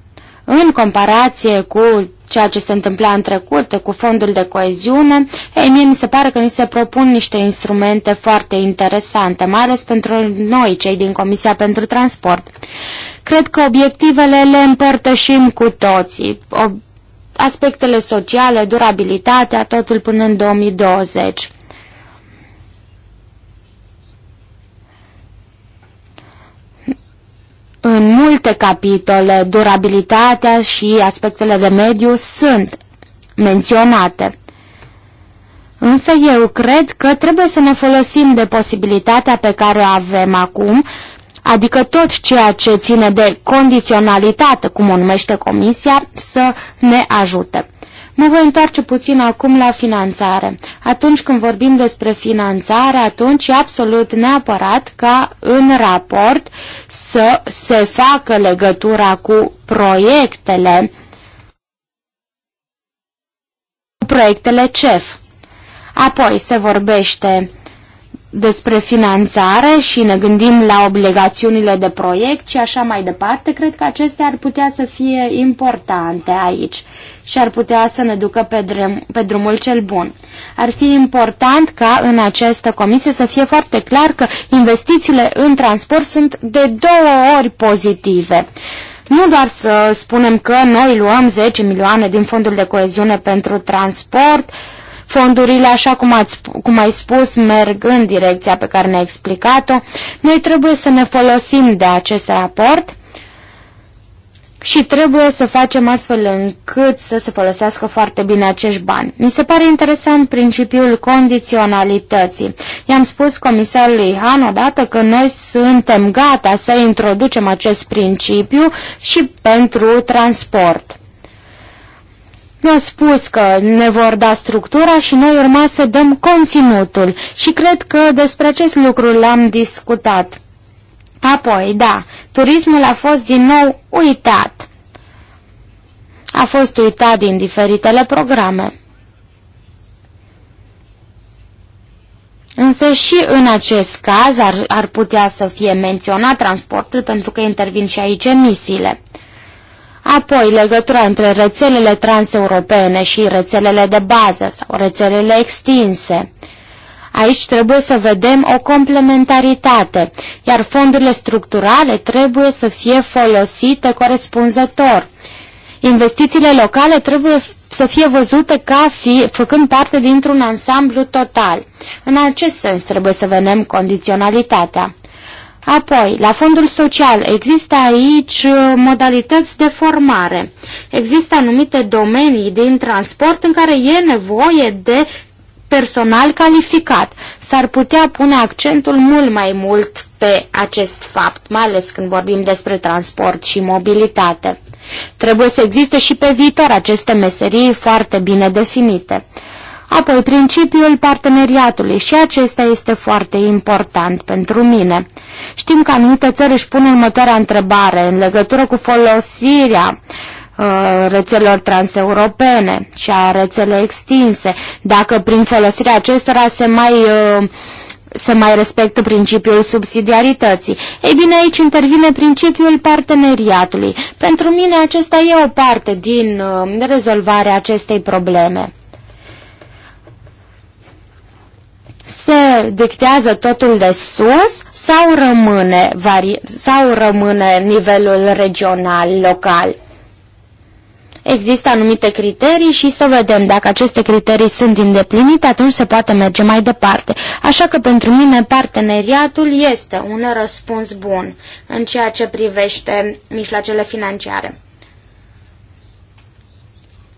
în comparație cu ceea ce se întâmpla în trecut cu fondul de coeziune, ei, mie mi se pare că ni se propun niște instrumente foarte interesante, mai ales pentru noi, cei din Comisia pentru Transport. Cred că obiectivele le împărtășim cu toții. aspectele sociale, durabilitatea, totul până în 2020. În multe capitole, durabilitatea și aspectele de mediu sunt menționate. Însă eu cred că trebuie să ne folosim de posibilitatea pe care o avem acum, adică tot ceea ce ține de condiționalitate, cum o numește Comisia, să ne ajute. Mă voi întoarce puțin acum la finanțare. Atunci când vorbim despre finanțare, atunci e absolut neapărat ca în raport să se facă legătura cu proiectele cu proiectele CEF. Apoi se vorbește despre finanțare și ne gândim la obligațiunile de proiect și așa mai departe, cred că acestea ar putea să fie importante aici și ar putea să ne ducă pe, drum, pe drumul cel bun. Ar fi important ca în această comisie să fie foarte clar că investițiile în transport sunt de două ori pozitive. Nu doar să spunem că noi luăm 10 milioane din fondul de coeziune pentru transport, uh, Fondurile, așa cum, ați, cum ai spus, merg în direcția pe care ne-a explicat-o. Noi trebuie să ne folosim de acest raport și trebuie să facem astfel încât să se folosească foarte bine acești bani. Mi se pare interesant principiul condiționalității. I-am spus comisarului Han odată că noi suntem gata să introducem acest principiu și pentru transport ne-au spus că ne vor da structura și noi urma să dăm conținutul și cred că despre acest lucru l-am discutat. Apoi, da, turismul a fost din nou uitat. A fost uitat din diferitele programe. Însă și în acest caz ar, ar putea să fie menționat transportul pentru că intervin și aici emisiile. Apoi, legătura între rețelele transeuropene și rețelele de bază sau rețelele extinse. Aici trebuie să vedem o complementaritate, iar fondurile structurale trebuie să fie folosite corespunzător. Investițiile locale trebuie să fie văzute ca fi, făcând parte dintr-un ansamblu total. În acest sens trebuie să vedem condiționalitatea. Apoi, la fondul social există aici uh, modalități de formare. Există anumite domenii din transport în care e nevoie de personal calificat. S-ar putea pune accentul mult mai mult pe acest fapt, mai ales când vorbim despre transport și mobilitate. Trebuie să existe și pe viitor aceste meserii foarte bine definite. Apoi, principiul parteneriatului și acesta este foarte important pentru mine. Știm că anumite țări își pun următoarea întrebare în legătură cu folosirea uh, rețelor transeuropene și a rețelei extinse, dacă prin folosirea acestora se mai uh, se mai respectă principiul subsidiarității. Ei bine, aici intervine principiul parteneriatului. Pentru mine acesta e o parte din uh, rezolvarea acestei probleme. se dictează totul de sus sau rămâne, vari, sau rămâne nivelul regional, local? Există anumite criterii și să vedem dacă aceste criterii sunt îndeplinite, atunci se poate merge mai departe. Așa că pentru mine parteneriatul este un răspuns bun în ceea ce privește mijloacele financiare.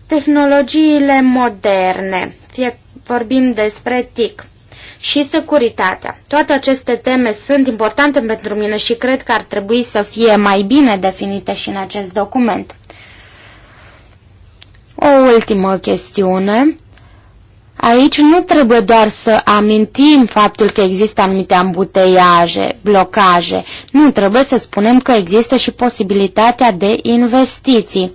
Tehnologiile moderne, fie vorbim despre TIC, și securitatea. Toate aceste teme sunt importante pentru mine și cred că ar trebui să fie mai bine definite și în acest document. O ultimă chestiune. Aici nu trebuie doar să amintim faptul că există anumite ambuteiaje, blocaje. Nu trebuie să spunem că există și posibilitatea de investiții.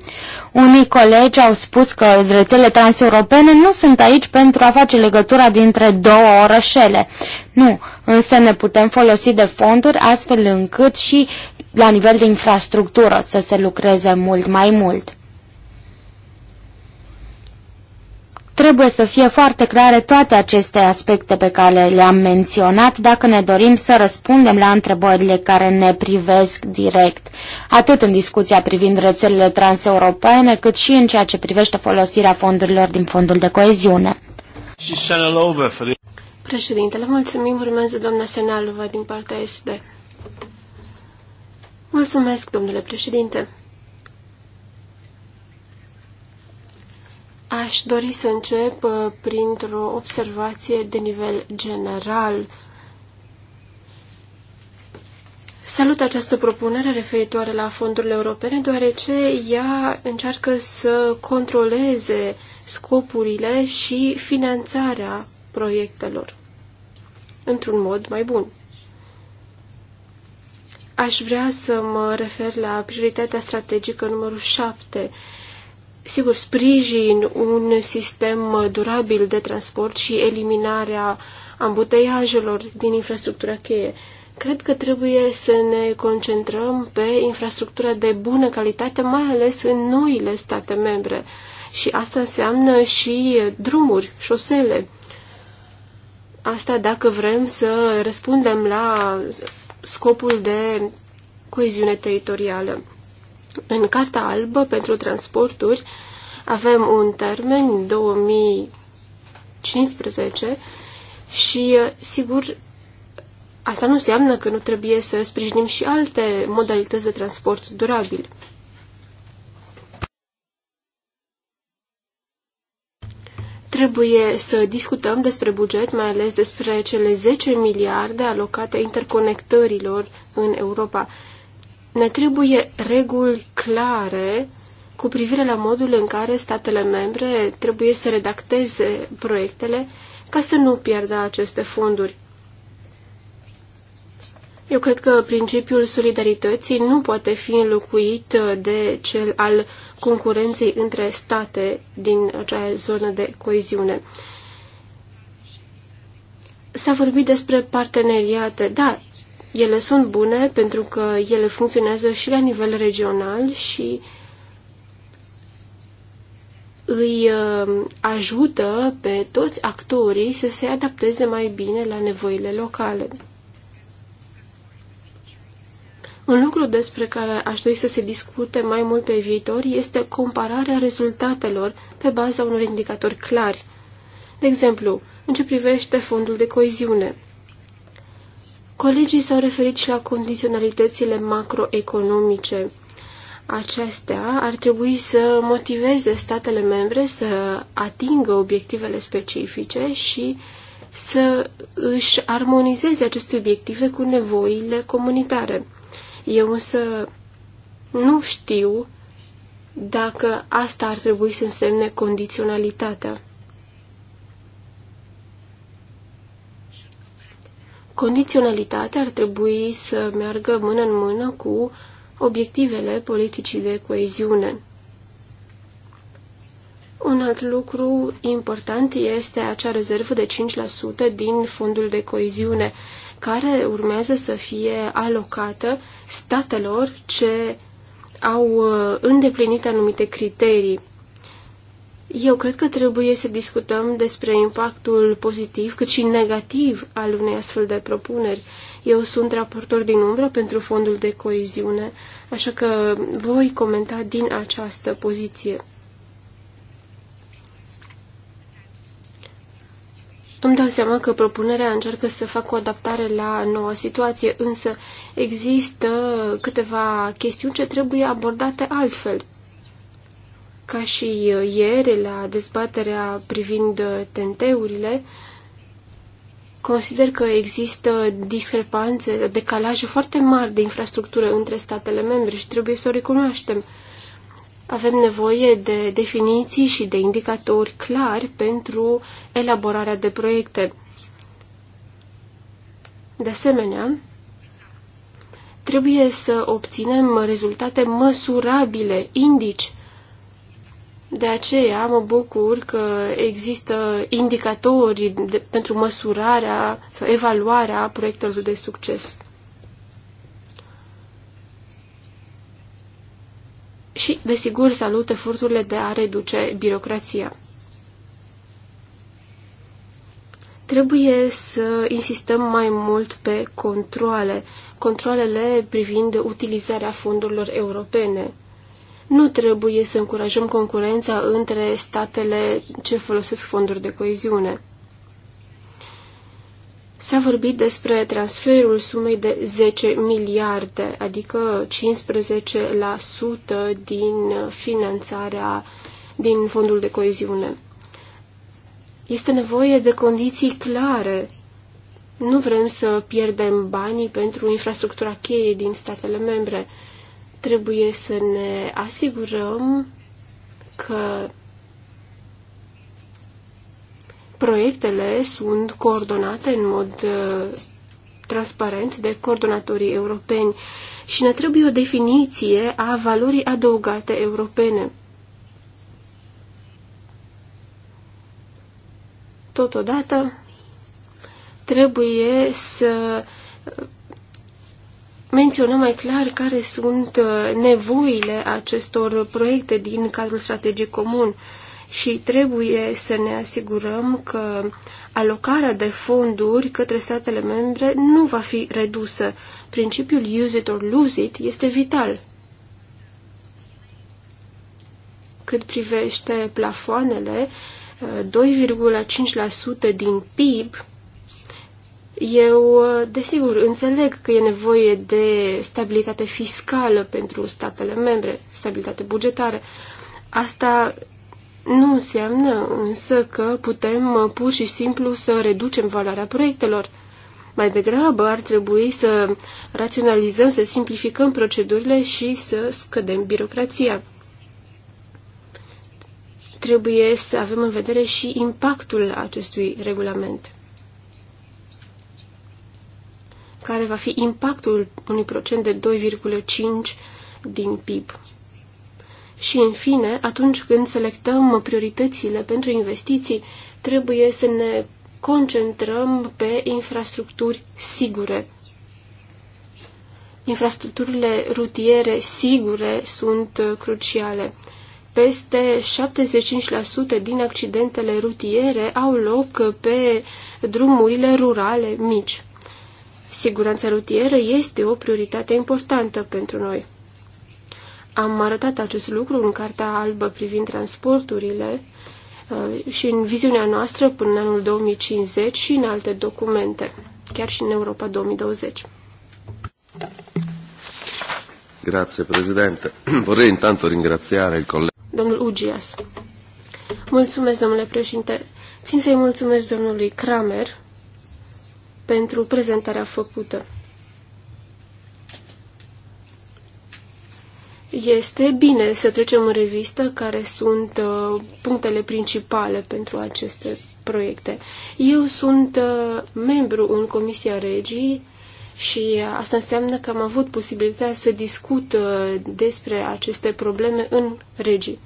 Unii colegi au spus că rețele transeuropene nu sunt aici pentru a face legătura dintre două orășele. Nu, însă ne putem folosi de fonduri astfel încât și la nivel de infrastructură să se lucreze mult mai mult. Trebuie să fie foarte clare toate aceste aspecte pe care le-am menționat dacă ne dorim să răspundem la întrebările care ne privesc direct, atât în discuția privind rețelele transeuropene, cât și în ceea ce privește folosirea fondurilor din fondul de coeziune. Președintele, mulțumim, urmează doamna Senalova din partea SD. Mulțumesc, domnule președinte. Aș dori să încep uh, printr-o observație de nivel general. Salut această propunere referitoare la fondurile europene, deoarece ea încearcă să controleze scopurile și finanțarea proiectelor într-un mod mai bun. Aș vrea să mă refer la prioritatea strategică numărul 7, Sigur, sprijin un sistem durabil de transport și eliminarea ambuteiajelor din infrastructura cheie. Cred că trebuie să ne concentrăm pe infrastructura de bună calitate, mai ales în noile state membre. Și asta înseamnă și drumuri, șosele. Asta dacă vrem să răspundem la scopul de coeziune teritorială. În Carta Albă pentru transporturi avem un termen 2015 și, uh, sigur, asta nu înseamnă că nu trebuie să sprijinim și alte modalități de transport durabil. Trebuie să discutăm despre buget, mai ales despre cele 10 miliarde alocate interconectărilor în Europa. Ne trebuie reguli clare cu privire la modul în care statele membre trebuie să redacteze proiectele ca să nu pierdă aceste fonduri. Eu cred că principiul solidarității nu poate fi înlocuit de cel al concurenței între state din acea zonă de coeziune. S-a vorbit despre parteneriate. Da, ele sunt bune pentru că ele funcționează și la nivel regional și îi uh, ajută pe toți actorii să se adapteze mai bine la nevoile locale. Un lucru despre care aș dori să se discute mai mult pe viitor este compararea rezultatelor pe baza unor indicatori clari. De exemplu, în ce privește fondul de coeziune – Colegii s-au referit și la condiționalitățile macroeconomice. Acestea ar trebui să motiveze statele membre să atingă obiectivele specifice și să își armonizeze aceste obiective cu nevoile comunitare. Eu însă nu știu dacă asta ar trebui să însemne condiționalitatea. Condiționalitatea ar trebui să meargă mână în mână cu obiectivele politicii de coeziune. Un alt lucru important este acea rezervă de 5% din fondul de coeziune, care urmează să fie alocată statelor ce au uh, îndeplinit anumite criterii. Eu cred că trebuie să discutăm despre impactul pozitiv cât și negativ al unei astfel de propuneri. Eu sunt raportor din umbră pentru fondul de coeziune, așa că voi comenta din această poziție. Îmi dau seama că propunerea încearcă să facă o adaptare la noua situație, însă există câteva chestiuni ce trebuie abordate altfel. Ca și uh, ieri, la dezbaterea privind uh, tenteurile, consider că există discrepanțe, decalaje foarte mari de infrastructură între statele membre și trebuie să o recunoaștem. Avem nevoie de definiții și de indicatori clari pentru elaborarea de proiecte. De asemenea, trebuie să obținem rezultate măsurabile, indici, de aceea mă bucur că există indicatori de, pentru măsurarea sau evaluarea proiectelor de succes. Și, desigur, salut eforturile de a reduce birocrația. Trebuie să insistăm mai mult pe controle, controlele privind utilizarea fondurilor europene nu trebuie să încurajăm concurența între statele ce folosesc fonduri de coeziune. S-a vorbit despre transferul sumei de 10 miliarde, adică 15% din finanțarea din fondul de coeziune. Este nevoie de condiții clare. Nu vrem să pierdem banii pentru infrastructura cheie din statele membre. Trebuie să ne asigurăm că proiectele sunt coordonate în mod uh, transparent de coordonatorii europeni și ne trebuie o definiție a valorii adăugate europene. Totodată, trebuie să menționăm mai clar care sunt uh, nevoile acestor proiecte din cadrul strategic comun și trebuie să ne asigurăm că alocarea de fonduri către statele membre nu va fi redusă. Principiul use it or lose it este vital. Cât privește plafoanele, 2,5% uh, din PIB eu, desigur, înțeleg că e nevoie de stabilitate fiscală pentru statele membre, stabilitate bugetară. Asta nu înseamnă însă că putem uh, pur și simplu să reducem valoarea proiectelor. Mai degrabă ar trebui să raționalizăm, să simplificăm procedurile și să scădem birocrația. Trebuie să avem în vedere și impactul acestui regulament care va fi impactul unui procent de 2,5 din PIB. Și, în fine, atunci când selectăm prioritățile pentru investiții, trebuie să ne concentrăm pe infrastructuri sigure. Infrastructurile rutiere sigure sunt uh, cruciale. Peste 75% din accidentele rutiere au loc uh, pe drumurile rurale mici. Siguranța rutieră este o prioritate importantă pentru noi. Am arătat acest lucru în Cartea Albă privind transporturile uh, și în viziunea noastră până în anul 2050 și în alte documente, chiar și în Europa 2020. Grazie Presidente. Vorrei intanto ringraziare il collega. Domnul Ugias. Mulțumesc, domnule președinte. Țin să-i mulțumesc domnului Kramer pentru prezentarea făcută. Este bine să trecem în revistă care sunt uh, punctele principale pentru aceste proiecte. Eu sunt uh, membru în Comisia Regii și asta înseamnă că am avut posibilitatea să discut uh, despre aceste probleme în Regii.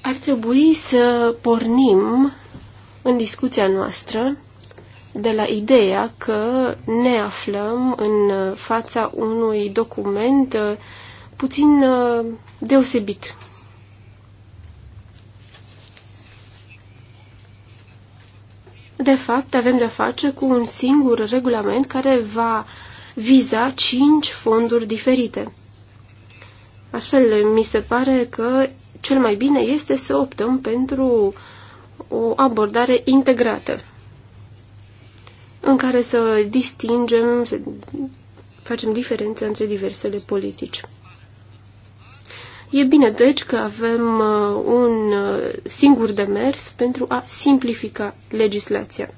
Ar trebui să pornim în discuția noastră de la ideea că ne aflăm în fața unui document uh, puțin uh, deosebit. De fapt, avem de-a face cu un singur regulament care va viza cinci fonduri diferite. Astfel, mi se pare că cel mai bine este să optăm pentru o abordare integrată în care să distingem, să facem diferențe între diversele politici. E bine, deci, că avem uh, un uh, singur demers pentru a simplifica legislația.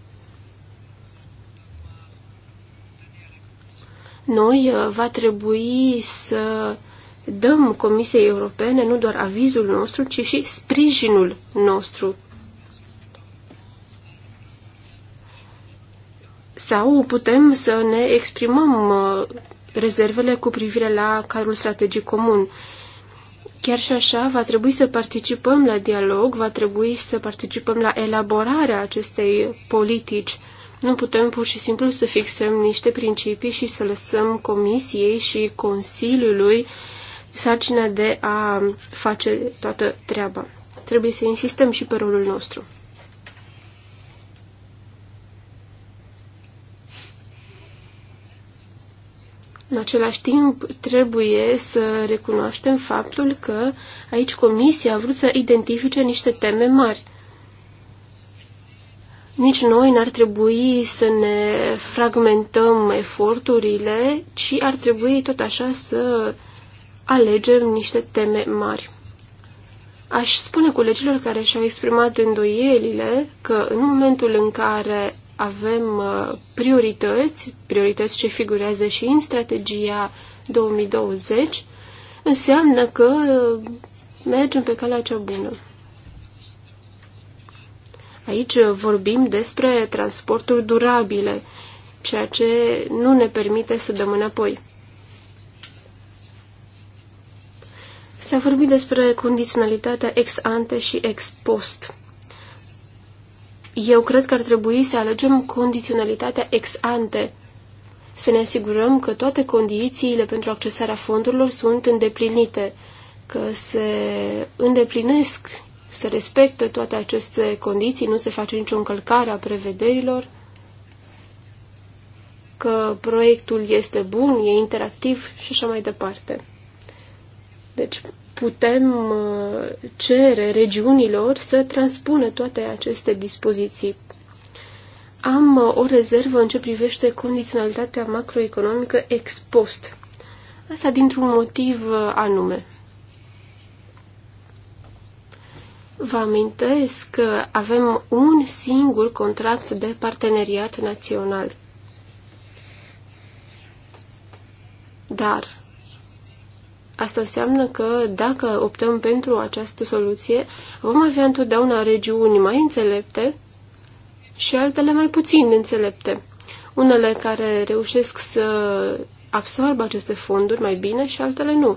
Noi uh, va trebui să dăm Comisiei Europene nu doar avizul nostru, ci și sprijinul nostru sau putem să ne exprimăm uh, rezervele cu privire la cadrul strategic comun. Chiar și așa, va trebui să participăm la dialog, va trebui să participăm la elaborarea acestei politici. Nu putem pur și simplu să fixăm niște principii și să lăsăm Comisiei și Consiliului sarcina de a face toată treaba. Trebuie să insistăm și pe rolul nostru. În același timp, trebuie să recunoaștem faptul că aici Comisia a vrut să identifice niște teme mari. Nici noi n-ar trebui să ne fragmentăm eforturile, ci ar trebui tot așa să alegem niște teme mari. Aș spune colegilor care și-au exprimat îndoielile că în momentul în care avem uh, priorități, priorități ce figurează și în strategia 2020, înseamnă că uh, mergem pe calea cea bună. Aici uh, vorbim despre transporturi durabile, ceea ce nu ne permite să dăm înapoi. S-a vorbit despre condiționalitatea ex ante și ex post. Eu cred că ar trebui să alegem condiționalitatea ex ante, să ne asigurăm că toate condițiile pentru accesarea fondurilor sunt îndeplinite, că se îndeplinesc, se respectă toate aceste condiții, nu se face nicio încălcare a prevederilor, că proiectul este bun, e interactiv și așa mai departe. Deci, putem uh, cere regiunilor să transpună toate aceste dispoziții. Am uh, o rezervă în ce privește condiționalitatea macroeconomică ex post. Asta dintr-un motiv uh, anume. Vă amintesc că avem un singur contract de parteneriat național. Dar Asta înseamnă că dacă optăm pentru această soluție, vom avea întotdeauna regiuni mai înțelepte și altele mai puțin înțelepte. Unele care reușesc să absorbă aceste fonduri mai bine și altele nu.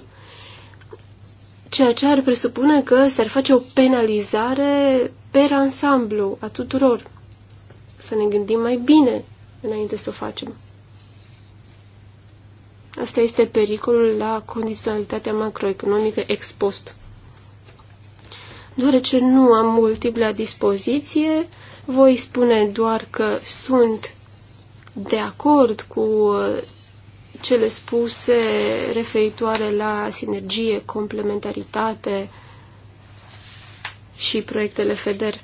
Ceea ce ar presupune că s-ar face o penalizare per ansamblu a tuturor. Să ne gândim mai bine înainte să o facem. Asta este pericolul la condiționalitatea macroeconomică ex post. Deoarece nu am multiple la dispoziție, voi spune doar că sunt de acord cu uh, cele spuse referitoare la sinergie, complementaritate și proiectele FEDER.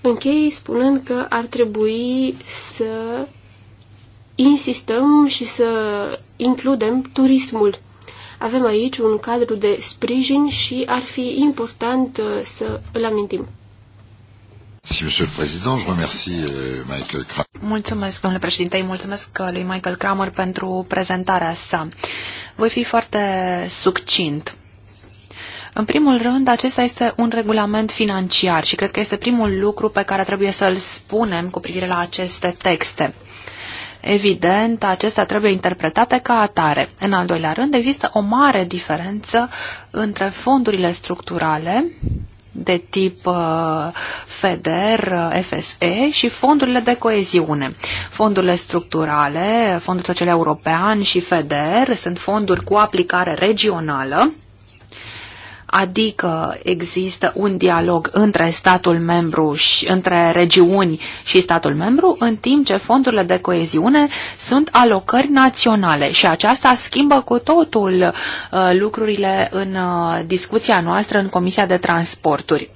Închei spunând că ar trebui să insistăm și să includem turismul. Avem aici un cadru de sprijin și ar fi important uh, să îl amintim. Uh, mulțumesc, domnule președinte, îi mulțumesc uh, lui Michael Kramer pentru prezentarea sa. Voi fi foarte succint. În primul rând, acesta este un regulament financiar și cred că este primul lucru pe care trebuie să-l spunem cu privire la aceste texte. Evident, acestea trebuie interpretate ca atare. În al doilea rând, există o mare diferență între fondurile structurale de tip uh, FEDER, uh, FSE și fondurile de coeziune. Fondurile structurale, Fondul Social European și FEDER sunt fonduri cu aplicare regională adică există un dialog între statul membru și între regiuni și statul membru, în timp ce fondurile de coeziune sunt alocări naționale și aceasta schimbă cu totul uh, lucrurile în uh, discuția noastră în Comisia de Transporturi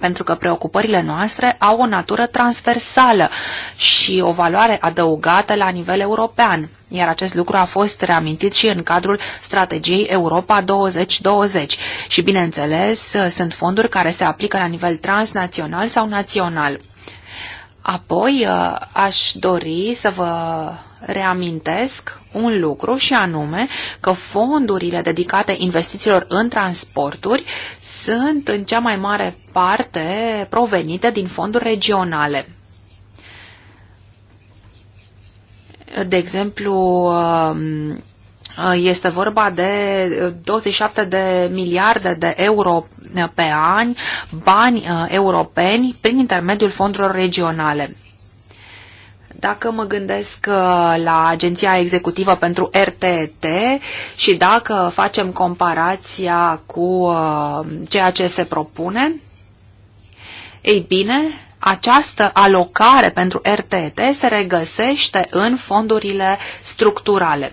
pentru că preocupările noastre au o natură transversală și o valoare adăugată la nivel european iar acest lucru a fost reamintit și în cadrul strategiei Europa 2020 și, bineînțeles, sunt fonduri care se aplică la nivel transnațional sau național. Apoi aș dori să vă reamintesc un lucru și anume că fondurile dedicate investițiilor în transporturi sunt în cea mai mare parte provenite din fonduri regionale. De exemplu, um, este vorba de 27 de miliarde de euro pe an, bani uh, europeni, prin intermediul fondurilor regionale. Dacă mă gândesc uh, la agenția executivă pentru RTT și dacă facem comparația cu uh, ceea ce se propune, ei bine, această alocare pentru RTT se regăsește în fondurile structurale.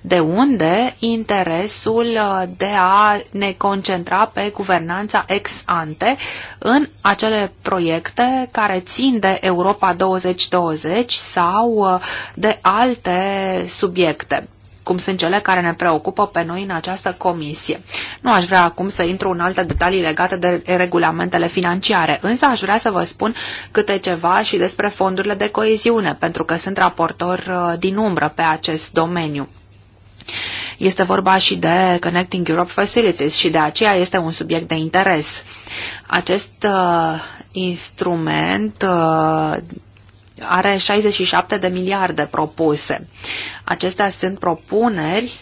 De unde interesul uh, de a ne concentra pe guvernanța ex ante în acele proiecte care țin de Europa 2020 sau uh, de alte subiecte? cum sunt cele care ne preocupă pe noi în această comisie. Nu aș vrea acum să intru în alte detalii legate de regulamentele financiare, însă aș vrea să vă spun câte ceva și despre fondurile de coeziune, pentru că sunt raportor uh, din umbră pe acest domeniu. Este vorba și de Connecting Europe Facilities și de aceea este un subiect de interes. Acest uh, instrument uh, are 67 de miliarde propuse. Acestea sunt propuneri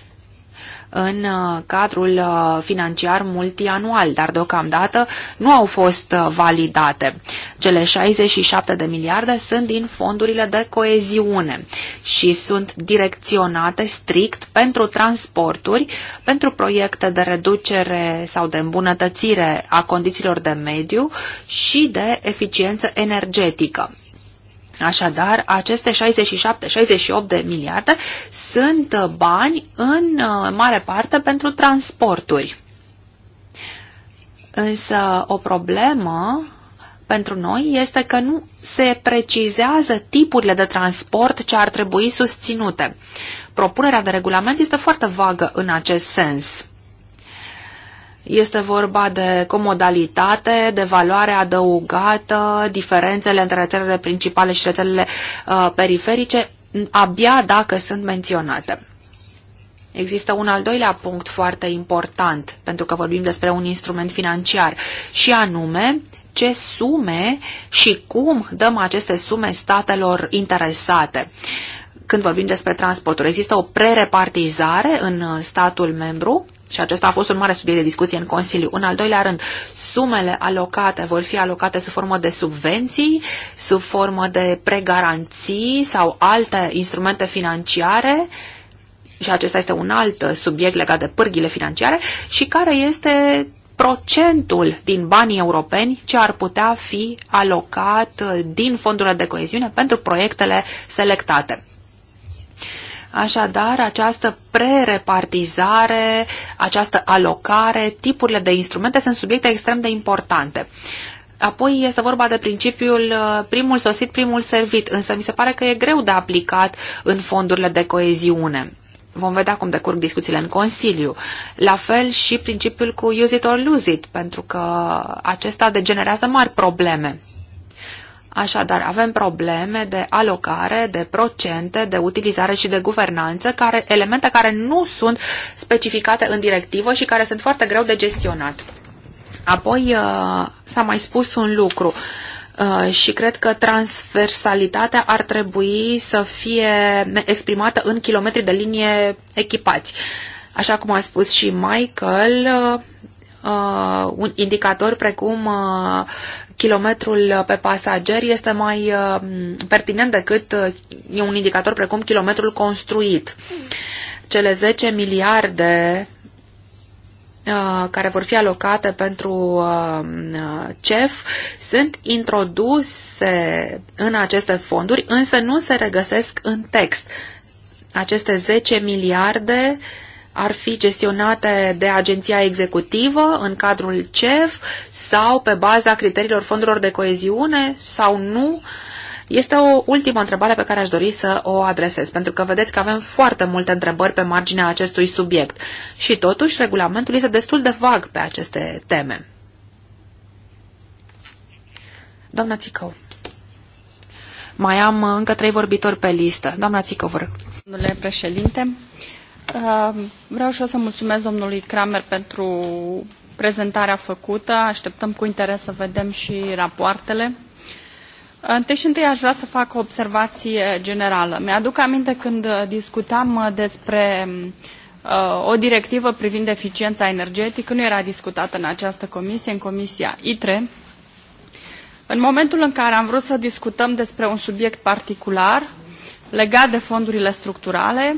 în uh, cadrul uh, financiar multianual, dar deocamdată nu au fost uh, validate. Cele 67 de miliarde sunt din fondurile de coeziune și sunt direcționate strict pentru transporturi, pentru proiecte de reducere sau de îmbunătățire a condițiilor de mediu și de eficiență energetică. Așadar, aceste 67-68 de miliarde sunt uh, bani în uh, mare parte pentru transporturi. Însă o problemă pentru noi este că nu se precizează tipurile de transport ce ar trebui susținute. Propunerea de regulament este foarte vagă în acest sens. Este vorba de comodalitate, de valoare adăugată, diferențele între rețelele principale și rețelele uh, periferice, abia dacă sunt menționate. Există un al doilea punct foarte important, pentru că vorbim despre un instrument financiar, și anume ce sume și cum dăm aceste sume statelor interesate. Când vorbim despre transporturi, există o prerepartizare în statul membru și acesta a fost un mare subiect de discuție în Consiliu. În al doilea rând, sumele alocate vor fi alocate sub formă de subvenții, sub formă de pregaranții sau alte instrumente financiare și acesta este un alt subiect legat de pârghile financiare și care este procentul din banii europeni ce ar putea fi alocat din fondurile de coeziune pentru proiectele selectate. Așadar, această prerepartizare, această alocare, tipurile de instrumente sunt subiecte extrem de importante. Apoi este vorba de principiul uh, primul sosit, primul servit, însă mi se pare că e greu de aplicat în fondurile de coeziune. Vom vedea cum decurg discuțiile în Consiliu. La fel și principiul cu use it or lose it, pentru că acesta degenerează mari probleme. Așadar, avem probleme de alocare, de procente, de utilizare și de guvernanță, care, elemente care nu sunt specificate în directivă și care sunt foarte greu de gestionat. Apoi uh, s-a mai spus un lucru uh, și cred că transversalitatea ar trebui să fie exprimată în kilometri de linie echipați. Așa cum a spus și Michael, uh, un indicator precum kilometrul pe pasager este mai uh, pertinent decât uh, e un indicator precum kilometrul construit. Cele 10 miliarde uh, care vor fi alocate pentru CEF sunt introduse în aceste fonduri, însă nu se regăsesc în text. Aceste 10 miliarde uh, ar fi gestionate de agenția executivă în cadrul CEF sau pe baza criteriilor fondurilor de coeziune sau nu? Este o ultimă întrebare pe care aș dori să o adresez, pentru că vedeți că avem foarte multe întrebări pe marginea acestui subiect și totuși regulamentul este destul de vag pe aceste teme. Doamna Țicău. Mai am încă trei vorbitori pe listă. Doamna Țicău, vă rog. Domnule președinte, Ehm, vreau și eu să mulțumesc domnului Kramer pentru prezentarea făcută. Așteptăm cu interes să vedem și rapoartele. Întâi și întâi aș vrea să fac o observație generală. Mi-aduc aminte când discutam uh, despre uh, o directivă privind eficiența energetică, nu era discutată în această comisie, în comisia ITRE. În momentul în care am vrut să discutăm despre un subiect particular legat de fondurile structurale,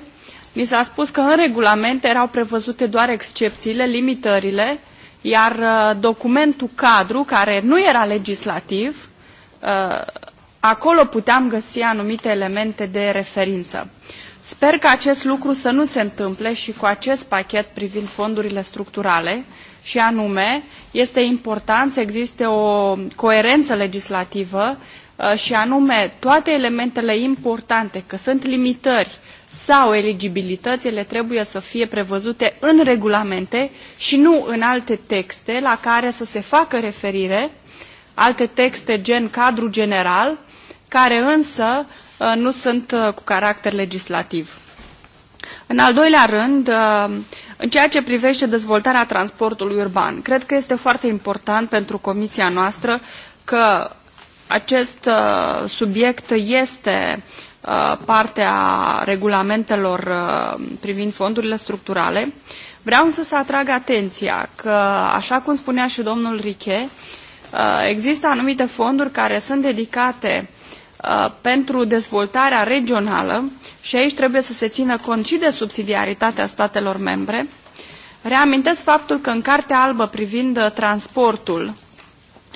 Ni s-a spus că în regulament erau prevăzute doar excepțiile, limitările, iar uh, documentul cadru, care nu era legislativ, uh, acolo puteam găsi anumite elemente de referință. Sper că acest lucru să nu se întâmple și cu acest pachet privind fondurile structurale, și anume este important să existe o coerență legislativă uh, și anume toate elementele importante, că sunt limitări, sau eligibilități, trebuie să fie prevăzute în regulamente și nu în alte texte la care să se facă referire, alte texte gen cadru general, care însă uh, nu sunt uh, cu caracter legislativ. În al doilea rând, uh, în ceea ce privește dezvoltarea transportului urban, cred că este foarte important pentru comisia noastră că acest subiect este uh, Uh, parte a regulamentelor uh, privind fondurile structurale. Vreau însă să atrag atenția că, așa cum spunea și domnul Riche, uh, există anumite fonduri care sunt dedicate pentru dezvoltarea regională și aici trebuie să se țină cont și de subsidiaritatea statelor membre. Reamintesc faptul că în Cartea Albă privind transportul,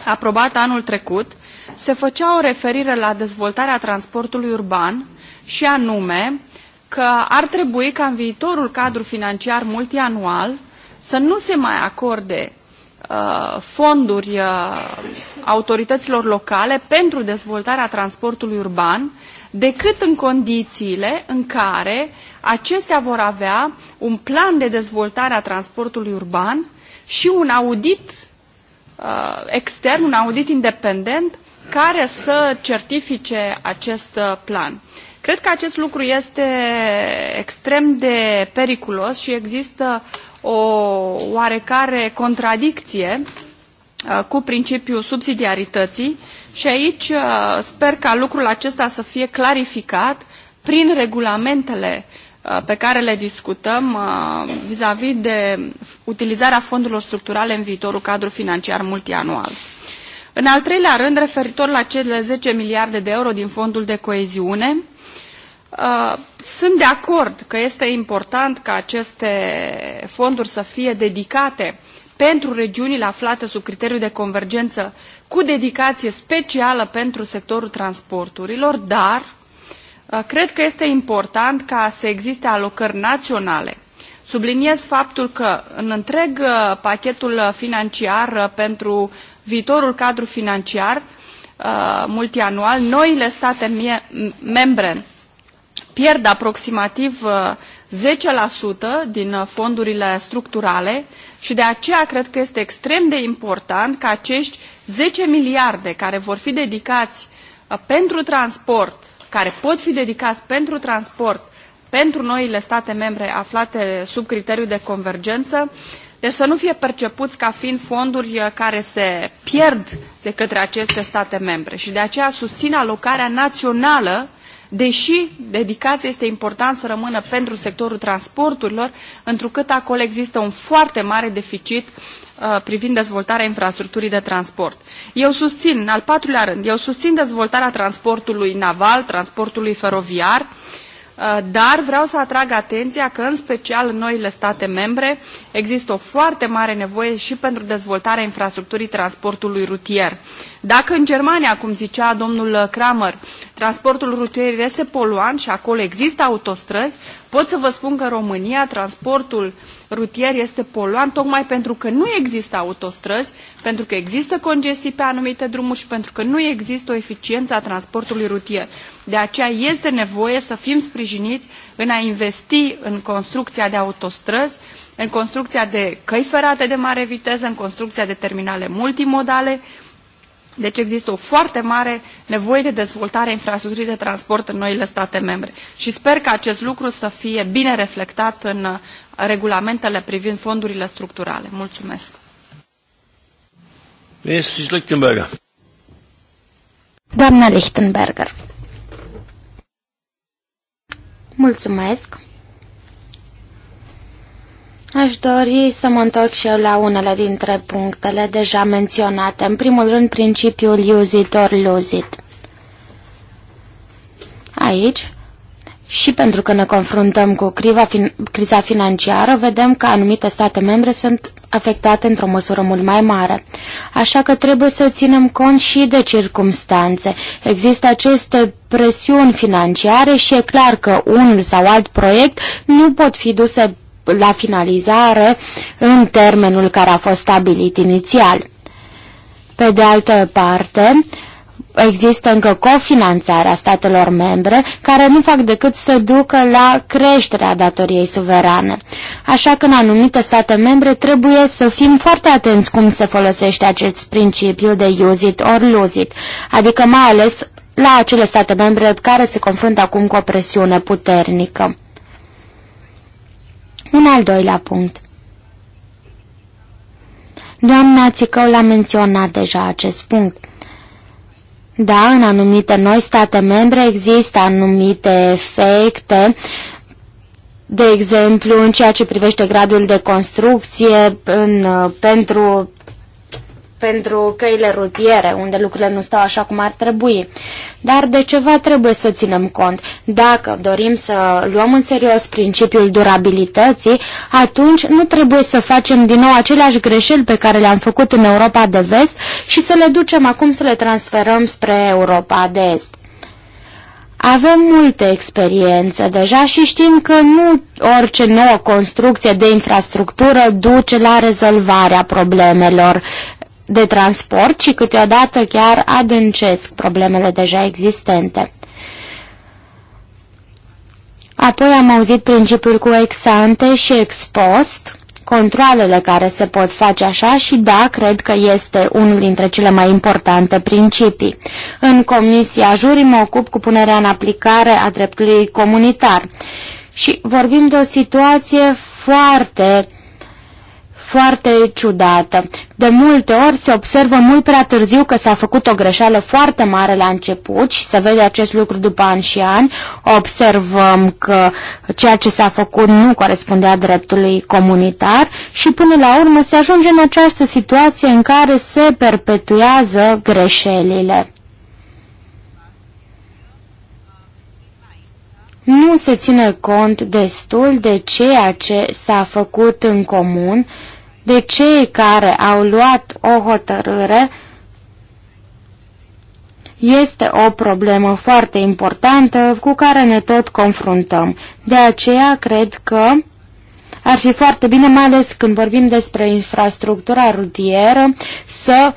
aprobată anul trecut, se făcea o referire la dezvoltarea transportului urban și anume că ar trebui ca în viitorul cadru financiar multianual să nu se mai acorde uh, fonduri uh, autorităților locale pentru dezvoltarea transportului urban, decât în condițiile în care acestea vor avea un plan de dezvoltare a transportului urban și un audit uh, extern, un audit independent care să certifice acest uh, plan. Cred că acest lucru este extrem de periculos și există o oarecare contradicție uh, cu principiul subsidiarității și aici uh, sper ca lucrul acesta să fie clarificat prin regulamentele pe care le discutăm vis-a-vis -vis de utilizarea fondurilor structurale în viitorul cadru financiar multianual. În al treilea rând, referitor la cele 10 miliarde de euro din fondul de coeziune, uh, sunt de acord că este important ca aceste fonduri să fie dedicate pentru regiunile aflate sub criteriul de convergență cu dedicație specială pentru sectorul transporturilor, dar uh, cred că este important ca să existe alocări naționale. Subliniez faptul că în întreg uh, pachetul financiar pentru viitorul cadru financiar uh, multianual, noile state membre pierd aproximativ uh, 10% din uh, fondurile structurale și de aceea cred că este extrem de important ca acești 10 miliarde care vor fi dedicați uh, pentru transport, care pot fi dedicați pentru transport, pentru noile state membre aflate sub criteriul de convergență, deci să nu fie percepuți ca fiind fonduri uh, care se pierd de către aceste state membre și de aceea susțin alocarea națională deși dedicația este important să rămână pentru sectorul transporturilor, întrucât acolo există un foarte mare deficit uh, privind dezvoltarea infrastructurii de transport. Eu susțin, în al patrulea rând, eu susțin dezvoltarea transportului naval, transportului feroviar, uh, Uh, dar vreau să atrag atenția că, în special în noile state membre, există o foarte mare nevoie și pentru dezvoltarea infrastructurii transportului rutier. Dacă în Germania, cum zicea domnul Kramer, transportul rutier este poluant și acolo există autostrăzi, pot să vă spun că în România transportul uh, rutier este poluant tocmai pentru că nu există autostrăzi, pentru că există congestii pe anumite drumuri și pentru că nu există o eficiență a transportului rutier. De aceea este nevoie să fim sprijiniți în a investi în construcția de autostrăzi, în construcția de căi ferate de mare viteză, în construcția de terminale multimodale, deci există o foarte mare nevoie de dezvoltare a infrastructurii de transport în noile state membre. Și sper că acest lucru să fie bine reflectat în uh, regulamentele privind fondurile structurale. Mulțumesc. Mrs. Lichtenberger. Doamna Lichtenberger. Mulțumesc. Aș dori să mă întorc și eu la unele dintre punctele deja menționate. În primul rând, principiul use-it-or-lose-it. Aici, și pentru că ne confruntăm cu criza financiară, vedem că anumite state membre sunt afectate într-o măsură mult mai mare. Așa că trebuie să ținem cont și de circumstanțe. Există aceste presiuni financiare și e clar că unul sau alt proiect nu pot fi duse la finalizare în termenul care a fost stabilit inițial. Pe de altă parte, există încă cofinanțarea statelor membre care nu fac decât să ducă la creșterea datoriei suverane. Așa că în anumite state membre trebuie să fim foarte atenți cum se folosește acest principiu de use it or lose it, adică mai ales la acele state membre care se confruntă acum cu o presiune puternică. Un al doilea punct. Doamna Țicău l-a menționat deja acest punct. Da, în anumite noi state membre există anumite efecte, de exemplu, în ceea ce privește gradul de construcție, în, pentru pentru căile rutiere, unde lucrurile nu stau așa cum ar trebui. Dar de ceva trebuie să ținem cont. Dacă dorim să luăm în serios principiul durabilității, atunci nu trebuie să facem din nou aceleași greșeli pe care le-am făcut în Europa de vest și să le ducem acum să le transferăm spre Europa de est. Avem multă experiență deja și știm că nu orice nouă construcție de infrastructură duce la rezolvarea problemelor de transport, ci câteodată chiar adâncesc problemele deja existente. Apoi am auzit principiul cu ex-ante și ex-post, controlele care se pot face așa și da, cred că este unul dintre cele mai importante principii. În comisia jurii mă ocup cu punerea în aplicare a dreptului comunitar și vorbim de o situație foarte foarte ciudată. De multe ori se observă mult prea târziu că s-a făcut o greșeală foarte mare la început și se vede acest lucru după ani și ani. Observăm că ceea ce s-a făcut nu corespundea dreptului comunitar și până la urmă se ajunge în această situație în care se perpetuează greșelile. nu se ține cont destul de ceea ce s-a făcut în comun de cei care au luat o hotărâre este o problemă foarte importantă cu care ne tot confruntăm. De aceea cred că ar fi foarte bine, mai ales când vorbim despre infrastructura rutieră, să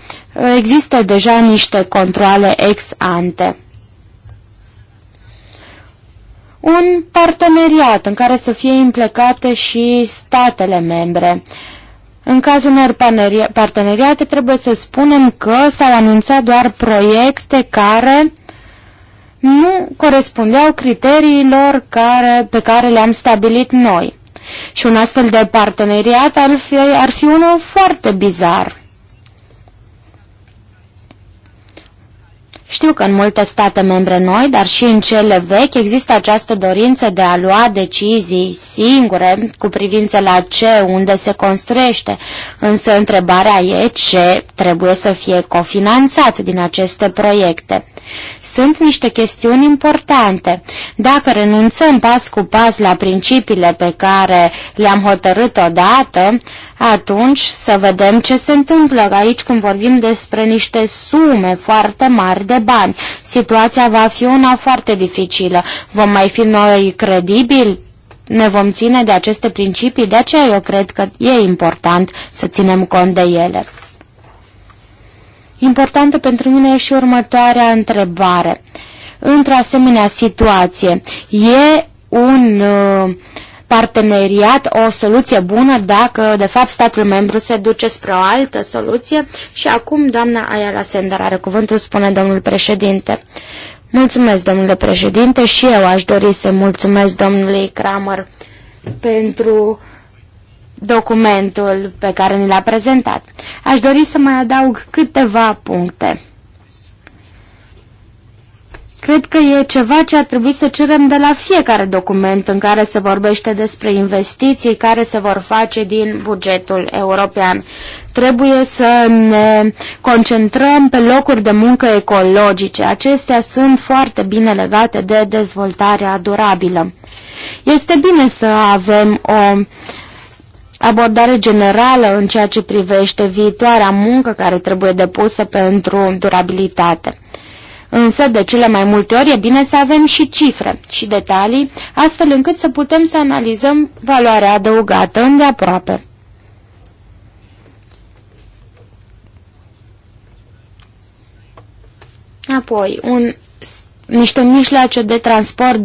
existe deja niște controle ex ante. Un parteneriat în care să fie implicate și statele membre. Uh, în cazul unor parteneriate trebuie să spunem că s-au anunțat doar proiecte care nu corespundeau criteriilor care, pe care le-am stabilit noi. Și un astfel de parteneriat ar fi, ar fi unul foarte bizar. Știu că în multe state membre noi, dar și în cele vechi, există această dorință de a lua decizii singure cu privință la ce, unde se construiește. Însă întrebarea e ce trebuie să fie cofinanțat din aceste proiecte. Sunt niște chestiuni importante. Dacă renunțăm pas cu pas la principiile pe care le-am hotărât odată, atunci să vedem ce se întâmplă aici când vorbim despre niște sume foarte mari de bani. Situația va fi una foarte dificilă. Vom mai fi noi credibili? Ne vom ține de aceste principii, de aceea eu cred că e important să ținem cont de ele. Importantă pentru mine e și următoarea întrebare. Într-o asemenea situație, e un... Uh, parteneriat o soluție bună dacă, de fapt, statul membru se duce spre o altă soluție. Și acum, doamna Ayala Sender are cuvântul, spune domnul președinte. Mulțumesc, domnule președinte, și eu aș dori să mulțumesc domnului Kramer pentru documentul pe care ni l-a prezentat. Aș dori să mai adaug câteva puncte. Cred că e ceva ce ar trebui să cerem de la fiecare document în care se vorbește despre investiții care se vor face din bugetul european. Trebuie să ne concentrăm pe locuri de muncă ecologice. Acestea sunt foarte bine legate de dezvoltarea durabilă. Este bine să avem o abordare generală în ceea ce privește viitoarea muncă care trebuie depusă pentru durabilitate. Însă, de cele mai multe ori, e bine să avem și cifre și detalii, astfel încât să putem să analizăm valoarea adăugată îndeaproape. Apoi, un, niște mijloace de transport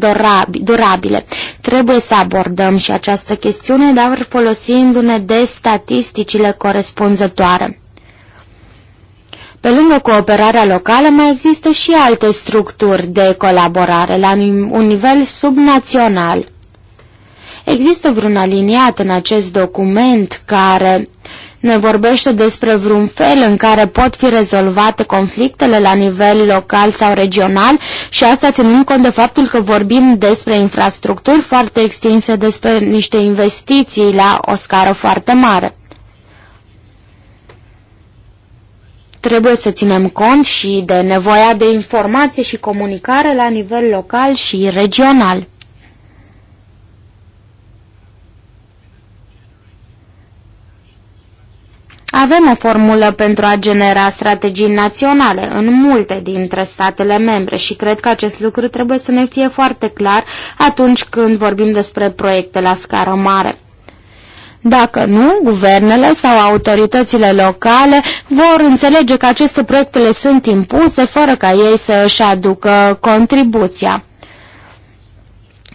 durabile. Trebuie să abordăm și această chestiune, dar folosindu-ne de statisticile corespunzătoare. Pe lângă cooperarea locală mai există și alte structuri de colaborare la un nivel subnațional. Există vreun aliniat în acest document care ne vorbește despre vreun fel în care pot fi rezolvate conflictele la nivel local sau regional și asta ținând cont de faptul că vorbim despre infrastructuri foarte extinse, despre niște investiții la o scară foarte mare. Trebuie să ținem cont și de nevoia de informație și comunicare la nivel local și regional. Avem o formulă pentru a genera strategii naționale în multe dintre statele membre și cred că acest lucru trebuie să ne fie foarte clar atunci când vorbim despre proiecte la scară mare. Dacă nu, guvernele sau autoritățile locale vor înțelege că aceste proiectele sunt impuse fără ca ei să își aducă contribuția.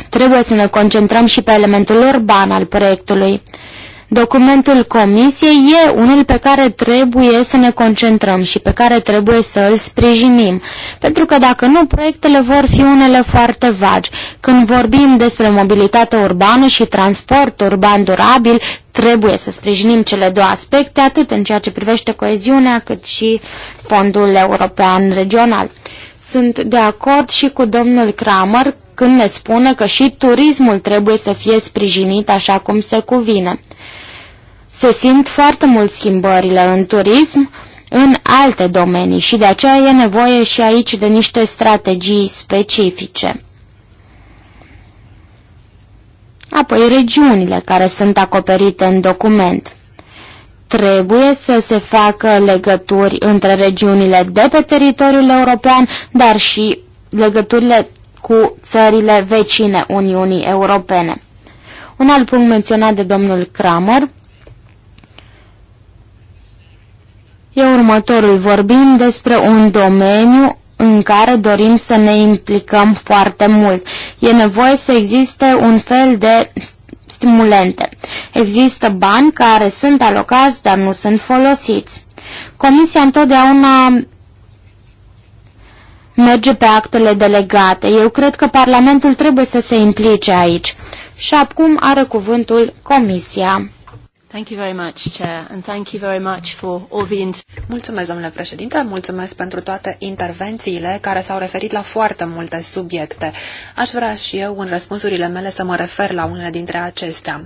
Trebuie să ne concentrăm și pe elementul urban al proiectului. Documentul Comisiei e unul pe care trebuie să ne concentrăm și pe care trebuie să îl sprijinim, pentru că dacă nu, proiectele vor fi unele foarte vagi. Când vorbim despre mobilitate urbană și transport urban durabil, trebuie să sprijinim cele două aspecte, atât în ceea ce privește coeziunea, cât și fondul european regional. Sunt de acord și cu domnul Kramer când ne spune că și turismul trebuie să fie sprijinit așa cum se cuvine. Se simt foarte mult schimbările în turism, în alte domenii și de aceea e nevoie și aici de niște strategii specifice. Apoi regiunile care sunt acoperite în document. Trebuie să se facă legături între regiunile de pe teritoriul european, dar și legăturile cu țările vecine Uniunii Europene. Un alt punct menționat de domnul Kramer e următorul. Vorbim despre un domeniu în care dorim să ne implicăm foarte mult. E nevoie să existe un fel de stimulente. Există bani care sunt alocați, dar nu sunt folosiți. Comisia întotdeauna merge pe actele delegate. Eu cred că Parlamentul trebuie să se implice aici. Și acum are cuvântul Comisia. Thank you very much, Chair, and thank you very much for all the Mulțumesc, domnule președinte, mulțumesc pentru toate intervențiile care s-au referit la foarte multe subiecte. Aș vrea și eu, în răspunsurile mele, să mă refer la unele dintre acestea.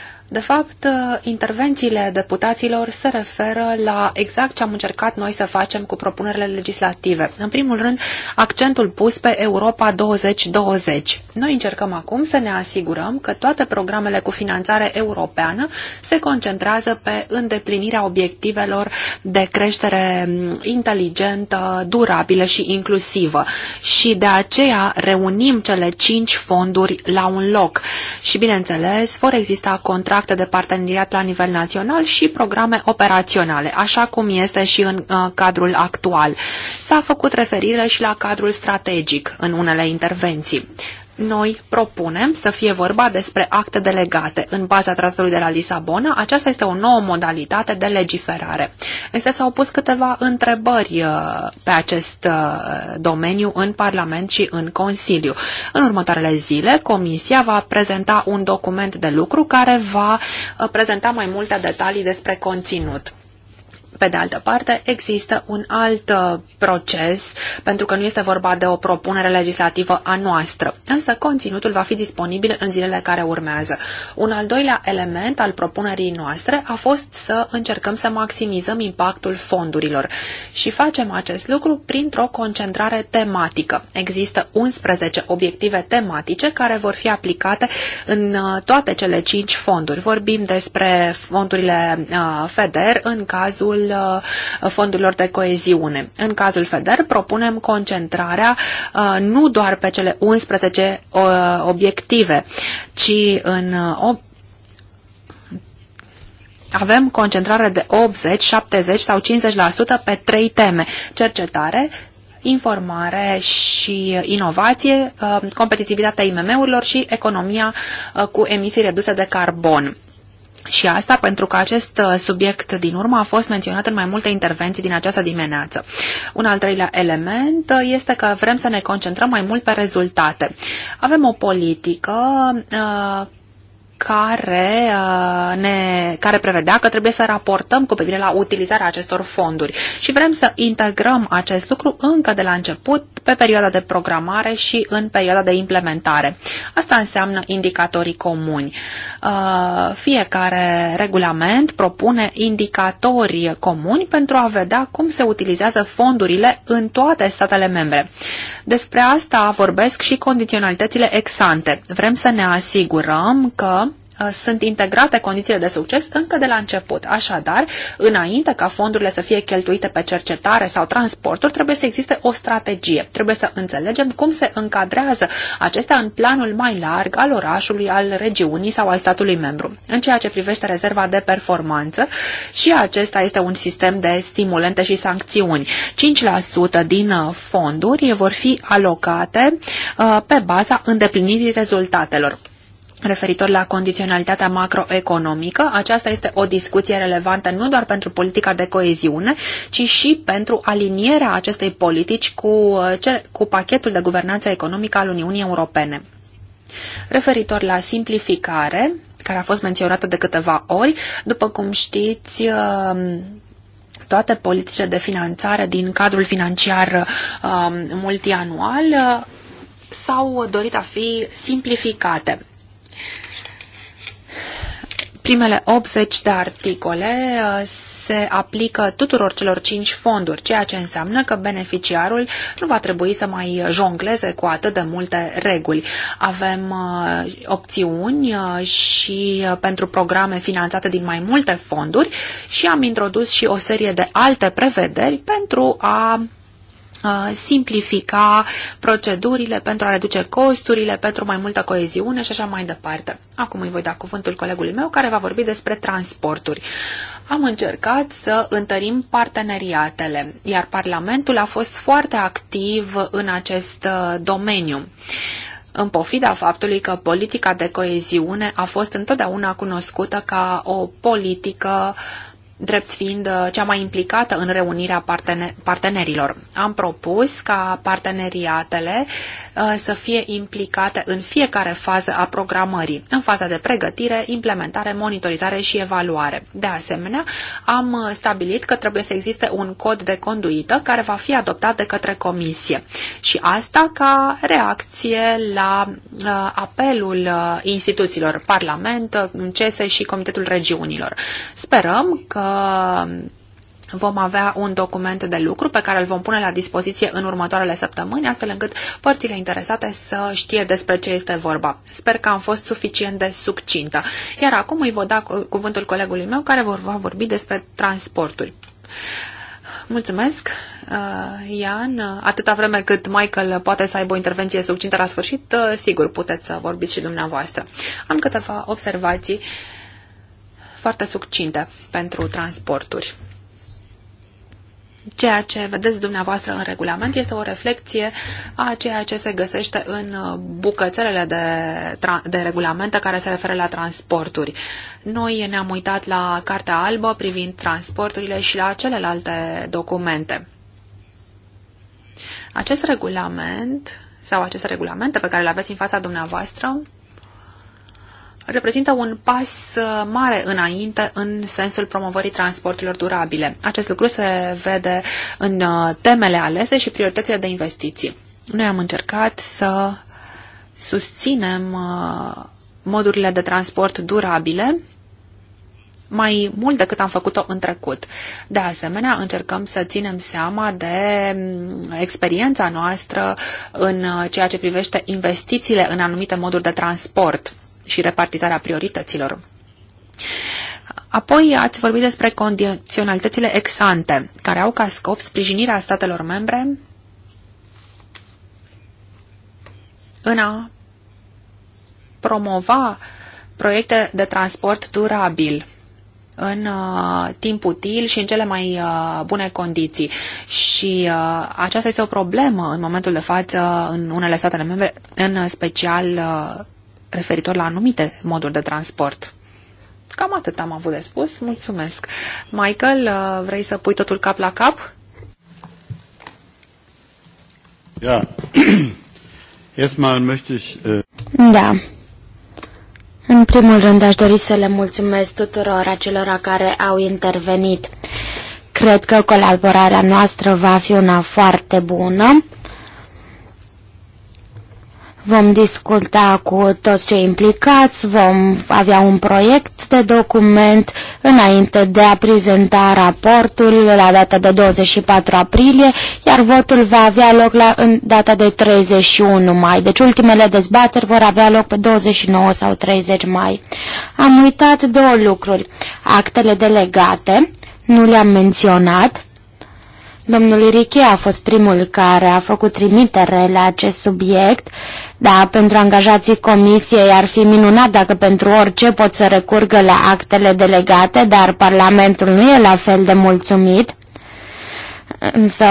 De fapt, uh, intervențiile deputaților se referă la exact ce am încercat noi să facem cu propunerile legislative. În primul rând, accentul pus pe Europa 2020. Noi încercăm acum să ne asigurăm că toate programele cu finanțare europeană se concentrează pe îndeplinirea obiectivelor de creștere mm, inteligentă, durabilă și inclusivă. Și de aceea reunim cele cinci fonduri la un loc. Și bineînțeles, vor exista contracte contracte de parteneriat la nivel național și programe operaționale, așa cum este și în uh, cadrul actual. S-a făcut referire și la cadrul strategic în unele intervenții. Noi propunem să fie vorba despre acte delegate. În baza tratatului de la Lisabona, aceasta este o nouă modalitate de legiferare. Însă s-au pus câteva întrebări uh, pe acest uh, domeniu în Parlament și în Consiliu. În următoarele zile, Comisia va prezenta un document de lucru care va uh, prezenta mai multe detalii despre conținut. Pe de altă parte, există un alt uh, proces, pentru că nu este vorba de o propunere legislativă a noastră, însă conținutul va fi disponibil în zilele care urmează. Un al doilea element al propunerii noastre a fost să încercăm să maximizăm impactul fondurilor și facem acest lucru printr-o concentrare tematică. Există 11 obiective tematice care vor fi aplicate în uh, toate cele 5 fonduri. Vorbim despre fondurile uh, FEDER în cazul Uh, fondurilor de coeziune. În cazul FEDER propunem concentrarea uh, nu doar pe cele 11 uh, obiective, ci în avem concentrare de 80, 70 sau 50% pe trei teme. Cercetare, informare și inovație, competitivitatea IMM-urilor și economia cu emisii reduse de carbon. Și asta pentru că acest uh, subiect din urmă a fost menționat în mai multe intervenții din această dimineață. Un al treilea element uh, este că vrem să ne concentrăm mai mult pe rezultate. Avem o politică uh, care, uh, ne, care prevedea că trebuie să raportăm cu privire la utilizarea acestor fonduri și vrem să integrăm acest lucru încă de la început pe perioada de programare și în perioada de implementare. Asta înseamnă indicatorii comuni. Uh, fiecare regulament propune indicatori comuni pentru a vedea cum se utilizează fondurile în toate statele membre. Despre asta vorbesc și condiționalitățile exante. Vrem să ne asigurăm că Uh, sunt integrate condițiile de succes încă de la început. Așadar, înainte ca fondurile să fie cheltuite pe cercetare sau transporturi, trebuie să existe o strategie. Trebuie să înțelegem cum se încadrează acestea în planul mai larg al orașului, al regiunii sau al statului membru. În ceea ce privește rezerva de performanță, și acesta este un sistem de stimulente și sancțiuni. 5% din uh, fonduri vor fi alocate uh, pe baza îndeplinirii rezultatelor referitor la condiționalitatea macroeconomică. Aceasta este o discuție relevantă nu doar pentru politica de coeziune, ci și pentru alinierea acestei politici cu, uh, cu pachetul de guvernanță economică al Uniunii Europene. Referitor la simplificare, care a fost menționată de câteva ori, după cum știți, uh, toate politicile de finanțare din cadrul financiar uh, multianual s-au dorit a fi simplificate. Primele 80 de articole uh, se aplică tuturor celor 5 fonduri, ceea ce înseamnă că beneficiarul nu va trebui să mai jongleze cu atât de multe reguli. Avem uh, opțiuni uh, și pentru programe finanțate din mai multe fonduri și am introdus și o serie de alte prevederi pentru a Uh, simplifica procedurile pentru a reduce costurile, pentru mai multă coeziune și așa mai departe. Acum îi voi da cuvântul colegului meu care va vorbi despre transporturi. Am încercat să întărim parteneriatele, iar Parlamentul a fost foarte activ în acest uh, domeniu în pofida faptului că politica de coeziune a fost întotdeauna cunoscută ca o politică uh, drept fiind uh, cea mai implicată în reunirea partenerilor. Am propus ca parteneriatele uh, să fie implicate în fiecare fază a programării, în faza de pregătire, implementare, monitorizare și evaluare. De asemenea, am uh, stabilit că trebuie să existe un cod de conduită care va fi adoptat de către comisie și asta ca reacție la apelul instituțiilor Parlament, CESE și Comitetul Regiunilor. Sperăm că Uh, vom avea un document de lucru pe care îl vom pune la dispoziție în următoarele săptămâni, astfel încât părțile interesate să știe despre ce este vorba. Sper că am fost suficient de succintă. Iar acum îi voi da cuvântul colegului meu care vor va vorbi despre transporturi. Mulțumesc, uh, Ian. Atâta vreme cât Michael poate să aibă o intervenție succintă la sfârșit, uh, sigur puteți să vorbiți și dumneavoastră. Am câteva observații uh, foarte succinte pentru transporturi. Ceea ce vedeți dumneavoastră în regulament este o reflecție a ceea ce se găsește în bucățelele de, de regulamente care se referă la transporturi. Noi ne-am uitat la Cartea Albă privind transporturile și la celelalte documente. Acest regulament sau aceste regulamente pe care le aveți în fața dumneavoastră reprezintă un pas uh, mare înainte în sensul promovării transporturilor durabile. Acest lucru se vede în uh, temele alese și prioritățile de investiții. Noi am încercat să susținem uh, modurile de transport durabile mai mult decât am făcut-o în trecut. De asemenea, încercăm să ținem seama de mm, experiența noastră în ceea ce privește investițiile în anumite moduri de transport și repartizarea priorităților. Apoi ați vorbit despre condiționalitățile exante, care au ca scop sprijinirea statelor membre în a promova proiecte de transport durabil în uh, timp util și în cele mai uh, bune condiții. Și uh, aceasta este o problemă în momentul de față în unele statele membre, în special uh, referitor la anumite moduri de transport. Cam atât am avut de spus. Mulțumesc. Michael, uh, vrei să pui totul cap la cap? Ja. Erstmal möchte ich, äh, Da. În primul rând aș dori să le mulțumesc tuturor acelora care au intervenit. Cred că colaborarea noastră va fi una foarte bună. Vom discuta cu toți cei implicați, vom avea un proiect de document înainte de a prezenta raportul la data de 24 aprilie, iar votul va avea loc la în data de 31 mai. Deci ultimele dezbateri vor avea loc pe 29 sau 30 mai. Am uitat două lucruri. Actele delegate, nu le-am menționat, Domnul Riche a fost primul care a făcut trimitere la acest subiect. Da, pentru angajații comisiei ar fi minunat dacă pentru orice pot să recurgă la actele delegate, dar Parlamentul nu e la fel de mulțumit. Însă,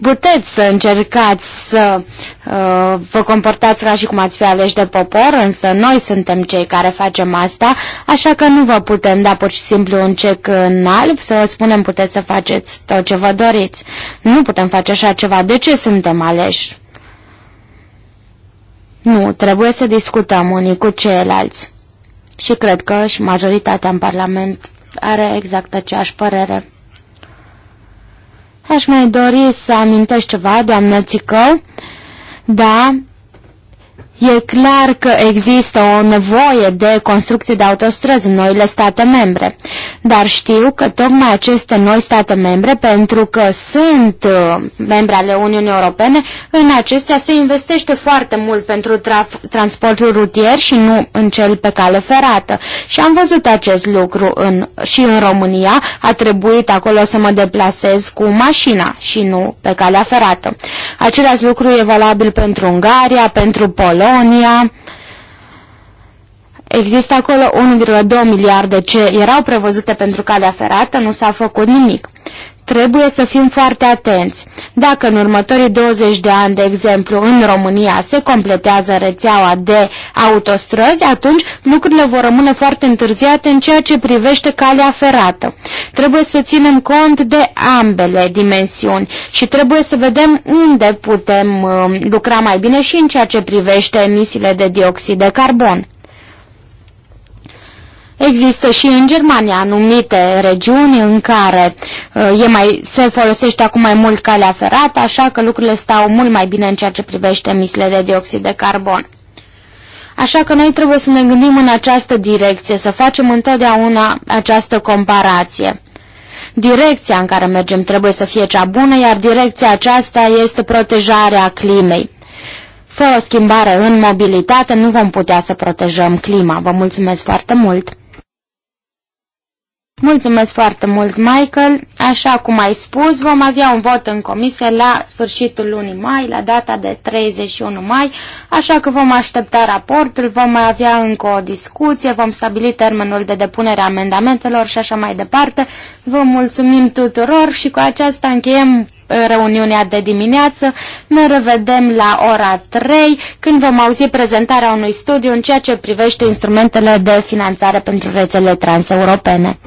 puteți să încercați să uh, vă comportați ca și cum ați fi aleși de popor, însă noi suntem cei care facem asta, așa că nu vă putem da pur și simplu un cec în alb să vă spunem puteți să faceți tot ce vă doriți. Nu putem face așa ceva. De ce suntem aleși? Nu, trebuie să discutăm unii cu ceilalți. Și cred că și majoritatea în Parlament are exact aceeași părere. Aș mai dori să amintești ceva, doamnă Țicău? Da, E clar că există o nevoie de construcție de autostrăzi în noile state membre, dar știu că tocmai aceste noi state membre, pentru că sunt uh, membre ale Uniunii Europene, în acestea se investește foarte mult pentru transportul rutier și nu în cel pe cale ferată. Și am văzut acest lucru în, și în România, a trebuit acolo să mă deplasez cu mașina și nu pe calea ferată. Același lucru e valabil pentru Ungaria, pentru Polonia, Polonia. Există acolo 1,2 miliarde ce erau prevăzute pentru calea ferată, nu s-a făcut nimic trebuie să fim foarte atenți. Dacă în următorii 20 de ani, de exemplu, în România se completează rețeaua de autostrăzi, atunci lucrurile vor rămâne foarte întârziate în ceea ce privește calea ferată. Trebuie să ținem cont de ambele dimensiuni și trebuie să vedem unde putem um, lucra mai bine și în ceea ce privește emisiile de dioxid de carbon. Există și în Germania anumite regiuni în care uh, e mai, se folosește acum mai mult calea ferată, așa că lucrurile stau mult mai bine în ceea ce privește emisiile de dioxid de carbon. Așa că noi trebuie să ne gândim în această direcție, să facem întotdeauna această comparație. Direcția în care mergem trebuie să fie cea bună, iar direcția aceasta este protejarea climei. Fără o schimbare în mobilitate nu vom putea să protejăm clima. Vă mulțumesc foarte mult! Mulțumesc foarte mult, Michael. Așa cum ai spus, vom avea un vot în comisie la sfârșitul lunii mai, la data de 31 mai, așa că vom aștepta raportul, vom mai avea încă o discuție, vom stabili termenul de depunere a amendamentelor și așa mai departe. Vă mulțumim tuturor și cu aceasta încheiem reuniunea de dimineață. Ne revedem la ora 3 când vom auzi prezentarea unui studiu în ceea ce privește instrumentele de finanțare pentru rețele transeuropene.